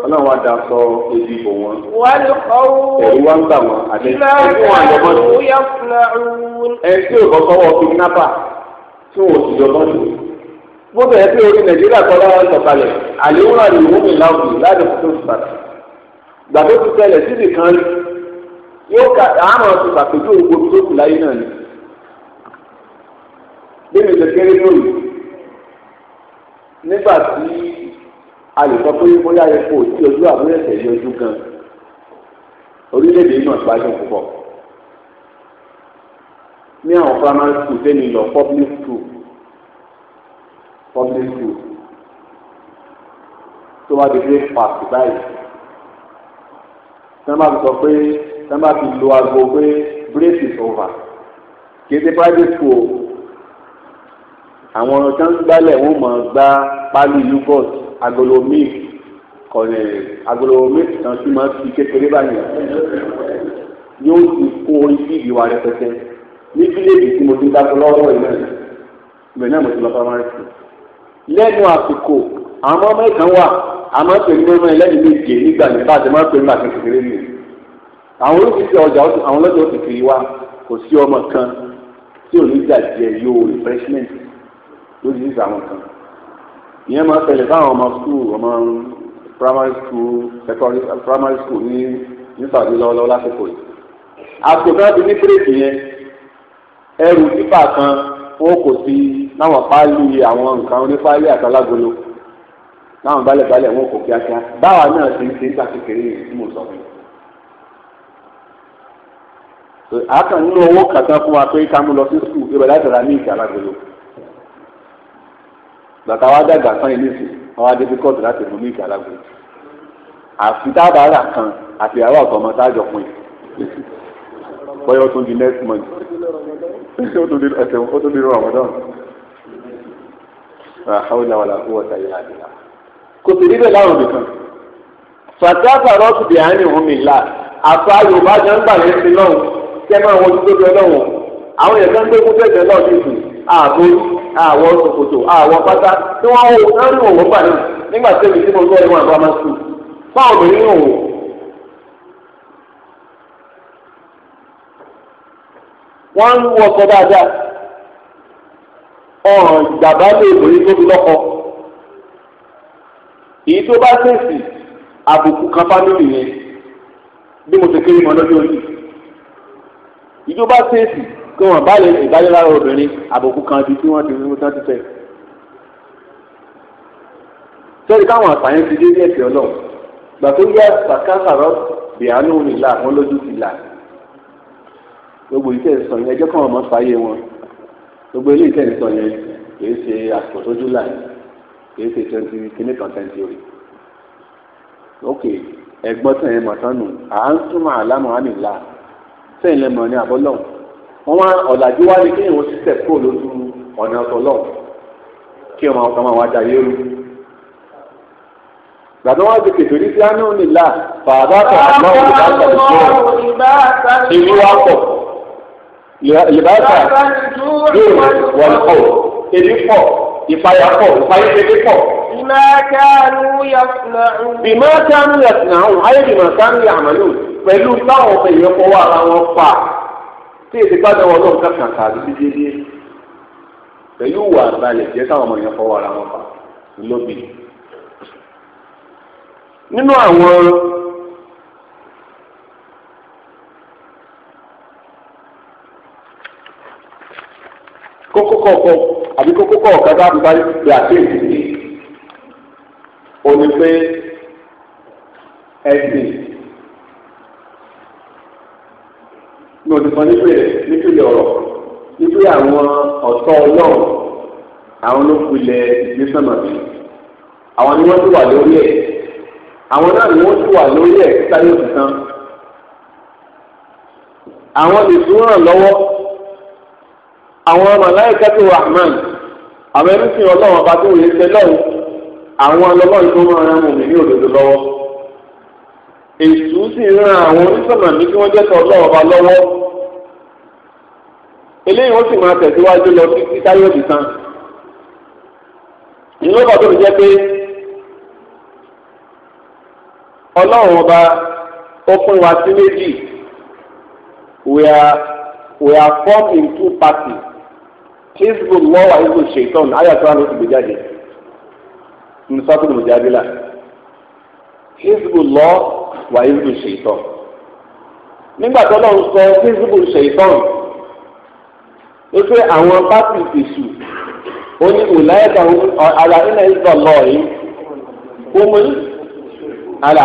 ọlọ́run wa sọ ebi bò wọn. wọ́n kọ́ wò. ẹ̀rù wa ń bà wọn àti ẹ̀fún àjọmọ́ ni. ẹ̀ tí ò kọ́kọ́ wọ kidnappa tí wọn ò jọ lọ́dún. wọ́n bẹ̀rẹ̀ pé orí nàìjíríà kọ́ lọ́wọ́ ń sọ̀kalẹ̀ yóò kà àmọ́ ti pàtẹ́jú ògbó tó kù láyé náà ni bẹ́ẹ̀ ni kéré lórí nígbà tí a lè sọ pé bóyá epo tí ojú àbúrò ẹ̀sẹ̀ ní ojú gan orílẹ̀-èdè náà gbádùn púpọ̀ ní àwọn primary school tẹ́ni lọ public school public school tó wá di great park báyìí tí wọ́n bá sọ pé tá má fi lo aago pé break is over kì í ṣe private school àwọn tó ń gbálẹ̀ wọ́n mọ̀ gbá pálí yogurt agolo milk kọ̀ọ̀nẹ̀ agolo milk kan tí máa fi kékeré báyìí yóò ti kó orí fíìdì wa rẹpẹtẹ ní fílẹ̀dì tí mo ti dáko lọ́wọ́ ìlú náà ìbẹ̀ náà mo ti lọ primary school lẹ́nu àsìkò àwọn ọmọ ẹ̀kan wà àmọ́ pẹ̀lú ọmọ ẹlẹ́ni méje nígbà yẹn bá a ti máa pẹ̀lú àti kékeré nìyẹn àwọn olókìkí ọjà àwọn ọlọ́jà ó ti kiri wa kò sí ọmọ kan tí ò ní gbà jẹ yóò refreshment lójú sí àwọn kan ìyẹn máa fẹlẹ̀ fáwọn ọmọ school ọmọ primary school secondary primary school ní ní sàdé lọ́wọ́lọ́wọ́ lásìkò yìí àpò náà ti ní bírèkì yẹn ẹrù pípà kan wọn kò sí láwọn páálí àwọn nǹkan onípáálí àtàlágolo láwọn balẹ̀balẹ̀ wọn kò kíákíá báwa náà ti ń ṣe ń ta kékeré yìí tí mo sọ fún yìí àákàn nínú owó kàtàn fún wa pé ká mú lọ sí skul ibẹ̀ láti ra ní ìjà alágbèlò bàtà wa dàgbà kan ilé ìsìn àwọn adébíkọ́tù láti mú ní ìjà alágbèlò àfi tábàárà kan àti àwọn ọ̀tọ̀mọ sáájọ pin bóyá ó tún di next month ó tún di ẹsẹ̀ ó tún di ramadan rahawla wala quwwata illa billah kò sì rí bẹ́ẹ̀ láwọn nìkan fàtí àfàrọ́ọ̀tù bìí àárín òun mi là àfa yorùbá jẹ́ ń gbà lẹ́sìn lọ́hùn. kẹ́ máa ndị tó lọ lọ́wọ́ àwọn èèyàn kan gbégún tẹ̀sẹ̀ náà ti sùn ààbò àwọ̀ ṣòkòtò àwọ̀ pátá tí wọ́n wò náà ní òwò pàdé nígbà tí èmi tí mo sùn obìnrin ní òwò. wọ́n ń wọ dáadáa ọ̀ràn ìjàmbá lè èyí tó bá àbùkù ìjọba ṣèèsì kí wọ́n bá lè ìbáyé lára obìnrin àbùkù kan ju tí wọ́n ti mú tán ti fẹ́. sẹ́ni káwọn àtàyẹn ti dé ní ẹ̀sìn ọlọ́run gbà tó yẹ sàkàrọ̀ bìánú nìlà wọn lójú ti là gbogbo iṣẹ́ ìsọ̀ yẹn ẹjọ́ káwọn ọmọ fàáyé wọn gbogbo ilé iṣẹ́ ìsọ̀ yẹn kì í ṣe àsìkò tó júlà kìí ṣe twenty kìíní kan twenty three ok ẹ̀gbọ́n tẹ̀yẹ mọ̀tánù à ń súnmọ́ àlámọ̀ ánìlá sẹ́yìnlẹ̀ mọ̀ ní àbọ́lọ̀ wọn wá ọ̀làjú wá ní kéèyàn sì tẹ̀ kúrò lójú ọ̀nà ọ̀tọ̀lọ̀ kí ọmọ ọkọ máa wá da yé ru. gbàdọ́ wá ti kètò ní sílánù nílà fàdà tó àmọ́ ìbáṣà ìlú wa pọ̀ ìbáṣà yóò wọ̀lọ́pọ̀ èyí pọ̀ ìpayà pọ̀ ìpayà بما كانوا يصنعون بما كانوا يصنعون أي بما كانوا يعملون pẹ̀lú táwọn ọmọ èèyàn ara wọn fà tí èsì bá dáwọ́ lọ́wọ́ kankan tàbí dídídí pẹ̀lú ìwà àgbàlẹ̀ jẹ́ táwọn ọmọ èèyàn ara wọn fà lóbì. nínú àwọn kókó ọrụ àbí bá ti bá ti àti yìí. ó ní pé ẹ̀sìn ní òtítọ́ nípìnlẹ̀ nípìnlẹ̀ ọ̀rọ̀ nípìnlẹ̀ àwọn ọ̀tọ́ ọlọ́run àwọn ló pilẹ̀ ìgbésànà sí àwọn ni wọ́n ti wà lórí ẹ̀ àwọn náà ni wọ́n ti wà lórí ẹ̀ sáré òtítàn àwọn lè tún ràn lọ́wọ́ àwọn màláíkà tó rahman àwọn ẹni tí ọlọ́run ọba tó yẹ sẹ́lọ́run àwọn ọlọ́lọ́run tó máa rán mòmí ní òdodo lọ́wọ́ èṣù sì ran àwọn onísọ̀nà ní kí wọ́n jẹ́ tọ́ ọlọ́wọ́ bá lọ́wọ́ eléyìí wọ́n sì máa tẹ̀síwájú lọ sí sí táyọ̀dì tán ìlú ọba tó ti jẹ́ pé ọlọ́run ọba ó pín wa sí méjì we are we are formed in two parties Hizbullah wa Hizbush Shaitan ayatollah ló ti gbé jáde ní sọ́tò mùjábílà hezbollah wà hezbollah ṣèitán nígbà tó lọ́n sọ hezbollah ṣèitán ló pé àwọn pátì ìṣù ó ní ìlàyẹ̀kà ara nínú hezbollah yìí ó mú على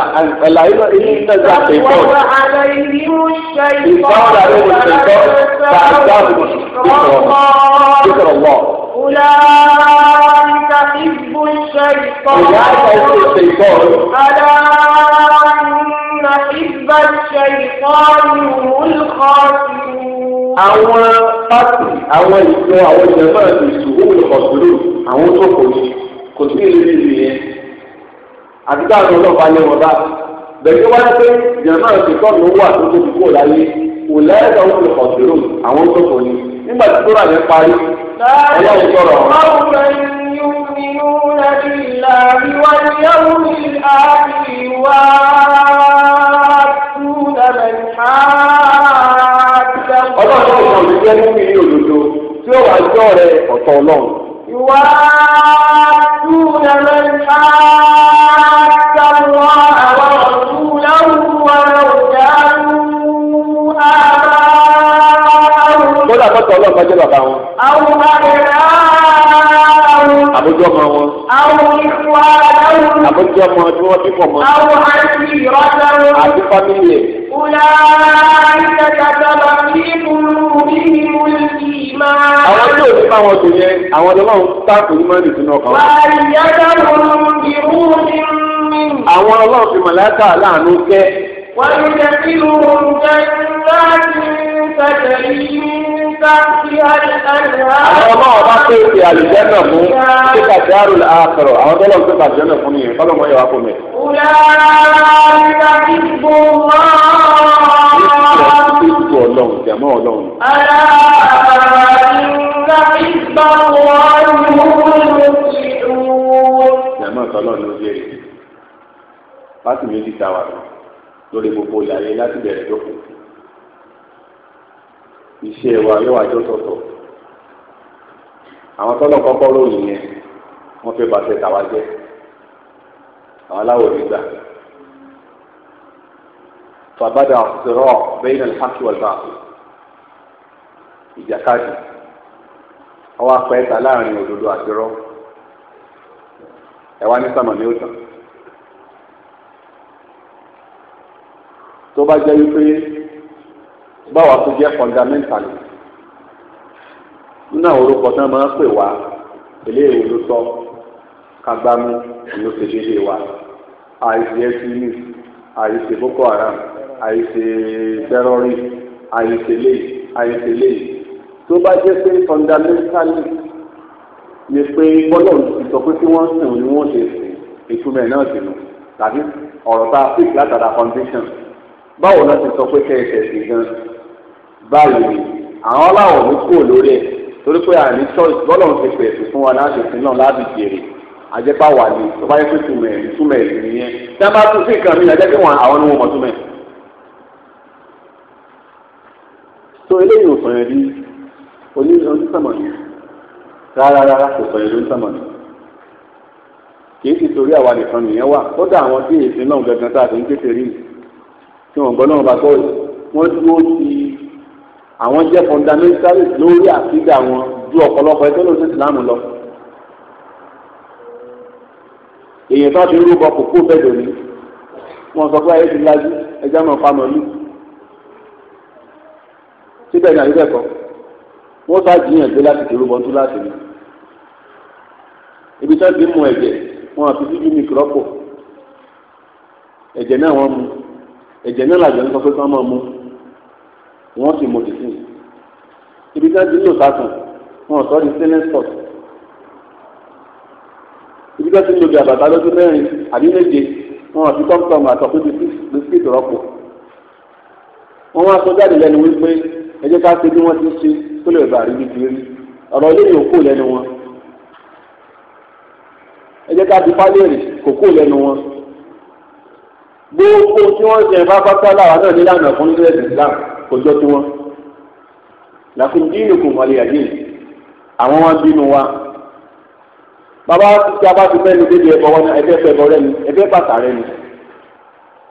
العلم إن نزع الشيطان إن صار عليهم الشيطان فأعزاهم ذكر الله ذكر الله أولئك حزب الشيطان أولئك حزب الشيطان ألا إن حزب الشيطان هم الخاسرون àwọn pátì àwọn ìjọ àwọn ìjọba àti ìṣòwò ìkọsùlù àwọn tó kò ní kò sí ìlú ìlú yẹn àti káàdùn ọlọ́pàá ní ọba bẹ̀rẹ̀ wá pé ìjọba àti ìkọsùlù wà tó tóbi kúrò láyé kò lẹ́ẹ̀kan ó lè kọsùlù àwọn tó kò ní nígbà tí tó rà yẹn parí ọlọ́run sọ̀rọ̀. ọ̀gbọ́n يؤمنون بالله واليوم الآخر يوادون من حاد ọlọ́run yóò sọ ìgbẹ́ nínú ilé òdodo tí ó wà jọ rẹ ọ̀tọ̀ ọlọ́run. يوادون من حاد الله kọ́lá mọ́tò ọlọ́run jẹ́ bàbá wọn. àwọn àgbẹ̀rẹ̀ àwọn. àbójú ọmọ wọn. àwọn ìfọ̀ àdáwọn. àbójú ọmọ tí wọ́n bí pọ̀ mọ́. àwọn àti ìrọ̀lẹ́wọ̀. àti fámìlì ẹ̀. ọ̀la ìtẹ̀kàtà bàbí ìmúlù bí ìmúlù ìmọ̀. àwọn tí ò ní bá wọn tòun yẹn àwọn ọlọ́run táàkù ní mọ́rin ìtúná kan. àwọn ọlọ́run fi mọ̀lẹ́ta láàánú kẹ́. wọ́n ti tẹ̀ àwọn ọmọ ọba pé ti àlùjẹ́ náà fún kíkà tí a rò lè àkọrọ̀ àwọn tó lọ́n tó kà jẹ́ náà fún nìyẹn kọ́lọ́ mọ́ ìyàwó fún mi. Ìtú ọlọ́run jẹ̀mọ́ ọlọ́run. Jẹ̀mọ́ ìtọ́lọ́ ni jẹ́ èyí. Fásitì méjì ta wà lórí gbogbo ìlàyé láti bẹ̀rẹ̀ lókun iṣẹ́ wa yóò wájú ọ̀tọ̀ọ̀tọ̀ àwọn tọ́lọ̀ kọ́kọ́ ròyìn yẹn wọ́n fẹ́ bàtẹ́ tàwa jẹ́ àwọn aláwọ̀ nígbà fàbádà ọ̀sẹ̀rọ̀ bẹ́yìn alhaki wal batil ìjàkadì ọwọ́ apẹ́ẹ́ta láàrin òdodo àti ẹ̀wá ní sàmà ní òtàn tó bá jẹ́ wípé báwa tó jẹ́ fundamental nínú àwọn orúkọ tí wọ́n máa ń pè wá eléyìí ló sọ kágbámú ló ṣe déédéé wa àìsè ẹsìnì àìsè boko haram àìsè tẹrọrì àìsè léyìí àìsè léyìí tó bá jẹ́ pé fundamentally ni pé gbọ́dọ̀ sọ pé kí wọ́n sìn ní wọ́n ṣe sìn ìtumọ̀ náà sì nù tàbí ọ̀rọ̀ tá a fìk látara foundation báwo la ti sọ pé kẹ́ ẹ tẹ̀sí gan-an báyìí ni àwọn aláwọ̀ mi kúrò lórí ẹ̀ torí pé àní choice bọ́lọ̀ ń pèpè é fún wa láti sin náà láti jèrè àjẹpá wà ní tó bá yẹ kó túmọ̀ ẹ̀ túmọ̀ ẹ̀ nìyẹn tí wọ́n bá tún sí nǹkan mi àjẹ́ pé wọn àwọn ni wọ́n mọ̀ túmọ̀ ẹ̀. tó eléyìí ò sọ̀rọ̀ rí oní onísàmọ̀ ni rárá rárá kò sọ̀rọ̀ rí onísàmọ̀ ni kìí sì torí àwa nìkan nìyẹn wà kódà àwọn tí èsì náà gangan tá a ti ń kékeré tí wọn gbọ́ náà bá gbọ́ wọ́n dúró sí àwọn jẹ́ fundamentalist lórí àfídà wọn ju ọ̀pọ̀lọpọ̀ ẹgbẹ́ lóṣù islam lọ. èèyàn tó ti rúbọ kò kó bẹ́ẹ̀ lórí wọn sọ pé ayé ti lajú ẹjẹ́ àwọn ọ̀pá mọ̀ yìí síbẹ̀ ní àyíkẹ́kọ̀ọ́ wọ́n sá jiyàn gbé láti kéré bọ́ńtú láti rí ibi tó ti mú ẹ̀jẹ̀ wọn àfi bíbí mi kúrọ́pọ̀ ẹ̀jẹ̀ náà wọ́n mu ẹ̀jẹ̀ náà làjọ ń sọ pé kí wọ́n máa mu wọ́n sì mọ̀dì sí ibi tí wọ́n ti lò sásùn wọn sọ di stainless pot ibi tí wọ́n ti lò bí àbàtà lọ́dún mẹ́rin àbí méje wọn ti tọ́mtọ́m àtọ́kù ti bisikíìtì rọ́pò wọ́n wá sọ jáde lẹ́nu wípé ẹ jẹ́ ká ṣe bí wọ́n ti ṣe tó lè bá rí bí ti rí ọ̀rọ̀ ilé yìí ò kó lẹ́nu wọn ẹ jẹ́ ká di pálẹ̀rì kò kó lẹ́nu wọn gbogbo tí wọ́n ṣe bá pátá láwa náà nílànà fún nílẹ̀ ìsìlámù kọjọ́ tí wọ́n làkùn dínú kò wọlé àdé àwọn wọn bínú wa bàbá tí a bá ti fẹ́ ni débi ẹ̀bọ wọn ẹgbẹ́ fẹ́ bọ́ rẹ́ni ẹgbẹ́ bàtà rẹ́ni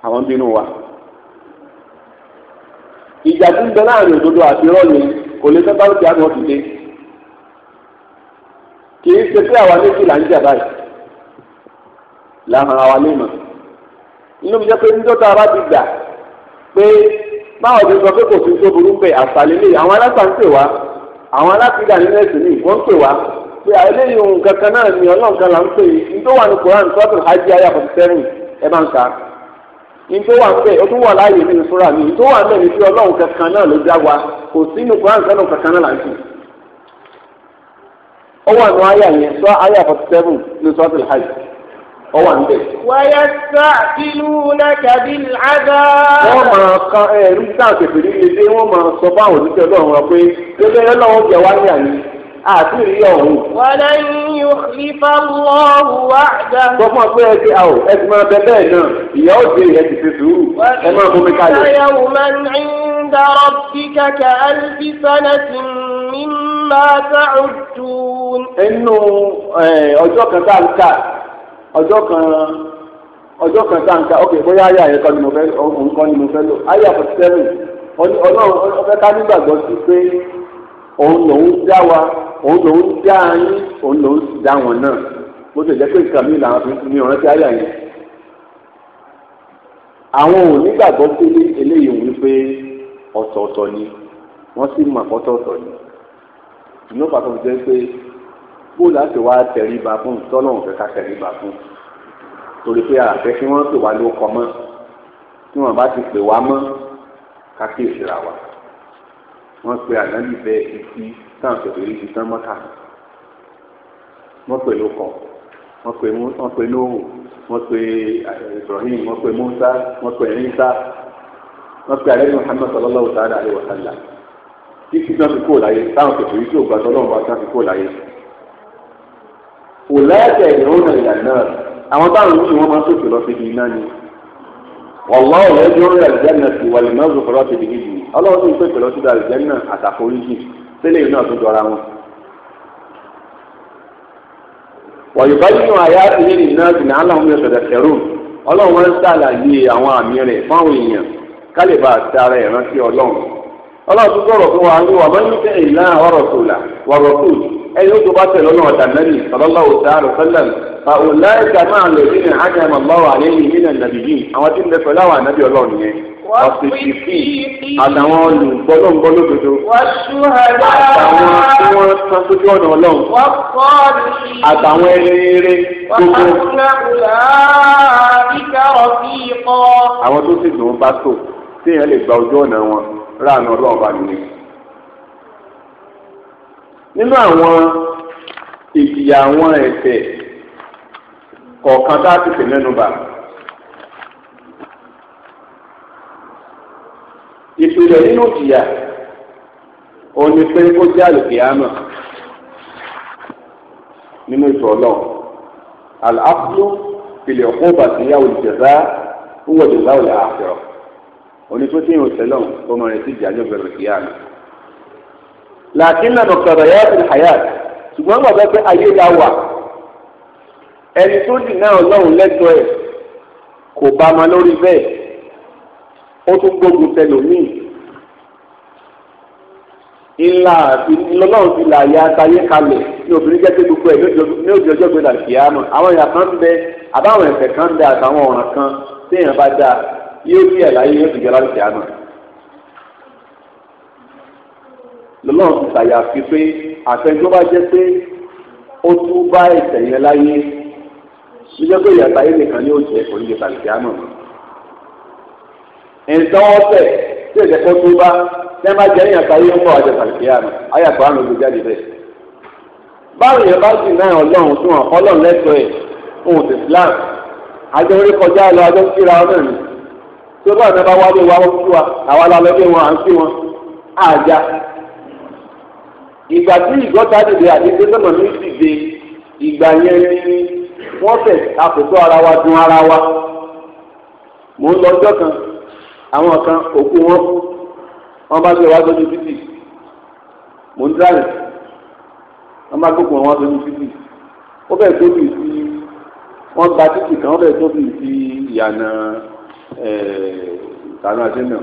àwọn bínú wa. ìjà tí ń bẹ láàrin òdodo àti rọ́ọ̀nì kò lè fẹ́ bá lókè àná ti dé kì í ṣe pé àwa méjì là ń jà báyìí làhàn àwa lè mọ̀ inú mi jẹ́ pé níjọ́ tá bá ti gbà pé báwo ti sọ pé kò sí tó burú pé àṣàlélẹ̀ àwọn aláta pè wá àwọn alápìdá ní ìwọ́n pè wá pé kankan náà ni ọlọ́run kan là ń pè yìí nítorí wà ní sọ́tò hajj ayé àfọ̀tẹ́rìn ẹ máa ń ka nítorí wà ń pè ó tún wà láàyè nínú mi nítorí wà ń bẹ̀ ní pé ọlọ́run kankan náà ló já wa kò sí ní sọ́tò ọwọ́ níbẹ̀. wáyé sá ìlú nàkàbí àdá. wọ́n máa kan ẹ̀rí sáà tẹ̀sẹ̀ nílé dé wọ́n máa sọ fáwọn òṣìṣẹ́ ọlọ́run wọn pé lóde ọlọ́run jẹ wá ní àná àti ìrírí ọ̀hún. wàlẹ́ yóò fi fáwọ́ọ̀hù wá dá. sọ fún ọ ẹ ti àwọ̀ ẹ ti máa bẹ bẹ́ẹ̀ náà ìyá ó dé ìyẹn ti fi sùúrù ẹ máa bomi kalẹ̀. wàlẹ́ yóò máa ọjọ́ kan tá a ń kà ọjọ́ kan ọjọ́ kan táǹkà ok bóyá ayé àyẹ̀kọ ni mo fẹ́ nǹkan ni mo fẹ́ lò ayé àfọ̀tí sẹ́rìn ọlọ́run ọfẹ́ ká nígbàgbọ́ sí pé òun lòun dá wa òun lòun dá yín òun lòun sì dá wọn náà bó ṣe jẹ́ pé nǹkan mi làwọn fi mi rántí ayé àyẹ̀ àwọn ò nígbàgbọ́ pé eléyìí òun pé ọ̀tọ̀ọ̀tọ̀ ni wọ́n sì mọ̀ ọ̀tọ̀ọ̀tọ̀ ni ìnáwó pàtó jẹ́ pé kó láti wá tẹ̀rí ba fún tọ́lọ̀ òun fẹ́ ká tẹ̀rí ba fún torí pé àfẹ́ kí wọ́n pè wá ló kọ mọ́ tí wọ́n bá ti pè wá mọ́ ká kí ìṣura wa wọ́n pe ànábì bẹ ìfi táwọn tẹ̀lé ìfi tán mọ́ta wọ́n pè ló wọ́n pe wọ́n pe lóhùn wọ́n pe eh, Ibrahim wọ́n pe Musa wọ́n pe Isa wọ́n pe alẹ́ Muhammad sallallahu ta'ala wa sallam títí náà fi kó láyé táwọn tẹ̀lé ìfi ògbà tọ́lọ́mùbá tán fi kó láyé. ọ̀lẹ́ẹ̀kẹ́ ìrọ̀nà ìlànà àwọn táwọn yìí wọ́n máa ń lọ sí ibi iná ni wọ́lá ọ̀lẹ́ẹ̀kẹ́ ìrọ̀nà ìlànà ti wà lè mọ́tò kọ́lá ti dìbì jù ọlọ́run tó ń lọ sí ibi àlùjẹ́nà àtàforíjì tẹ́lẹ̀ iná tó jọra wọn. wọ̀nyíbá nínú àyà ilé iná ti ní aláwọn mi sọ̀dọ̀ kẹrù ọlọ́run wọn ń àwọn àmì rẹ̀ fáwọn èèyàn kálíbà tara ọlọ́run ọlọ́run sọ̀rọ̀ fún ẹni ojú bá tẹ̀lé ọ̀nà ọ̀dà nàbì sallallahu ta'ala sallam ọ̀làyẹ̀kà máa lè ní ní àjẹ́ màmáwá lẹ́yìn nínà nàbì yìí àwọn tí ń bẹ pẹ̀lú àwọn ànábì ọlọ́run yẹn wọ́n san sójú àtàwọn ẹni gbogbo àwọn tó sì dùn bá tó téèyàn lè ọ̀nà wọn ráàánú ọlọ́run bá nínú àwọn ìjìyà àwọn ẹ̀ṣẹ̀ kọ̀ọ̀kan tá a ti pè mẹ́nu bà. ìpìlẹ̀ nínú ìjìyà òun ni pé kó jẹ́ àlùkè àmà nínú ètò ọlọ́run àlàáfíà ìpìlẹ̀ ọ̀kún bàtìyàwó ìjẹ̀dá ń wọ̀dùn láwùlẹ̀ àfẹ́rọ̀ onípẹ́sẹ̀ ìrìnsẹ̀ lọ́hùn tó máa rẹ̀ sí ìjà ní ọ̀gbẹ̀rẹ̀ kìí àná làákínà nọ̀kàrà yá ti hàyà ṣùgbọ́n bàbá pé ayé la wà ẹni tó dì náà ọlọ́run lẹ́tọ́ ẹ̀ kò bá ma lórí bẹ́ẹ̀ ó tún gbógun tẹlòmíì ńlá lọ́lọ́run ti là ya àtàyé kalẹ̀ ní obìnrin jẹ́ pé gbogbo ẹ̀ ní òjò ọjọ́ gbé làkì àmọ́ àwọn èèyàn kan ń bẹ àbáwọn ẹ̀fẹ̀ kan ń bẹ àtàwọn ọ̀ràn kan téèyàn bá dáa yóò bí ẹ̀ láyé yóò ti jẹ́ lálùkì àmọ́. lọ́lọ́run ti ṣàyàfi pé àfẹnjọ́ bá jẹ́ pé ó tún bá ẹ̀ṣẹ̀ yẹn láyé níjọ́ pé ìyàtọ̀ ayé nìkan ni ó jẹ́ kò ní lè tàbí àmọ́. ẹ̀ńtọ́ ọ̀sẹ̀ tí èdè kan tún bá tẹ́ bá jẹ́ ìyàtọ̀ ayé ń bọ̀ àjẹ tàbí àmọ́ ayàtọ̀ àmọ́ ló jáde bẹ́ẹ̀. báwo yẹn bá sì náà ọlọ́run tún hàn ọlọ́run lẹ́tọ̀ọ́ ẹ̀ òun ti Islam àjọ orí kọjá lọ àjọ síra ọ náà ni bá ọ̀nà bá wá lé wa wọ́n fún wa àwa la lọ bí wọn à ń fi wọn àjà ìgbà tí ìgọ́ta dìde àdéhùn sọ́nà mi dìde ìgbà yẹn ni wọ́n fẹ̀ àkókò ara wa dun ara wa mò ń lọ́jọ́ kan àwọn kan òkú wọn wọ́n bá ṣe wá sójú títì mò ń dárẹ̀ wọ́n bá gbogbo wọn sójú títì ó bẹ̀rẹ̀ tóbi sí wọ́n gba títì kan ó bẹ̀rẹ̀ tóbi sí ìyànà ìtànà àti náà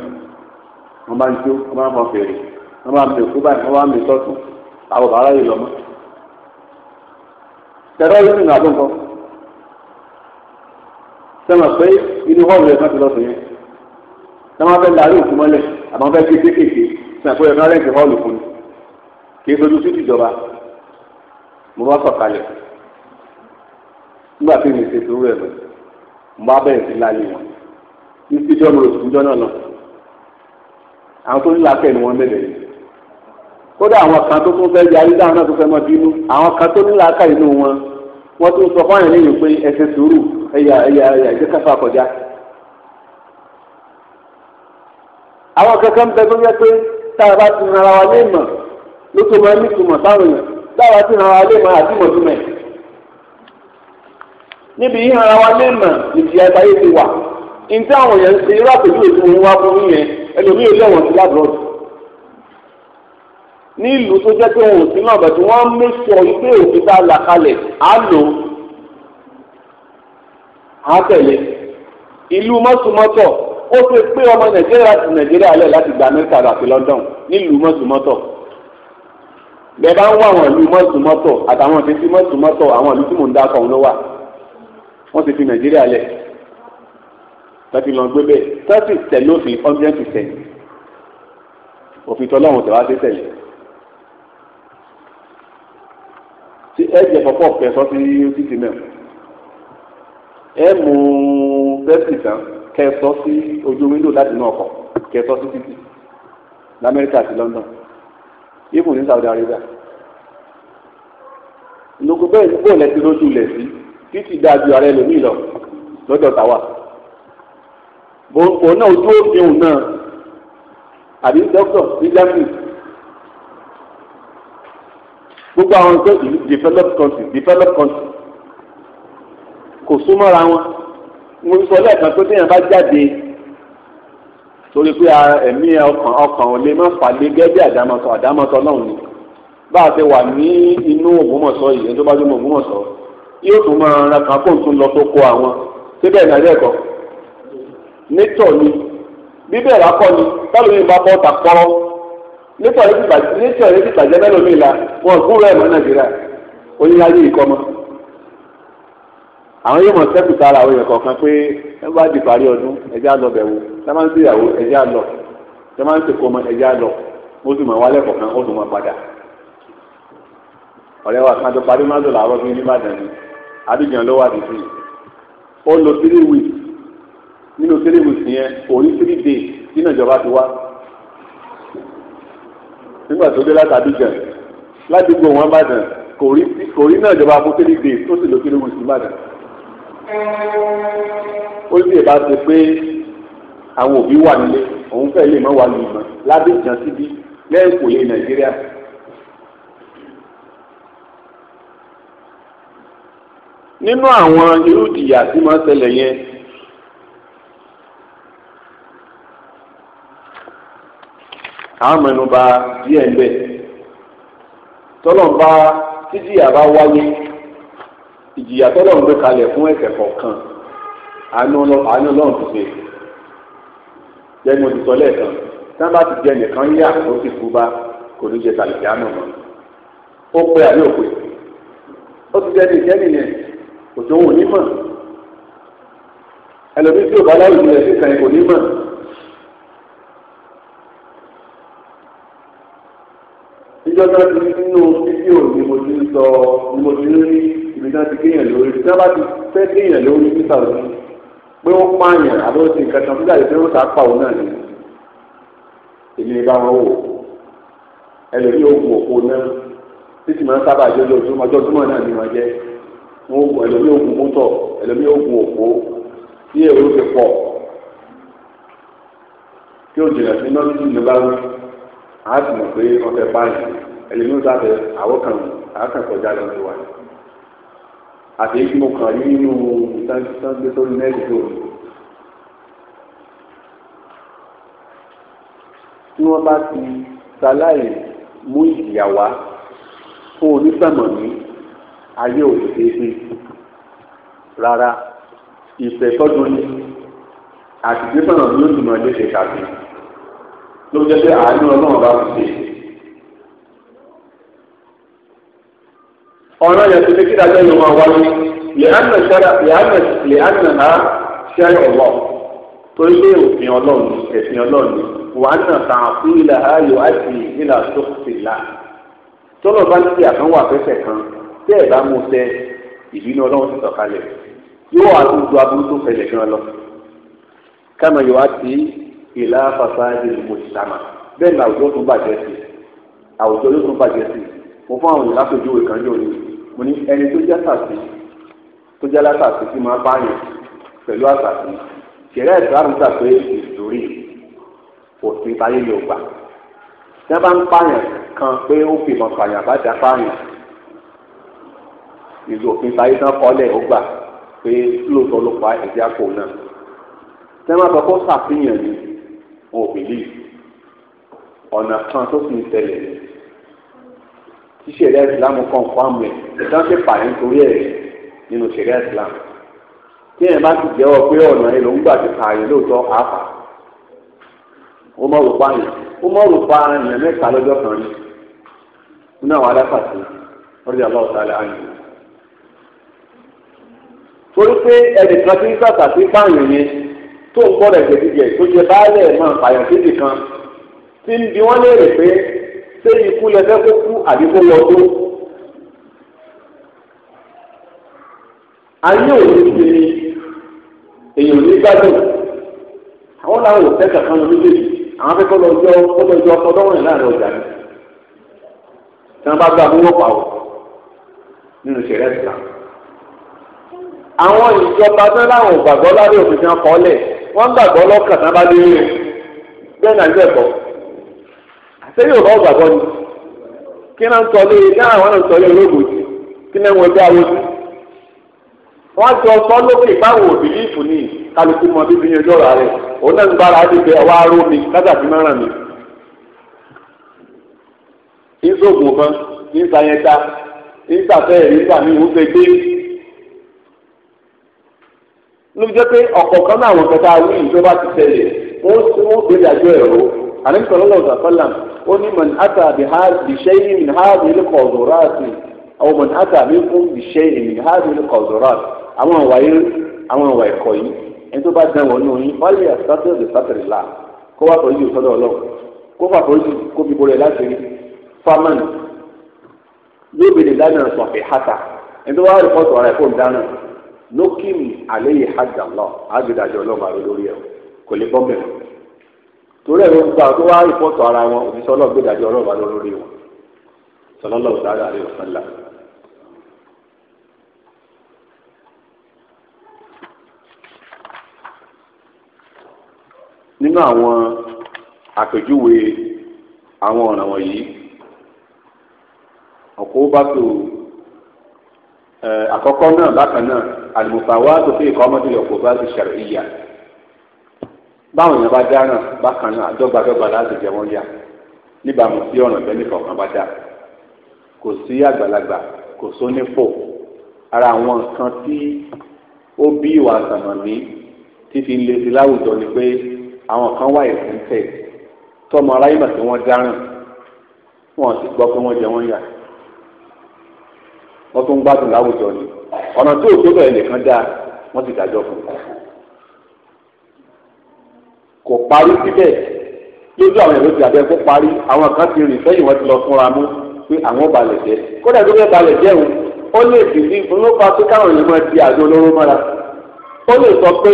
wọ́n bá ń jó wọ́n bá ń fọ fèrè wọ́n bá ń mi òkú báyìí wọ́n bá ń mi sọ́tún àwọn bàárà yìí lọ́mọ. tẹ̀rọ yìí nínú àdúgbò sẹ́wọ̀n pé inú hall rẹ̀ kan ti lọ sùn yẹn sẹ́wọ̀n fẹ́ darí òkú mọ́lẹ̀ àmọ́ fẹ́ kéde kéde sẹ́wọ̀n pé ẹ̀ka rẹ̀ǹtì hall fún mi kì í sojú sí ìjọba mo bá sọ̀kalẹ̀ nígbà tí mi ṣe dúró ẹ̀ lọ mo bá bẹ̀rẹ̀ sí lálẹ́ wọn ní sídọ́ọ̀mù ròtùkúndọ́ náà náà àwọn tó ń lakẹ́ ni wọ́n mẹ́lẹ̀ yìí kódà àwọn kan tó tún fẹ́ yarí dáhùn náà tó fẹ́ mọ bínú àwọn kan tó nílàákà inú wọn wọ́n tún sọ fáyọ̀ lẹ́yìn pé ẹ ṣe sùúrù ẹ̀yà ẹ̀yà ẹ̀yà ìjẹ́ káfà kọjá. àwọn kankan ń bẹ tó yẹ pé tá a bá ti ran ara wa lé mọ̀ ló tó máa ní ìtumọ̀ sáwọn èèyàn tá a bá ti ran ara wa lé mọ̀ àti ìmọ̀túmọ̀ níbi yíyan ara wa lé mọ̀ ìjìyà ìbáyé ti wà ní àwọn èèyàn ń ṣe irú àpèjúwe tí ń wá fún yín yẹn lẹ́wọ̀n sí lábúrò ní ìlú tó jẹ́ pé wọn ò sí náà bẹ̀tẹ̀ wọ́n mẹ́sọ̀ ilé òfin tá a là kalẹ̀ á lò á tẹ̀lé ìlú mọ́tòmọ́tò ó ṣe pé ọmọ nàìjíríà ti nàìjíríà lẹ̀ láti gba amẹ́ríkà àti london nílùú mọ́tòmọ́tò bẹ́ẹ̀ bá ń wá àwọn ìlú mọ́tòmọ́tò àtàwọn ìdí sí mọ́tòmọ́tò àwọn ìlú tí mò ń dá akọ̀ ló wà wọ́n ti fi nàìjíríà lẹ̀ láti lọ gbé bẹ́ẹ̀ thirty tẹ̀lé òfin hundred tí ẹ jẹ pọpọ kẹsọ sí títì náà ẹ mú pẹpsi tán kẹsọ sí ojú wíńdò láti inú ọkọ̀ kẹsọ sí títì lamẹ́ríkà àti London ibùn ní Saudi Arabia nùkú bẹ́ẹ̀ ní bóòlù ẹtì lójú ilẹ̀ sí títì dáa ju ara ẹlòmíì lọ lọ́jọ́ tàwa Bon, náà ojú òfin òun náà àbí dókítà ní Germany gbogbo àwọn nǹkan ìlú developed countries. developed country kò súnmọ́ra wọn mo sọ lẹ́ẹ̀kan pé téèyàn bá jáde torí pé ah, ẹ̀mí ọkàn ọkàn ò lè má fàlẹ́ gẹ́gẹ́ àdámọ́sọ àdámọ́sọ náà ni bá a ti wà ní inú Ògbómọ̀ṣọ́ yìí ẹni tó bá dé mọ Ògbómọ̀ṣọ́ yóò tún máa ra kan kó n tún lọ tó kó àwọn síbẹ̀ ní alẹ́ ẹ̀kọ́ nítọ̀ ni bíbẹ̀ rákọ́ ni táwọn èèyàn bá bọ́ ta kọ́rọ́ nítorí ti bàjẹ́ bẹ́ẹ̀ lómi ìlà wọn kú rẹ̀ mọ́ nàìjíríà oníyáyé ìkọ́mọ́ àwọn yóò mọ̀ sẹ́kù sára àwọn èèyàn kọ̀ọ̀kan pé ẹ bá di parí ọdún ẹjẹ́ àlọ́ bẹ̀wò ẹ máa ń sí ìyàwó ẹjẹ́ àlọ́ ẹ máa ń sèkó ọmọ ẹjẹ́ àlọ́ ó sì mọ̀ wálẹ̀ kọ̀ọ̀kan ó sì mọ̀ padà ọ̀rẹ́ wa kan parí mádùn làárọ̀ ni Abidjan ló wà nìkú yìí ó lo three weeks nínú three weeks yẹn òní three days nígbà tó dé látàbí jẹ ládùúgbò wọn bá dàn kò rí náà jọba fún three days tó sì lókè lówó sí Ìbàdàn. ó sì bá ṣe pé àwọn òbí wà nílé òun fẹ́ lè má wà ní ìmọ̀ lábẹ́ ìjàn síbí lẹ́yìn kò lè Nàìjíríà. nínú àwọn irú ìyà tí máa ṣẹlẹ̀ yẹn àwọn mẹ́nubà díẹ̀ ń bẹ tọ́lọ́mbà tíjìyà bá wáyé ìjìyà tọ́lọ́mbà gbé kalẹ̀ fún ẹ̀ṣẹ̀ kọ̀ọ̀kan àánú ọlọ́run ti ṣe jẹ́ni mo ti sọ lẹ́ẹ̀kan sábà ti jẹ nìkan yá ó sì kú bá kò ní jẹ tàlùkì àná mọ́ ó pé àbí òpè ó ti jẹ́ni ìjẹ́ni yẹn òjò òun ò ní mọ̀ ẹlòmíì tí ò bá láwùjọ ẹ̀ sí kan kò ní mọ̀. níjọba ti nínú fídíò ni mo ti ń sọ ni mo ti ń rí ibi náà ti kéèyàn lórí tí wọ́n bá ti fẹ́ kéèyàn lórí níta òní pé ó pààyàn àbí ó ti nǹkan kan fúdà yìí pé ó ta pa òun náà ni èmi ni bá wọn wò ẹlòmíì ó gun òpó náà títí máa ń sábà jẹ́ lójúmọ́ ọjọ́ túmọ̀ náà ni wọ́n jẹ́ wọn gun ẹlòmíì ó gun mọ́tọ̀ ẹlòmíì ó gun òpó tí èrò ti pọ̀ kí o jìnà sí náà títí ní bá wí a sì mọ̀ pé ọ̀fẹ́ báyìí ẹlẹ́mìí sáfẹ́ àwọn kan àákàn kọjá lọ sí wa àti èyí mo kàn nínú ìtàgbé tó nẹ́ẹ̀sì tó tí wọ́n bá ti ṣaláì mú ìjìyà wá fún onísàmọ̀ ní ayé òṣèlú rárá ìfẹ́ tọ́jú ni àtìgbésọ̀nà ló dùn mọ́ léṣe kàbí ló jẹ́ pé àánú ọlọ́run bá ti ṣe. ọ̀rọ̀ yẹn ti fi kí dájọ́ yìí máa wáyé lẹ́hánà ha ṣe ọ̀wọ́ torí pé òfin ọlọ́run ẹ̀sìn ọlọ́run wàhánà tààfin ilẹ̀ ayò àti ìlà tó ti là tọ́lọ̀ bá ti àkàn wà fẹ́fẹ́ kan tẹ́ ẹ̀ bá mú fẹ́ ìbínú ọlọ́run ti sọ̀kalẹ̀ yóò wá gbogbo aburú tó fẹlẹ̀ gan lọ. kámẹ́yọ̀ á ti ìlà fàfáàdì mùsàmà bẹ́ẹ̀ ni àwùjọ tún bàjẹ́ sí àwùjọ yóò tún bàjẹ́ sí mo fún àwọn èèyàn lápèjú òwe kan yóò ní mo ní ẹni tó jẹ́ sàtì tó jẹ́ látàtì tí máa bá yàn pẹ̀lú àtàtì kẹrẹ́ ìsàrùn gbà pé ìdórí òfin táyé yóò gbà tí wọ́n bá ń pààyàn kan pé ó fi ìmọ̀ pààyàn bá jà pààyàn ìlú òfin táyé tán kọ́lẹ̀ ó gbà pé lóòótọ́ ló pa ẹ̀jẹ̀ àpò náà tí wọ́n bá sọ fún sàfihàn ni. wọn ò bìlí ọ̀nà kan tó sì ń tẹ̀lé tí sẹ̀ríà ìsìlámù kan fún àmì ẹ̀ dáńtì pààyàn torí ẹ̀ nínú sẹ̀ríà ìsìlámù tí bá ti jẹ́wọ́ pé ọ̀nà ẹ̀ gbà ti lóòótọ́ ó mọ̀ yẹn ó mọ̀ yẹn mẹ́ta lọ́jọ́ kan rí nínú àwọn tó ń gbọ́dọ̀ jẹ̀díjẹ tó jẹ báálẹ̀ máa pààyàn títì kan tí ń bi wọ́n léèrè pé ṣé ikú lẹ́fẹ́ kó kú àbí kó lọ tó. ayé òní ti ni èèyàn ní gbádùn àwọn làwọn ò tẹ́ka kan lórí lèyí àwọn akẹ́kọ̀ọ́ lọ jọ ó lọ jọ ọkọ dọ́wọ́n yẹn láàrin ọjà ni tí wọ́n bá gba owó pa ọ́ nínú ìṣẹ̀lẹ̀ ìsìlá àwọn ìjọba tó láwọn ò gbàgbọ́ lábẹ́ òfin fi hàn kọ́ lẹ̀ wọ́n gbàgbọ́ lọ́kàn tá a bá dé rí o bẹ́ẹ̀ náà ilé ẹ̀kọ́ àtẹ́yìn ò bá gbàgbọ́ ni kí náà ń sọ lé kí náà wọ́n náà ń sọ lé olóògùn sí kí náà ń wọ ẹgbẹ́ awo sí. wọ́n jọ sọ lókè báwo bìlífù ni kálukú mọ bíbí yanjú ọ̀rọ̀ rẹ̀ òun náà ń gbára dìbẹ̀ ọwọ́ aró mi kájàbí márùn mi. ń sóògùn kan ń sayẹta ń sàfẹ́ gbé ló jẹ́ pé ọ̀kọ̀ọ̀kan náà àwọn kẹta wí ìjọba ti tẹ̀lé wọ́n wọ́n gbé dàjọ́ ẹ̀rọ àlẹ́sọ̀rọ̀ ọ̀sàfọ́là ó ní mọ̀n átà bìṣẹ́yìn ní háàbì ní kọ̀ọ̀dọ̀ráàtì àwọn mọ̀n átà bí fún bìṣẹ́yìn ní háàbì ní kọ̀ọ̀dọ̀ráàtì àwọn àwàyé àwọn àwà ẹ̀kọ́ yìí ẹni tó bá dán wọn ní oyin wọ́n lè àtàtà lè sátẹ̀rì là kó wà pọ̀ yìí sọ́dọ̀ ọlọ́run kó fà pọ̀ yìí kó fi borí ẹ̀ láti rí fámánì yóò bèrè lánàá sọ̀fẹ̀ hátà ẹni tó wá rìpọ́tù ọ̀rẹ́ nókìmì alẹ́ yìí hajj Allah ágbèdájọ́ ọlọ́run àrò lórí ẹ̀ kò lè bọ́ mẹ́rin torí ẹ̀rọ gbogbo àwọn tó wá rìpọ́tù ara wọn òfìsọ́ ọlọ́run gbèdájọ́ ọlọ́run àrò lórí wọn sallallahu ta'ala alaihi wa nínú àwọn àpèjúwe àwọn ọ̀ràn wọ̀nyí ọ̀kọ́ bá tó àkọ́kọ́ náà bákan náà àlùmọ̀fàwá tó fi ìkọ́mọ́dé lọ́pọ̀ bá ti ṣẹ̀rẹ̀ ìyà báwọn èèyàn bá dá náà bákan náà dọ́gbadọ́gba láti jẹ wọ́n yá níbàámu sí ọ̀nà bẹ́ẹ̀ nìkọ̀ọ̀kan bá dá kò sí àgbàlagbà kò sónífò ara àwọn nǹkan tí ó bí ìwà àtàmọ̀mí tí fi le sí láwùjọ ni pé àwọn kan wà ìfúntẹ̀ tọmọ aráyé mà tí wọ́n dáràn wọn sì gbọ́ pé wọ́n jẹ wọ́n yà wọ́n tún ń gbádùn láwùjọ ni ọ̀nà tí òótọ́ bẹ̀rẹ̀ nìkan dáa wọ́n ti dájọ́ fún un. kò parí síbẹ̀ lójú àwọn èrò ti àbẹ́ kó parí àwọn kan ti rìn sẹ́yìn wọ́n ti lọ fúnra mú pé àwọn balẹ̀ jẹ́ kódà tó fẹ́ balẹ̀ jẹ́ òun ó lè sì ní olópa pé káwọn èèyàn máa di àjọ olóró mọ́ra ó lè sọ pé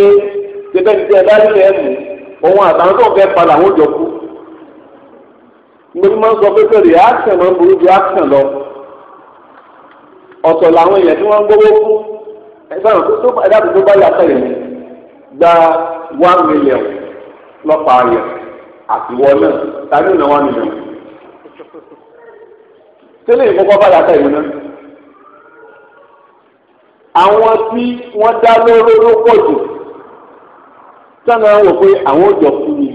ṣẹbẹ́ni tí bá rí ẹ òun àtàwọn tó fẹ́ padà wọ́n jọ kú. mo ní máa ń sọ pé pé reaction máa ń burú ju action lọ ọ̀tọ̀ làwọn èèyàn tí wọ́n ń gbowó fún ẹgbẹ́rún tó tó ẹ̀dàbí tó bá yàtọ̀ yẹn gba one million lọ́pàá yẹn àtiwọ́ náà tàbí ìnà one million. tẹ́lẹ̀ ìkọ́kọ́ bá yàtọ̀ yẹn náà àwọn tí wọ́n dá lóró ló pọ̀ jù sọ́nà wò pé àwọn òjò kú ni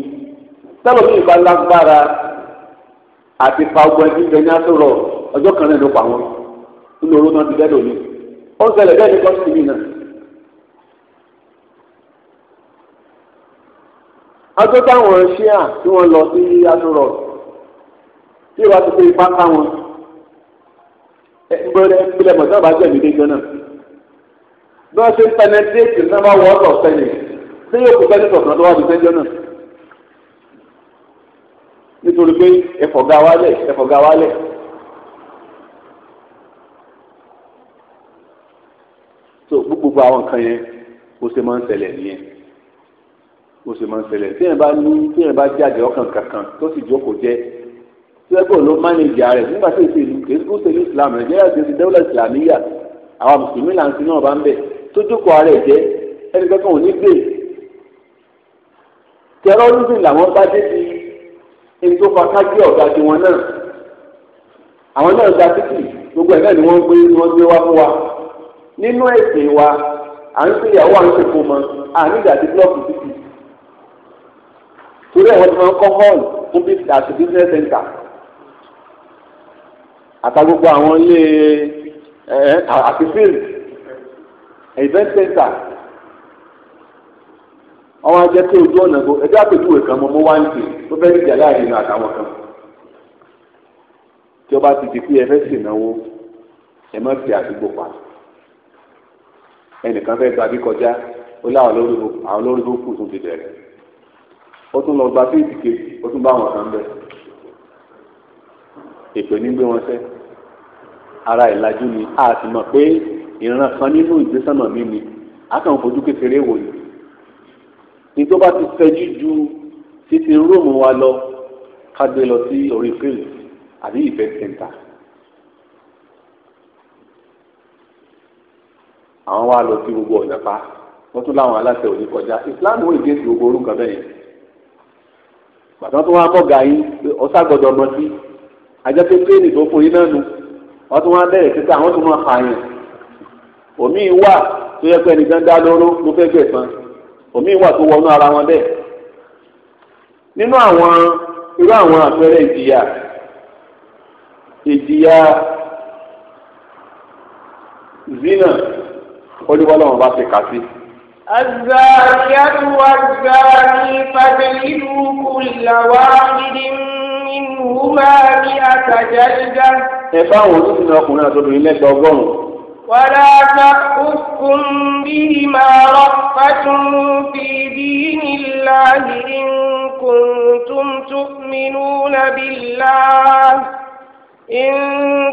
sọ́nà mi ìbá àti pa ọgbọ́n ẹni bẹ́ẹ̀ ní àtúrọ̀ ọjọ́ kan náà ló pa wọn nínú oró náà ti dẹ́ lómi ó ń ṣẹlẹ̀ bẹ́ẹ̀ ní kọ́sìtìmì náà. ọjọ́ táwọn ṣíà tí wọ́n lọ sí aṣọ́rọ̀ tí wàá ti pé ipá ká wọn gbọ́dọ̀ ìpìlẹ̀ mọ̀ sábà jẹ́ ìdílé gan náà bí wọ́n ṣe ń pẹnẹtírétì náà bá wọ ọ̀tọ̀ sẹ́yìn tí yóò kó fẹ́ẹ́ sọ̀tàn tó wà ní sẹ́jọ́ náà nítorí pé ẹ̀fọ̀gá wálẹ̀ ẹ̀fọ̀gá wálẹ̀. so gbogbo àwọn nǹkan yẹn ó ṣe máa ń ṣẹlẹ̀ nìyẹn ó ṣe máa ń ṣẹlẹ̀ tí yẹn bá ní tí yẹn bá jáde ọkàn kankan tó sì jókòó jẹ́ sẹ́gbọ̀n ló mánéjì ààrẹ nígbà tí èsì ìlú ìlú islam nàìjíríà ti ti dẹ́wọ́lẹ̀ islamiyà àwọn mùsùlùmí là ń sin náà bá ń bẹ̀ tó jókòó ààrẹ jẹ́ ẹni kankan ò ní gbè tẹrọrìsì làwọn bá dé sí ẹni tó fa kájí ọ̀gá tiwọn náà àwọn náà gba títì gbogbo ẹ̀ náà ni wọ́n gbé wọ́n gbé wá fún wa. nínú ẹ̀sìn wa à ń ṣèyàwó à ń ṣèkó mọ à ní ìdàdí blọọkù títì torí ẹ̀wọ́n ti máa kọ́ hall fún àti business center àtàgbogbo àwọn ilé àti field event center àwọn ajẹ́ tí ojú ọ̀nà gbọ́ ẹjọ́ àpèjúwe kan mo mú wá ń tó fẹ́ àtàwọn kan tí ti di ẹnìkan fẹ́ gba bí kọjá ó láwọn lórí àwọn lórí tó kù tún ti bẹ̀rẹ̀ ó tún lọ gba fíìsì kejì ó tún bá wọn kan bẹ̀ èpè ní gbé wọn sẹ́ ara ìlàjú ni a ti mọ̀ pé ìran kan nínú ìgbésànà mi ni a kàn fojú kékeré wò ni ní tó bá ti fẹjú ju títí róòmù wa lọ ká gbé lọ sí orí fíìlì àbí ìfẹ́ sẹ́ńtà. àwọn wá lọ sí gbogbo ọ̀nà pa wọ́n tún láwọn aláṣẹ òní kọjá islam wọ́n ìgbésí gbogbo orú nǹkan bẹ́yẹn gbàtàn tó wá mọ́gà yín ọ̀sá gbọ́dọ̀ ọmọ sí ajá pé pléènì tó fún yín náà nu wọ́n tún wá bẹ̀rẹ̀ títà àwọn tó máa pààyàn òmí wà tó yẹ pé ẹnìkan dá lóró ló fẹ́ gbẹ̀san òmí wà tó wọnú ara wọn bẹ́ẹ̀ nínú àwọn irú àwọn àpẹẹrẹ ìjìyà ìjìyà zina ó ní bọ́lá wọn bá ti kà sí. الزانية والزاني فاجلدوا كل واحد منهما مئة جلدة. ẹ fáwọn olùsìn ọkùnrin àti obìnrin lẹ́gbẹ̀ẹ́ ọgọ́rùn-ún. ولا تأخذكم بهما رأفة في دين الله إن كنتم تؤمنون بالله إن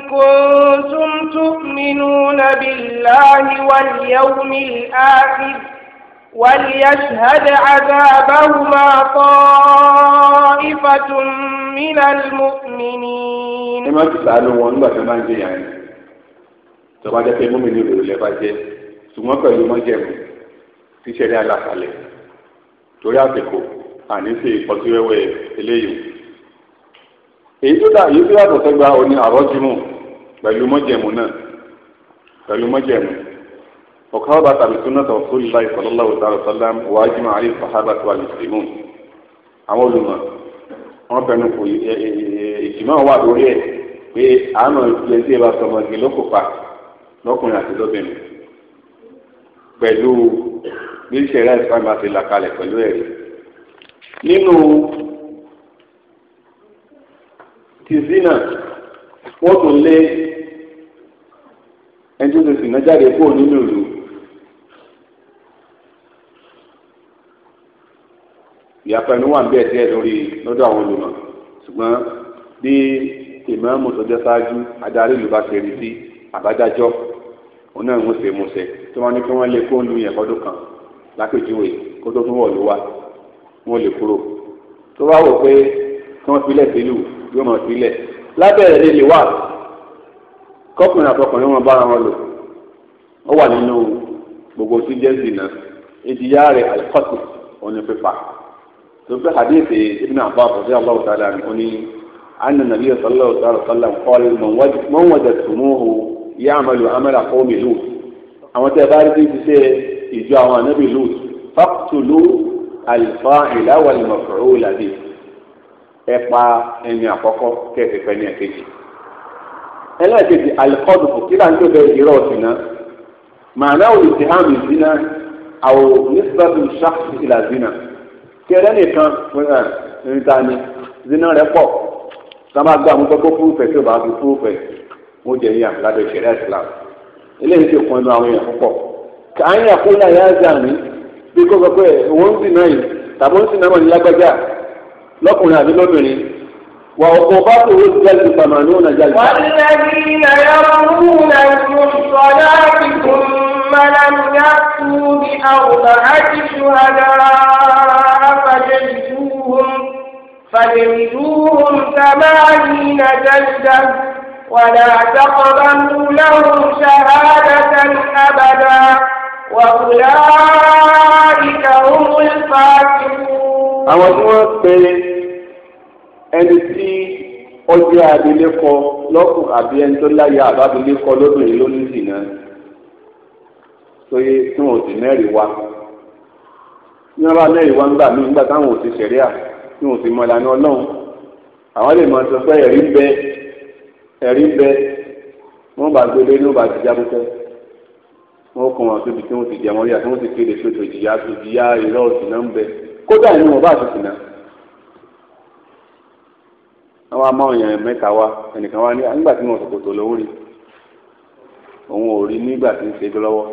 كنتم تؤمنون بالله واليوم الآخر وليشهد عذابهما طائفة من المؤمنين. إما تسألوا وأنت كمان جي يعني. tọ́ba jẹ́ pé múmi ní ìròyìn lẹ́ba jẹ́ ṣùgbọ́n pẹ̀lú mọ́jẹ̀mú tíṣẹ̀lẹ̀ alákalẹ̀ torí àsìkò àní sí ìpọ́síwẹ́wẹ́ eléyìí èyí tó dà èyí tó yàtọ̀ sẹ́gbà ó ní àrọ́jùmù pẹ̀lú mọ́jẹ̀mú náà pẹ̀lú mọ́jẹ̀mú ọ̀kan bá tàbí súnà tó tó lè láì sọ̀lọ́lá òtàrọ̀ sọ́lá wà á jìmọ̀ àrí sàhábà tó àlùsìmù àwọn olùmọ̀ wọn fẹnu kò ìjìmọ̀ wà lórí ẹ̀ pé àánú ilé tí ẹ bá sọmọ igi ló kò àti lóbìnrin pẹ̀lú bí ìṣẹ̀rẹ́ ìsàmì ti zina wọ́n tún lé ẹni tó ti zina jáde kúrò nínú ìlú. ìyapa ẹni wà ń bẹ́ẹ̀ díẹ̀ lórí lọ́dọ̀ àwọn olùmọ̀ ṣùgbọ́n bí ìmọ̀ọ́mù tó jẹ́ ṣáájú adarí ìlú bá ṣe rí sí àbájájọ́ òun náà ń ṣe mọ̀ṣẹ́ tí wọ́n ní kí wọ́n lè kó yẹn fọ́dún kan lápèjúwe kó tó tún wọ̀ ló wá wọ́n lè kúrò tó bá wò pé kí wọ́n filẹ̀ sílùú yóò mọ̀ sílẹ̀ lábẹ́rẹ̀ lè lè wà kọkùnrin àtọkùnrin wọn bára wọn lò ó wà nínú gbogbo tí jẹ́ zina ìdíyà rẹ̀ alikọ́tù òní pípa tó fẹ́ hadithi ibn abbas ọ̀sẹ̀ aláwọ̀ sálà ní oní anna nabiya sallallahu alaihi wa sallam qala man wajadtumuhu ya'malu amala qawmi lut àwọn tẹ́ bá rí ti ti ṣe ìjọ àwọn anabi lut faqtulu al-fa'ila wal-maf'ula bihi ẹ pa ẹni àkọ́kọ́ kí ẹ sì pẹ́ ní ẹ̀kejì ẹlẹ́ẹ̀kejì alikọ́dùkù kí láti tó bẹ ìrọ̀ ọ̀sìn náà òyìn ti hàn mí zina àwò nísìbàbí ṣáàkì ìlà zina kí ẹ lẹ́nu kan ni zina rẹ pọ̀ sábà gbọ́ àwọn tó kó fúrufẹ̀ tí ò bá fi fúrufẹ̀ mo jẹ yíyà lábẹ́ ìṣẹ̀lẹ̀ Islam eléyìí ti kún inú àwọn èèyàn púpọ̀ káyọ̀ àkúnyà yá zani bí kò sọ pé òun zina yìí tàbí òun zina mọ̀ ní lágbájá لقنا àbí وعقوبته wà ثمانون bá والذين wọ́n يرمون المحصنات ثم لم يأتوا بأربعة شهداء فجلدوهم فجلدوهم ثمانين جلدة ولا تقبلوا لهم شهادة أبدا وأولئك هم الفاسقون àwọn tí wọ́n pe ẹni tí ọjọ́ abilékọ lọ́kùn àbí ẹni tó láyà àbábilékọ lóbìnrin ló ní ìsìn náà sóyè tí wọn ò sì mẹ́rin wá ní wọn bá mẹ́rin wá ńgbà míì nígbà táwọn ò ti ṣẹ̀rí à tí wọn ò sì mọ ìlànà ọlọ́run àwọn lè máa sọ pé ẹ̀rí ń bẹ ẹ̀rí ń bẹ wọn bá gbélé ní wọn bá ti jábútẹ́ wọn kàn wọn síbi tí wọn ti jẹ wọn yà tí wọn ti kéde sódò ìjìyà ìjìyà ìrọ̀ òsì kódà inú wọn bá ti sìnà àwọn amáwòyàn mẹ́ta wa ẹnìkan wa ní nígbà tí wọn sòkòtò lòún rí òun ò rí nígbà tí ń ṣe é lọ́wọ́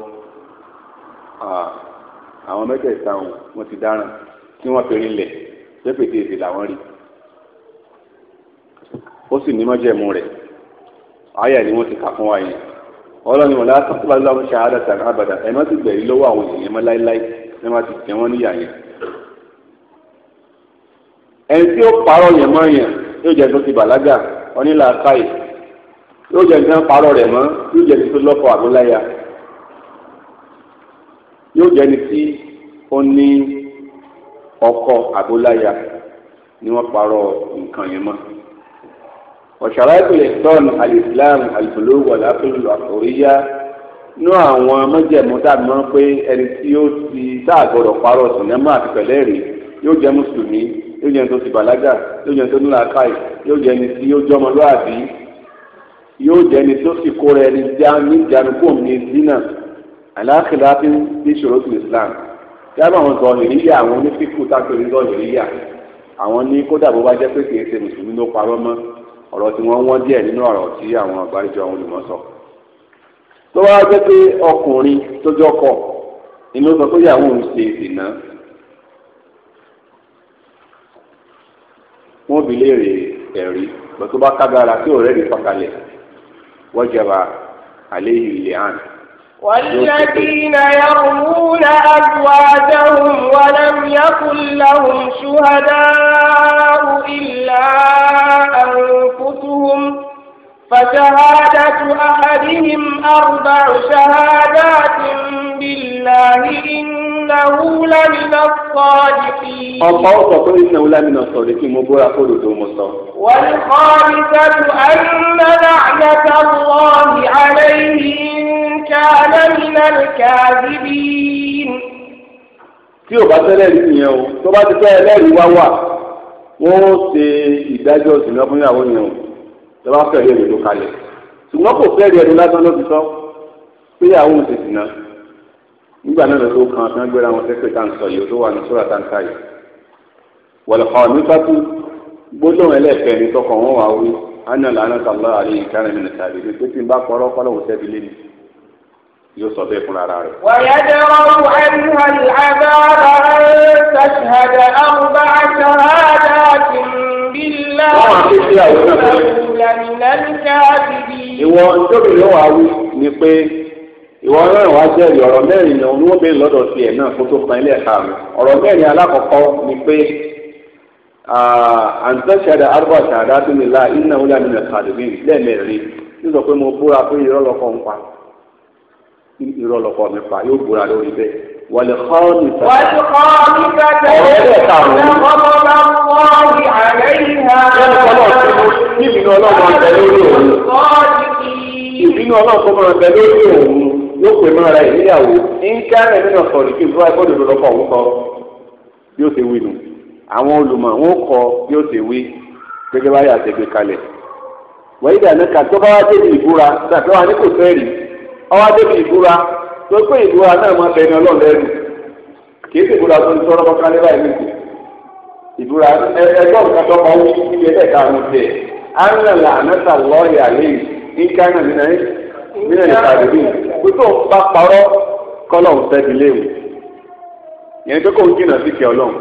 àwọn mẹ́tẹ̀ẹ̀ta wọn ti dáràn tí wọ́n fi rinlẹ̀ pépètè èsì làwọn rí ó sì ní mọ́jẹ̀mú rẹ̀ àyà ni wọ́n ti kà fún wa yẹn ọlọ́ni wọn lásán tó bá lọ́wọ́ ṣe àádọ́ta àbàdà ẹ̀ má ti gbẹ̀rí lọ́wọ́ àwọn èèyàn mọ́ láéláé ẹ̀ má ti jẹ́ wọ́n níyà yẹn ẹni tí ó parọ́ yẹn mọ́ yẹn yóò jẹ́ tó ti bàlágà onílàákàyè yóò jẹ́ tó parọ́ rẹ̀ mọ́ yóò jẹ́ tó lọ́kọ àbúláyà yóò jẹ́ ni tí ó ní ọkọ àbúláyà ni wọ́n parọ́ nǹkan yẹn mọ́. ọ̀ṣàlàyé ìtọ́nù alìsílám àlùfòló wà lápẹ́lú àkóríyá nú àwọn mọ́jẹ̀mú tàbí mọ́ pé ẹni tí ó ti tá àgọ́dọ̀ parọ́ sùn lẹ́mọ́ àti pẹ̀lẹ́rì yóò jẹ́ mùsùlùmí yóò jẹ́ ẹni tó ti bàlágà yóò jẹ́ ẹni tó ní làákàyè yóò jẹ́ ẹni tí yóò jẹ́ ọmọlúwàbí yóò jẹ́ ẹni tó sì kó rẹ̀ ní ìjánu kó ní zina aláàkìlá fi ń bí ìṣòro sí Islam yàrá àwọn zọ̀ọ̀nì yíyà àwọn onífíkù tákìlì ní zọ̀ọ̀nì yíyà àwọn ní kódà bó bá jẹ́ pé kì í ṣe mùsùlùmí ló parọ́ mọ́ ọ̀rọ̀ tí wọ́n wọ́n díẹ̀ nínú ọ̀rọ̀ tí àwọn àgbáríjọ àwọn olùmọ̀ sọ. tó wá jẹ́ pé ọkùnrin tó jọ́kọ̀ inú sọ pé ìyàwó òun ṣe ìsìn wọ́n bi léèrè ẹ̀rí pẹ̀tù bá kágara tí ọ̀rẹ́ mi fọkalẹ̀ wọ́n jẹba àléyìn ilé hàn. والذين يرمون أزواجهم ولم يكن لهم شهداء إلا أنفسهم فشهادة أحدهم أربع شهادات بالله إن innahu lamina sadiqin. ọ̀pọ̀ ó sọ pé innahu lamina sadiqin mo bóra kó dodo mo sọ. wal khamisatu anna la'nata Allahi alayhi in kana minal kadhibin. tí ò bá tẹ́lẹ̀ rí ìyẹn o tó bá ti fẹ́ ẹlẹ́rìí wá wà wọ́n ó ṣe ìdájọ́ ìsìn fún ìyàwó yẹn o tó bá fẹ́ ẹ̀rí èrò kalẹ̀ ṣùgbọ́n kò fẹ́ ẹ̀rí ẹ̀rọ lásán ló nígbà náà lọ́dọ̀ kan tí wọ́n gbéra wọn sẹ́pẹ̀ tá à ń sọ yìí tó wà ní sóra tá à ń ká yìí. wọ̀lọ̀kọ̀ ní pátú gbólóhùn ẹlẹ́ẹ̀kẹ́ ni tọkọ̀ wọn wà wí ana lànà tàbí àlẹ́ ìkárẹ́ mi nìta ìdí pé tí n bá kọ́ ọ́rọ́ kọ́lọ́hùn sẹ́bi lé mi yóò sọ bẹ́ẹ̀ fúnra rẹ̀. wàyà jẹ́ ọ̀rọ̀ àìsàn àgbára ṣàṣàdà àrùbá àṣàrà àdá ìwọ tóbi ló wà wí ìwọ ọlọ́run wá jẹ́rìí ọ̀rọ̀ mẹ́rin ni wọ́n béèrè lọ́dọ̀ tiẹ̀ náà kó tó kan ilé ẹ̀ka rẹ̀ ọ̀rọ̀ mẹ́rin alákọ̀ọ́kọ́ ni pé àǹtẹ̀ṣẹ̀dá arúgbó àṣàdá tó nílá iná wúlá nínú ẹ̀ka àdùnmí lẹ́ẹ̀mẹ́rin nígbà pé mo búra pé irọ́ lọ́kọ̀ ń pa irọ́ lọ́kọ̀ mi pa yóò búra lórí bẹ́ẹ̀ wàlẹ̀ kọ́ọ̀nì sàdá ìbínú ọlọ́run kọ́ máa bẹ lórí òun yóò pè mọ́ra ẹ̀ níyàwó nǹkan ẹ̀mí náà sọ̀rọ̀ kí n tó wáyé kó lòdò lọ́kọ̀ òun kọ yóò ṣe wí nù àwọn olùmọ̀ wọn kọ yóò ṣe wí gẹ́gẹ́ bá yà tẹ̀gbẹ́ kalẹ̀ wẹ́yí dàní ká tó bá wá débi ìbúra tàbí wà ní kò sẹ́ẹ̀rì ọwá débi ìbúra tó pé ìbúra náà máa bẹni ọlọ́run lẹ́nu kì í sì ìbúra tó ń sọ̀rọ̀ kọ́kálẹ́ báyìí nìyí ìbúra ẹgbọ́n kan tó kọ́ wí ibi ẹ̀ẹ́dẹ́gbẹ̀rún tiẹ̀ á mílíọ̀nù ìsàlùmí kó tó ń bá parọ́ kọ́lọ̀ ń sẹ́bi léwu yẹn pé kó ń jìnnà sí kẹ́ ọlọ́run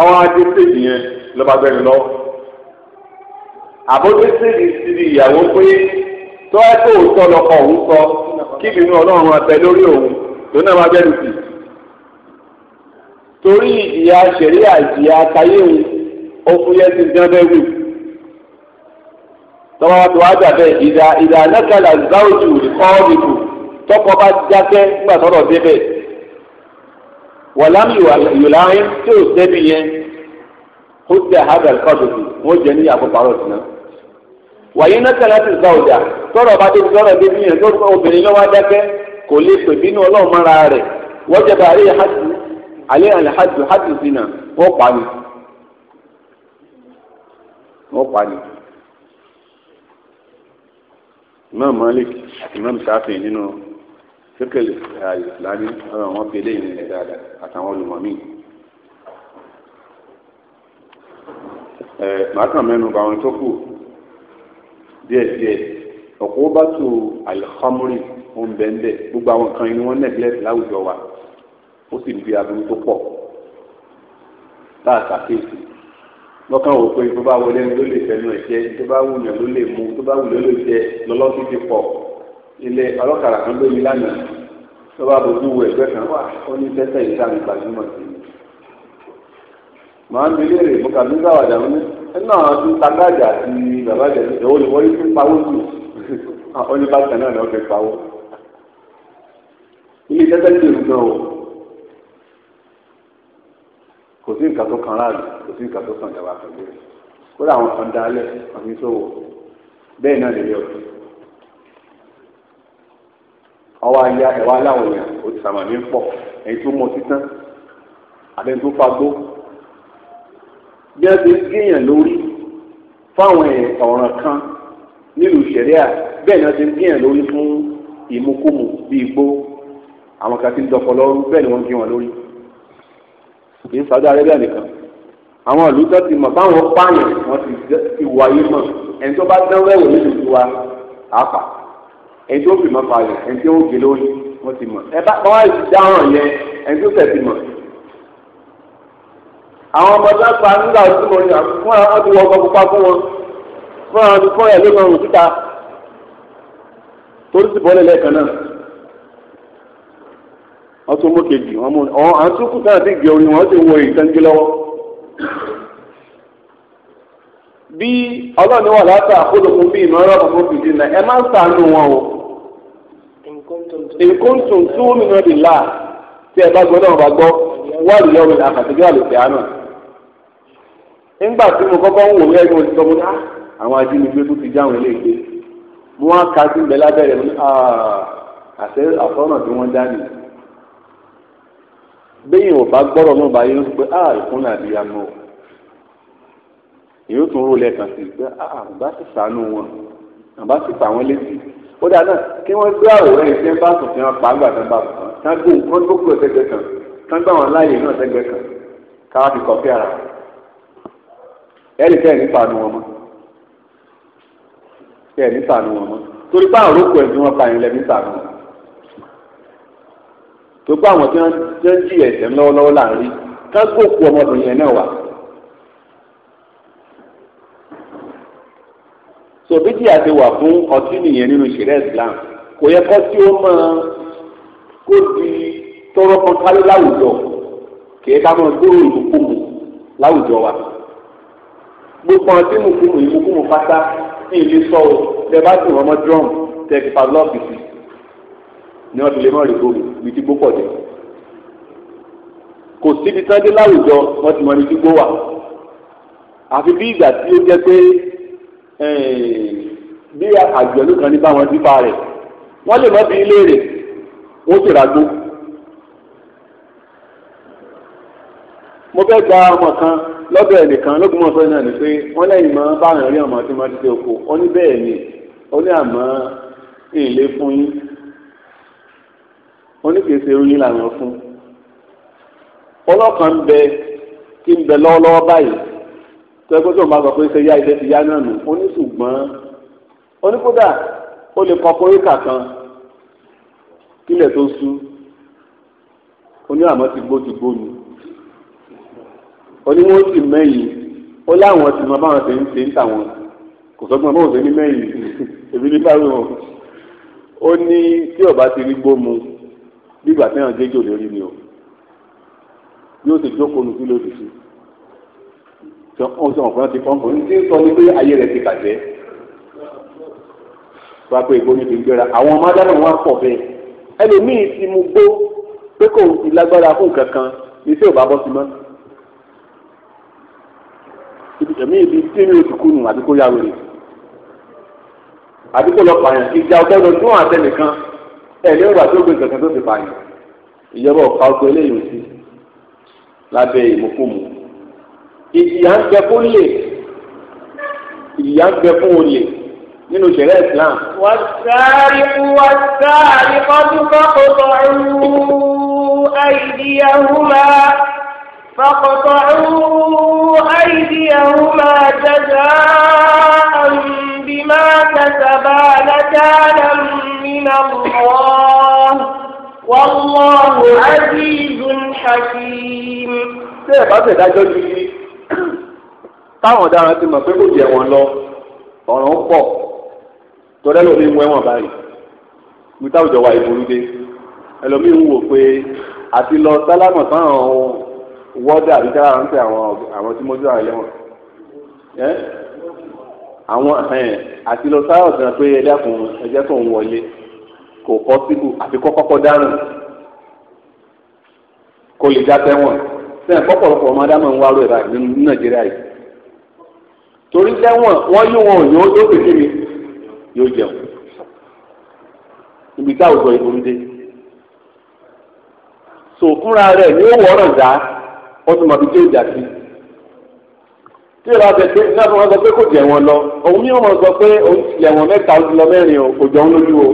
àwọn adé stéèjì yẹn ló bá gbẹnu lọ àbójú stéèjì ti di ìyàwó pé tọ́wọ́ tó ń sọ lọ́kọ̀ òun sọ kí ìbínú ọlọ́run abẹ lórí òun lónà máa gbẹnu sí torí ìjìyà ṣẹ̀ríà ìjìyà àtayé òun ó fún yẹ́sìn jẹ́ bẹ́ẹ̀ wù tọ́wọ́ wa ti wá gbà bẹ́ẹ̀ ìdá ìdá anákàlà záwùjù kọ́ọ̀dìkù tọkọ bá dákẹ́ nígbà tọ́rọ̀ débẹ̀ wàlámù ìyòláyìn tí ò débi yẹn ó tẹ àhàbẹ̀ kọ́ọ̀dìkù wọ́n jẹ ní àkóparọ̀ sí náà. kò lè pè bínú ọlọ́run mọ́ra rẹ̀ wọ́n jẹ alẹ́ alihadu hadu zina wọ́n pa ni wọ́n pa ni imam malik imam shafi nínú fíkẹlì ìsìlámì ọ̀rọ̀ wọn fi eléyìí nílẹ̀ dáadáa àtàwọn olùmọ̀mí. ẹ màá kàn mẹ́nu bà wọn tó kù díẹ̀díẹ̀ ọ̀pọ̀ bá tu alihamuri ń bẹ́ẹ̀ bẹ́ẹ̀ gbogbo àwọn kan inú wọn nẹ́gílẹ́tì láwùjọ wa ó sì ń bí aburú tó pọ̀ láàkàkéèsì lọ́kàn wò pé tó bá wọlé ló lè fẹnu ẹ̀ jẹ tó bá wù yàn ló lè mu tó bá wù ló lè jẹ lọ́lọ́sí ti pọ̀ ilé ọlọ́kadà kan ló yí lánàá tó bá bojú wo ẹgbẹ́ kan wà ó ní tẹ́tẹ́ ìta ní gbajúmọ̀ sí i. màá mi léèrè mo kà ní sáwàdà mi nínú àwọn tó ta gáàjà àti bàbá jẹ̀dẹ̀ ìjọwọ́ ni wọ́n ti pawó jù <laughs> ó ní bákan náà ni wọ́n fi pawó. ilé tẹ́tẹ́ ti rù gan kò sí nǹkan tó kan ráàlú kò sí nǹkan tó kan ìjọba pẹ̀lú rẹ̀ kódà àwọn kan dálẹ̀ àfi sòwò bẹ́ẹ̀ náà lè yọ ọwọ́ ayé ẹ̀wá aláwọ̀ yẹn o ti sàmàmì ń pọ̀ ẹ̀yin tó mọ títán àbẹ̀yìn tó fagbó bí wọ́n ti gẹ̀yàn lórí fáwọn ọ̀ràn kan nílùú sẹ̀ríà bẹ́ẹ̀ ni wọ́n ti gẹ̀yàn lórí fún ìmukúmu bíi igbó àwọn kan ti ń dọ̀pọ̀ lọ́rú bẹ́ẹ̀ ni wọ́n ń lórí kì í Saudi Arabia nìkan àwọn ìlú tó ti mọ̀ báwọn pààyàn wọn ti ti wà yìí mọ̀ ẹni tó bá dánwó ẹ̀wò nínú ìlú wa àpà ẹni tó fi mọ̀ pààyàn ẹni tó ń gé lórí wọn ti mọ̀ ẹ bá wọn ti dáhùn yẹn ẹni tó tẹ̀ ti mọ̀ àwọn ọmọ tó ń pa nígbà tí mo yàn fún àwọn ti wọ ọkọ̀ pupa fún wọn fún àwọn ti fún ẹ̀ lónà òkúta torí ti bọ́lẹ̀ lẹ́ẹ̀kan náà wọ́n tún mú kejì wọ́n mú ọ àwọn tó kù tá àti ìgbẹ́ orin wọ́n ti wọ ìtẹ́jú lọ́wọ́. bí ọlọ́run wà látà àkólókun bí ìmọ̀ràn ọ̀pọ̀ fìdí náà ẹ má ń sàánú wọn o. ìkóńtùn tó mìíràn rẹ̀ là tí ẹ bá gbọ́dọ̀ bá gbọ́ wà lọ́wọ́ àkàtúndì àlùfẹ́ àná. nígbà tí mo kọ́kọ́ ń wò ní ẹgbẹ́ mo ti sọ mo ní ah, àwọn ajínigbé tó ti jáwọn eléyìí mo wá ka sí ìgbẹ́ lábẹ́rẹ́ mo ní ah, àṣẹ àtọ́nà tí wọ́n dá nìyí bẹ́yìn ò bá gbọ́rọ̀ náà bá yóò pé ah ìkún náà bí a mọ̀ èyí ó tún rò lẹ́ẹ̀kan sí pé ah àbá sì sànú wọn àbá sì fà wọ́n létí ó dáa náà kí wọ́n gbé àwòrán yìí tẹ́ bá sùn fi hàn pàgbà tán bá bùn tán gbó nǹkan tó kúrò sẹ́gbẹ́ kan tán gbà wọn láàyè náà sẹ́gbẹ́ kan káwá fi kọ̀ fí ara ẹ̀rì kẹ́ẹ̀ nípa nu wọn mọ́ kẹ́ẹ̀ nípa nu wọn mọ́ torí pé àròkọ ẹ̀sìn wọn pa yẹn lẹ́mí sànú wọn tó gbọ́ àwọn tí wọ́n jẹ́ jí ẹ̀sẹ̀ lọ́wọ́lọ́wọ́ là ń rí ká gbòkú ọmọbìnrin yẹn náà wà. sòbíjì àti wà fún ọtí nìyẹn nínú ìṣẹ̀lẹ̀ Islam kò yẹ kó tí ó máa kó di tọrọ kan kálí láwùjọ kì í ká máa gbóró ìmùkúmù láwùjọ wa gbogbo ọtí mùkúmù ìmùkúmù pátá ní ìlú sọ ọ tẹ bá sì wọn mọ drum tẹ fà lọọkì sí i ni wọ́n ti lè mọ̀ rí gbòòrò ibi tí gbó pọ̀ jẹ́ kò síbi sáńdé láwùjọ wọ́n ti mọ ibi tí gbó wà àfi bí ìgbà tí ó jẹ́ pé eh, bí àgbẹ̀lú kan ní báwọn dípa rẹ̀ wọ́n lè mọ́ bí ilé rẹ̀ ó sì ra gbó. mo fẹ́ gba ọmọ kan lọ́dọ̀ ẹnìkan lọ́gbọ̀n sọ náà ni pé wọ́n lẹ́yìn mọ́ báwọn rí ọmọ tí wọ́n ti dé oko ó ní bẹ́ẹ̀ ni ó ní àmọ́ ìlé fún yín wọn ní kì í ṣe irú yín làwọn fún ọlọ́kan bẹ kí n bẹ lọ́wọ́lọ́wọ́ báyìí tẹ́gbẹ́ tó ń bá sọ pé ṣe yá iṣẹ́ ti yá náà nù ó ní ṣùgbọ́n ó ní kódà ó lè kọ́ koríkà kan kílẹ̀ tó sú ó ní àmọ́ ti gbó ti gbó mi ó ní mẹ́yìn ó láwọn ti mọ báwọn ṣe ń ṣe ń tàwọn kò sọ́gbọ́n báwọn ṣe ní mẹ́yìn <laughs> èmi ní báwọn ó ní tí ọba ti rí gbó mu bígbà tí wọn géjò lórí ni o yóò ti jókòó nu sí lòdì sí ọsàn ọ̀fọ̀n ti pọ́ǹpù ní tí ń sọ ní pé ayé rẹ̀ ti bàjẹ́ wá pé ìgbóni ti ń gbéra àwọn ọmọ adáná wa pọ̀ bẹ́ẹ̀ ẹlòmíì ti mu gbó pé kò ti lágbára fún nǹkan kan ní sí òbá bọ́ sí mọ́ èmi ìdí tí mi ò ti kúnnù àbí kó yá wèrè àbí kó lọ pààyàn ìjà ọgbẹ́dọ̀ dún àtẹnìkan ẹ̀mí ọ̀gbà tó gbé kankan tó fi pààyàn ìjọba ọ̀ka ọkọ eléyìí sí lábẹ́ ìmúkúmu ìyà ń bẹ fún lè ìyà ń bẹ fún olè nínú ìṣẹ̀lẹ̀ Islam. wàsáàrí wàsáàrí kọ́dún kọ́kọ́tọ̀ ọ̀rùn àìdíyàwúmá kọ́kọ́tọ̀ ọ̀rùn àìdíyàwúmá jẹjẹrẹ. بما كسبا نكالا من الله والله عزيز حكيم ṣé ẹ bá fẹ́ dájọ́ ju yìí táwọn ọ̀daràn ti mọ̀ pé kò jẹ́ wọn lọ ọ̀ràn pọ̀ tọ́lẹ́ lómi ń wẹ́wọ̀n báyìí ní táwùjọ wa ìburú dé ẹlòmíín wò pé àti lọ sálámọ̀ sáwọn wọ́dà àbíkára ń tẹ àwọn tí mo dúró àwọn ẹlẹ́wọ̀n. àwọn àti lọ sáyọ̀ sàn pé ẹ dákun ẹ jẹ́ ń wọlé kò pọ́sibú àti kọ́kọ́kọ́ dáràn lè já tẹ́wọ̀n sẹ́yìn pọ́pọ̀lọpọ̀ ọmọ adámọ̀ ń wárò ẹ̀rọ ní nàìjíríà yìí torí ibi tá àwùjọ dé rẹ̀ ni ó dá tí ìlà bẹ̀ pé iná fún wọn sọ pé kò jẹ̀ wọn lọ òun yóò mọ̀ sọ pé òun ti jẹ̀ wọn mẹ́ta ó ti lọ mẹ́rin o kò jọ ń lójú o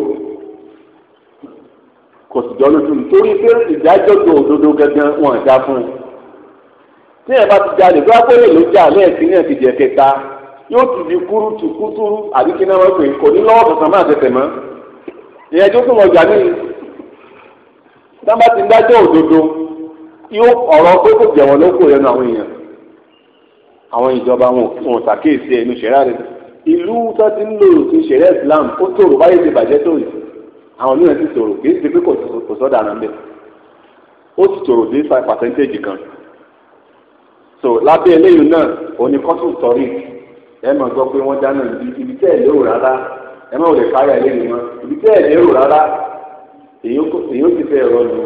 kò sì jọ lójú nítorí pé ìdájọ́ tó òdodo gangan wọn dá fún un tí ẹ bá ti jalè bí wọ́n pé lè ló jà lẹ́ẹ̀kínní ẹ̀ ti jẹ kẹta yóò tù bí kúrú tù kútúrú àbí kí náà wọ́n pè kò ní lọ́wọ́ kankan máa tẹ̀tẹ̀ mọ́ ìyẹn tó fún jà ní tábà ti dájọ́ òdodo yóò ọ̀rọ̀ pé kò jẹ̀wọ̀n ló kó àwọn èèyàn àwọn ìjọba wọn wọn ṣàkíyèsí ẹnu ṣẹ̀rá rẹ̀ ìlú tó ti ń lò ní ṣẹ̀rá Islam ó tòrò báyìí ti bàjẹ́ tó yìí àwọn mìíràn ti tòrò kì í ṣe pé kò sọ́dà náà bẹ̀ ó ti tòrò dé five percentage kan so lábẹ́ eléyìí náà òní kọ́tù sọ̀rí ẹ máa gbọ́ pé wọ́n dáná ibi tẹ́ ẹ̀ lérò rárá ẹ máa wọlé kárí eléyìí mọ́ ibi tẹ́ ẹ̀ lérò rárá èyí ó ti fẹ́ ẹ̀rọ lu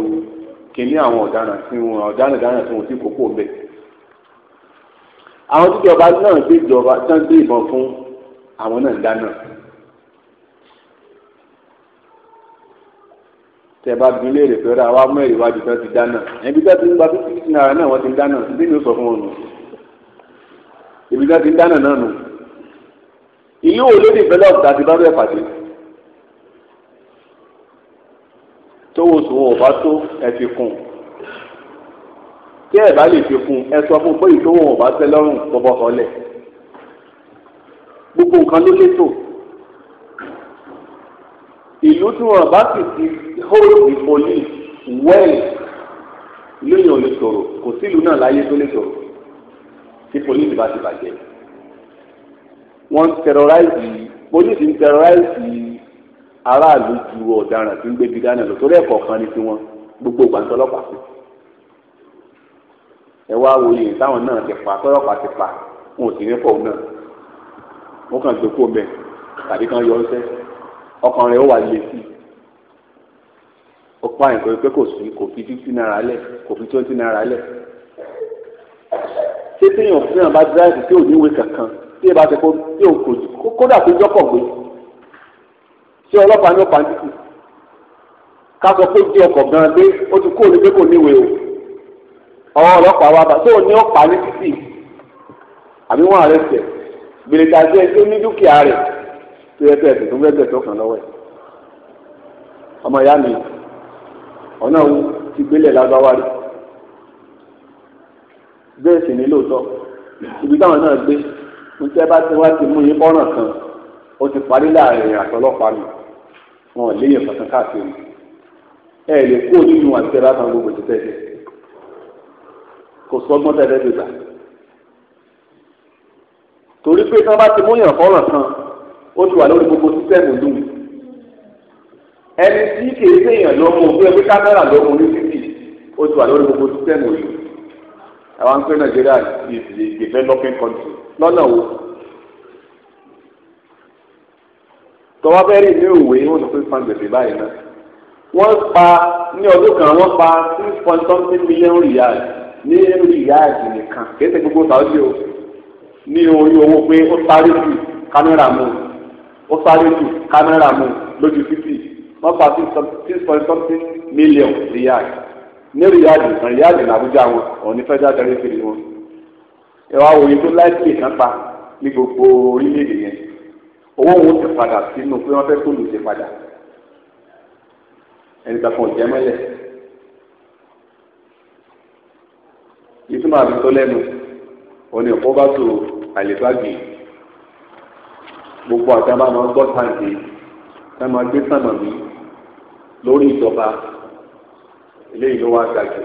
kíní àwọn ọ̀daràn tí wọn ọ̀daràn tí wọn ti kókó bẹ́ẹ̀ àwọn tíjọba náà gbé ìjọba tí wọ́n gbé ìbọn fún àwọn náà dáná. tẹ bá bí léèrè pé ra wa mú ìwádìí tó ti dáná ẹbí tó ti ń gba fífi sí náírà náà wọ́n ti ń dáná ìdí ni ó sọ fún wọn nù ìbí tó ti ń dáná náà nù ìlú wo ló develop tàbí bá bẹ́ẹ̀ pàdé tówó sùn wọn tó ẹ fi kún tí ẹ bá lè fi kún ẹ sọ fún pé ìṣòwò ọba tẹ́ lọ́rùn bọbọ kọlẹ gbogbo nǹkan ló létò ìlú tí wọn bá sì ti hold the police well lóyún ò lè sọ̀rọ̀ kò sí ìlú náà láyé tó lè sọ̀rọ̀ tí police bá ti bàjẹ́ wọ́n ń terrorize police ń terrorize aráàlú ju ọ̀daràn tí ń gbé bí dáná lọ torí ẹ̀kọ́ kan ní tiwọn gbogbo gbàǹtọ́lọ́pàá sí ẹ wá wòye táwọn náà ti pa tọ́lọ́pàá ti pa wọn ò sì ní pọ̀ náà wọn kàn gbé kó bẹ tàbí kàn yọ ọsẹ ọkàn rẹ ó wà lé sí i ó pa nǹkan pé kò sí kò fi fifty naira lẹ kò fi twenty naira lẹ ṣé téèyàn fẹ́ràn bá dráìsì tí ò níwèé kankan tí ẹ bá fẹ́ kó tí ò kò kódà tó jọ́kọ̀ gbé ṣé ọlọ́pàá ní ọ̀pá títì ká sọ pé ó di ọkọ̀ gan-an dé ó ti kó o ní pé kò níwèé o ọwọ́ ọlọ́pàá wa bá tó ní ọ̀pá ní títì àbí wọn àrẹ tẹ̀ gbèrè tàbí ẹ tó ní dúkìá rẹ̀ tó yẹ tẹ̀ tó fẹ́ tẹ̀ tó kàn lọ́wọ́ ẹ̀. ọmọ ìyá mi ọ̀nà òun ti gbélé lágbáwá rí bẹ́ẹ̀ sì ní lóòótọ́ ibi táwọn náà gbé ní tẹ́ bá ti wá ti mú yín fọ́nà kan ó ti parí láàrin àtọlọ́pàá mi wọn ò léyìn kankan káàkiri ẹ lè kó nínú àti kò sọgbọ́n tẹ̀lé gbèsà torí pé tí wọ́n bá ti mú yàn fọ́ràn kan ó ti wà lórí gbogbo sísẹ́ẹ̀mù lù ẹni tí kìí séèyàn ló mú bí ẹgbẹ́ kámẹ́rà ló mú ní títì ó ti wà lórí gbogbo sísẹ́ẹ̀mù lù àwọn ń pè Nàìjíríà is a developing country lọ́nà wo tọ́wọ́ fẹ́ rí ní òwe wọ́n sọ pé fan gbèsè báyìí náà wọ́n pa ní ọdún kan wọ́n pa six point something million riyal ní orí ìyá àjì nìkan kìí ṣe gbogbo sàwọ́dì o ní orí owó pé ó sáré jù kámẹ́rà mú ó sáré jù kámẹ́rà mú lójú títì wọ́n pa six point something million riyal ní riyal nìkan riyal ní Àbújá wọn òun ní federal territory wọn ẹ wá wòye tó láìpẹ́ kan pa ní gbogbo orílẹ̀-èdè yẹn owó wọn ti padà sínú pé wọ́n fẹ́ kó lù ṣe padà ẹnìkan kan ò jẹ́ mọ́lẹ̀. ìtumọ̀ àbí tó lẹ́nu òní ìkóbátò àlèbágbé gbogbo àtàbà máa ń gbọ́ sáǹtì ká máa gbé sànà mí lórí ìjọba eléyìí ló wá ga jù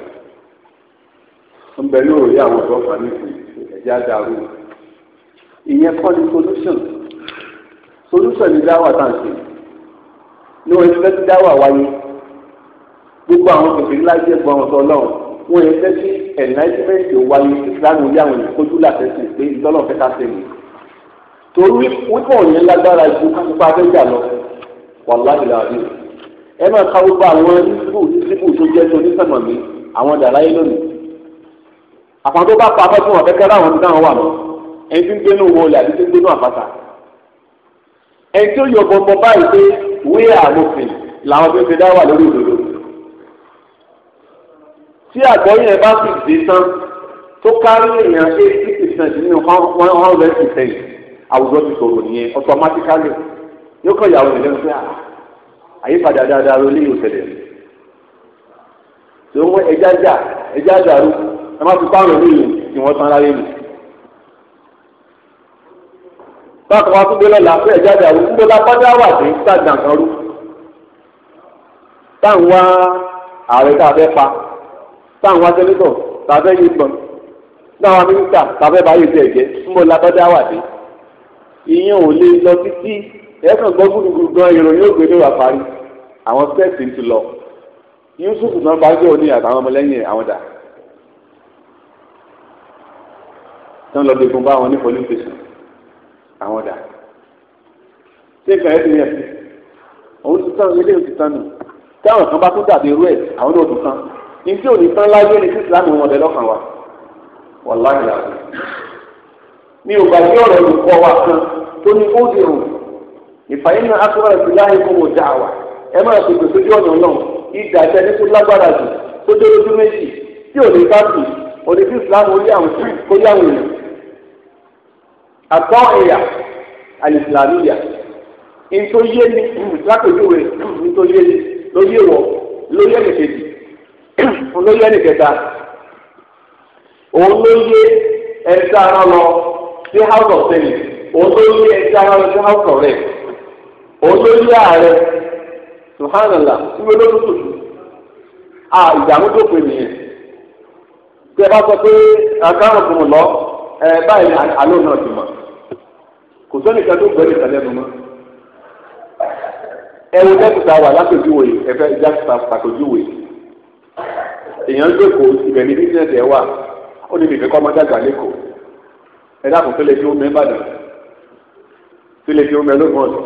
ń bẹ lóòrè àwọn ọ̀dọ́ kan nìkan ẹ̀jẹ̀ á dàrú ìyẹn kọ́ ni solution solution ni dáwà sáǹtì ní wọn fẹ́ dáwà wáyé gbogbo àwọn kòkè ńlá jẹ́ gbọ́n ọ̀tọ̀ ọlọ́run wọn yẹn fẹ́ sí enlightenment ò wáyé ìsìlámù yà wọn ìkójú làtẹ̀sìn pé ìtọ́lọ̀ fẹ́ ká sẹ́yìn torí wípọ̀ yẹn lágbára ju kápá abẹ́jà lọ wàláhì làárí ẹ máa ká gbogbo àwọn ibù síbù tó jẹ́ tó nísàmọ̀ mi àwọn dàráyé lónìí àwọn tó bá pa afẹ́fún ọ̀fẹ́kẹ́ láwọn tí táwọn wà lọ ẹni tí ń gbénú wọlé àti tí ń gbénú àpáta ẹni tí ó yọ bọ̀m̀bọ̀ báyìí pé wíyà àmọ́fin làwọn tó ń ṣe dá wà lórí òdòdó tí àgbọ̀yìn ẹ̀ bá sì dé tán tó kárí èèyàn eighty percent nínú one hundred percent àwùjọ ti sọ̀rọ̀ nìyẹn automatically yóò kàn yàwó nílẹ̀ fún yàrá àyípadà dáadáa ló léyìn òtẹ̀lẹ̀ tó ń wọ ẹja jà ẹja dàrú ẹ má fi pààrọ̀ ní ìlú tí wọ́n tán láyé mi. bákan wá tún gbé lọ́la fún ẹja dàrú ń gbọ́dá pátá wà dé sáà dàn kan rú táwọn wá ààrẹ tá fẹ́ pa táwọn wá sẹ́nitọ̀ tàbẹ́ yìí gbọ̀n táwọn mínísítà tàbẹ́ báyìí tẹ̀ jẹ́ súnmọ́ labọ́dá wà dé ìyẹn ò lè lọ títí ẹ̀ẹ́kan gbọ́ gbùdùgbùdù gan ìròyìn ògbé ní wà parí àwọn sẹ́ẹ̀tì ti lọ Yusuf náà bá jẹ́ òní àtàwọn ọmọlẹ́yìn àwọn dà tí wọ́n lọ gbẹ̀gùn bá wọn ní police station àwọn dà ṣé nǹkan ẹ̀ ti yẹ òun ti tán ilé òun ti tán nù táwọn kan bá tún dàbí irú ẹ̀ àwọn náà tún tán ìdí òní tán láyé ní sísìlámù wọn lẹ lọ́kàn wa wàláhì làwọn. mi ò gbàgbé ọ̀rọ̀ olùkọ́ wa kan tó ní ó dì rùn ìfàyín náà akọ́rọ̀ ẹ̀sìn láàyè kó wò dáa wà ẹ máa tètè sójú ọ̀nà náà ìdá ìtẹ́ni tó lágbára jù tó dé lójú méjì tí òní bá tù òní sí ìsìlámù orí àwọn tí kò yá àwọn èèyàn. àtọ́ ẹ̀yà àlìsìlámìyà nítorí yé ni lápèjúwe nítorí yé ni lórí èwọ̀ lórí ẹ̀kẹ́kẹ́jì onye ló yẹ nìkẹta òun ló yẹ ẹja ara lọ sí house of senate òun yẹ ẹja ara lọ sí house of rep òun yẹ ààrẹ subhanallah ìwé lóṣooṣù a ìdààmú tó pè nìyẹn tí ẹ bá sọ pé àkàrùn kò mọ̀ lọ ẹ báyìí náà ti mọ̀ kò sọ́ni ká tó gbẹ́rù ìsàlẹ̀ mọ́ ẹ wo dẹ́kùtà wà látòjúwe ẹ fẹ́ èèyàn jókòó ibẹ̀ ní business ẹ̀ wà ó ní bìbí kọ́ ọmọdé àgbà lẹ́kọ̀ọ́ ẹ dákun tó lè fi omi ìbàdàn tó lè fi omi ẹlógún ọ̀dọ̀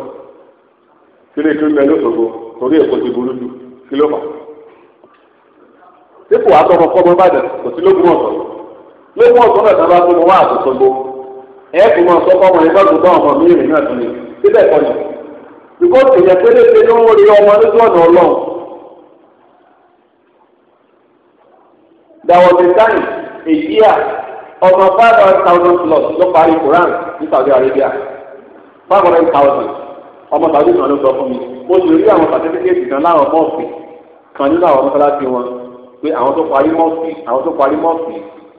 tó lè fi omi ẹlóṣogbo torí èkó ti burú jù kí ló fà. dípò àtọmọ kọ́mọ ìbàdàn kò sí lógún ọ̀sán lógún ọ̀sán náà sábà tó mọ wá àtúnṣogbo ẹ kò mọ sọ fọmọ yẹn lọ́dún bá ọmọ mi rìn náà tó lè síbẹ̀ kọ́ni. there was a time a year ọmọ five hundred thousand plus ló parí Quran ní Saudi Arabia five hundred thousand ọmọ Saudi kan ló sọ fún mi mo sì rí àwọn certificate kan láwọn mọ́ọ̀sì kan nínú àwọn mọ́sálásí wọn pé àwọn tó parí mọ́ọ̀sì àwọn tó parí mọ́ọ̀sì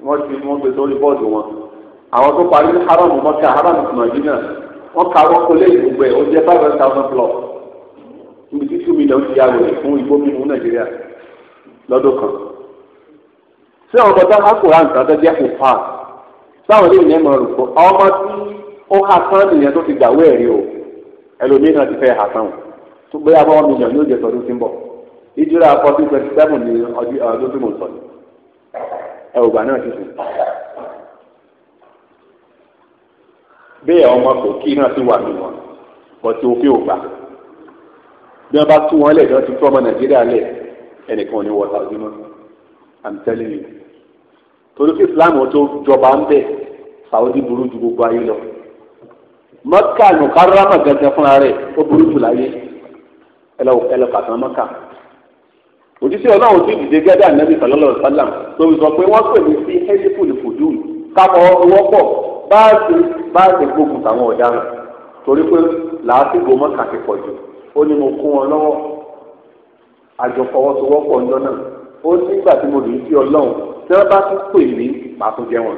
wọ́n ti wọ́n gbé sórí bọ́ọ̀dù wọn àwọn tó parí haram mọ́kà haram nàìjíríà wọ́n ka wọ́n kó léyìn gbogbo ẹ̀ ó jẹ́ five hundred thousand plus níbi tí two million ti yá wẹ̀ fún igbó mímu nàìjíríà lọ́dún kan ṣé ọmọ tó há kóra nǹkan tó jẹ́ òfà táwọn ilé ìyẹn mọ̀ rògbò ọmọ tí ó há tán nìyẹn tó ti gbàwé ẹ̀rí o ẹlòmíín náà ti fẹ́ há tán o bóyá bá wọn mi yóò jẹ sọdún tí bọ̀ ìdúrà fourteen twenty seven ní ọdún uh, tí mo sọ yìí ẹ ò gbà náà ti sùn. bẹ́ẹ̀ ọmọ kò kí náà ti wà nù wọn bọ́tí òfin ò gbà bí wọ́n bá tú wọn lẹ̀ bí ti tú ọmọ nàìjíríà lẹ̀ ẹnìkan ò ní wọ́ta ọdún I'm telling you torí pé islam tó jọba ń bẹ saudi burú ju gbogbo ayé lọ mọ́kà nùkárọ́mà gẹ́gẹ́ fúnra rẹ̀ ó burú jù láyé ẹlẹ́kàtàn mọ́kà òjíṣẹ́ ọlọ́run tí ìdìde gẹ́gẹ́ ànábì sàlọ́lọ́ sálàm tó sọ pé wọ́n pè mí sí hẹ́sífùlù fùdù kápọ̀ wọ́pọ̀ báàsì báàsì gbógun tàwọn ọ̀daràn torí pé làásìgbò mọ́kà ti pọ̀ jù ó ní mo kún wọn lọ́wọ́ àjọpọ̀wọ́sowọ́pọ̀ ńjọ́ náà ó nígbà tí mo lè fi ọlọ́run tí wọ́n bá tún pè mí màá tún jẹ wọn.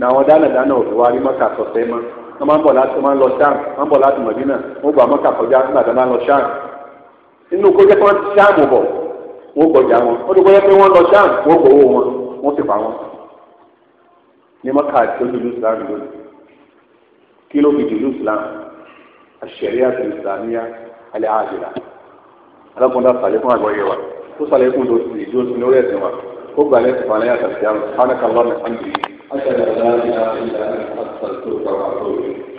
làwọn dánadáná ò fi wá rí mọ́kà sọ̀tẹ́ mọ́ wọ́n máa ń bọ̀ láti máa ń lọ ṣáàm wọ́n ń bọ̀ láti mọ̀dínà wọ́n gbà mọ́kà kọjá nígbà tó máa ń lọ ṣáàm nínú kó jẹ́ pé wọ́n ti ṣáàmù bọ̀ wọ́n gbọ̀jà wọn wọ́n ti gbọ́jẹ́ pé wọ́n lọ ṣáàm wọ́n gbowó wọn wọ́n ti pa wọn. ní mọ́kà tó lùlù islam lónìí kí ló fi lùlù islam àṣẹríà ìsìlámíà alẹ́ àjẹlá alákùnrin àfàlẹ́ fún àgbọ̀yẹ wa tó sàlẹ̀ fún lóṣù ìdí oṣù lórí ẹ̀sìn wa ó gbà lẹ́sìn fún aláyàtà sí àrùn fún anákàlọ́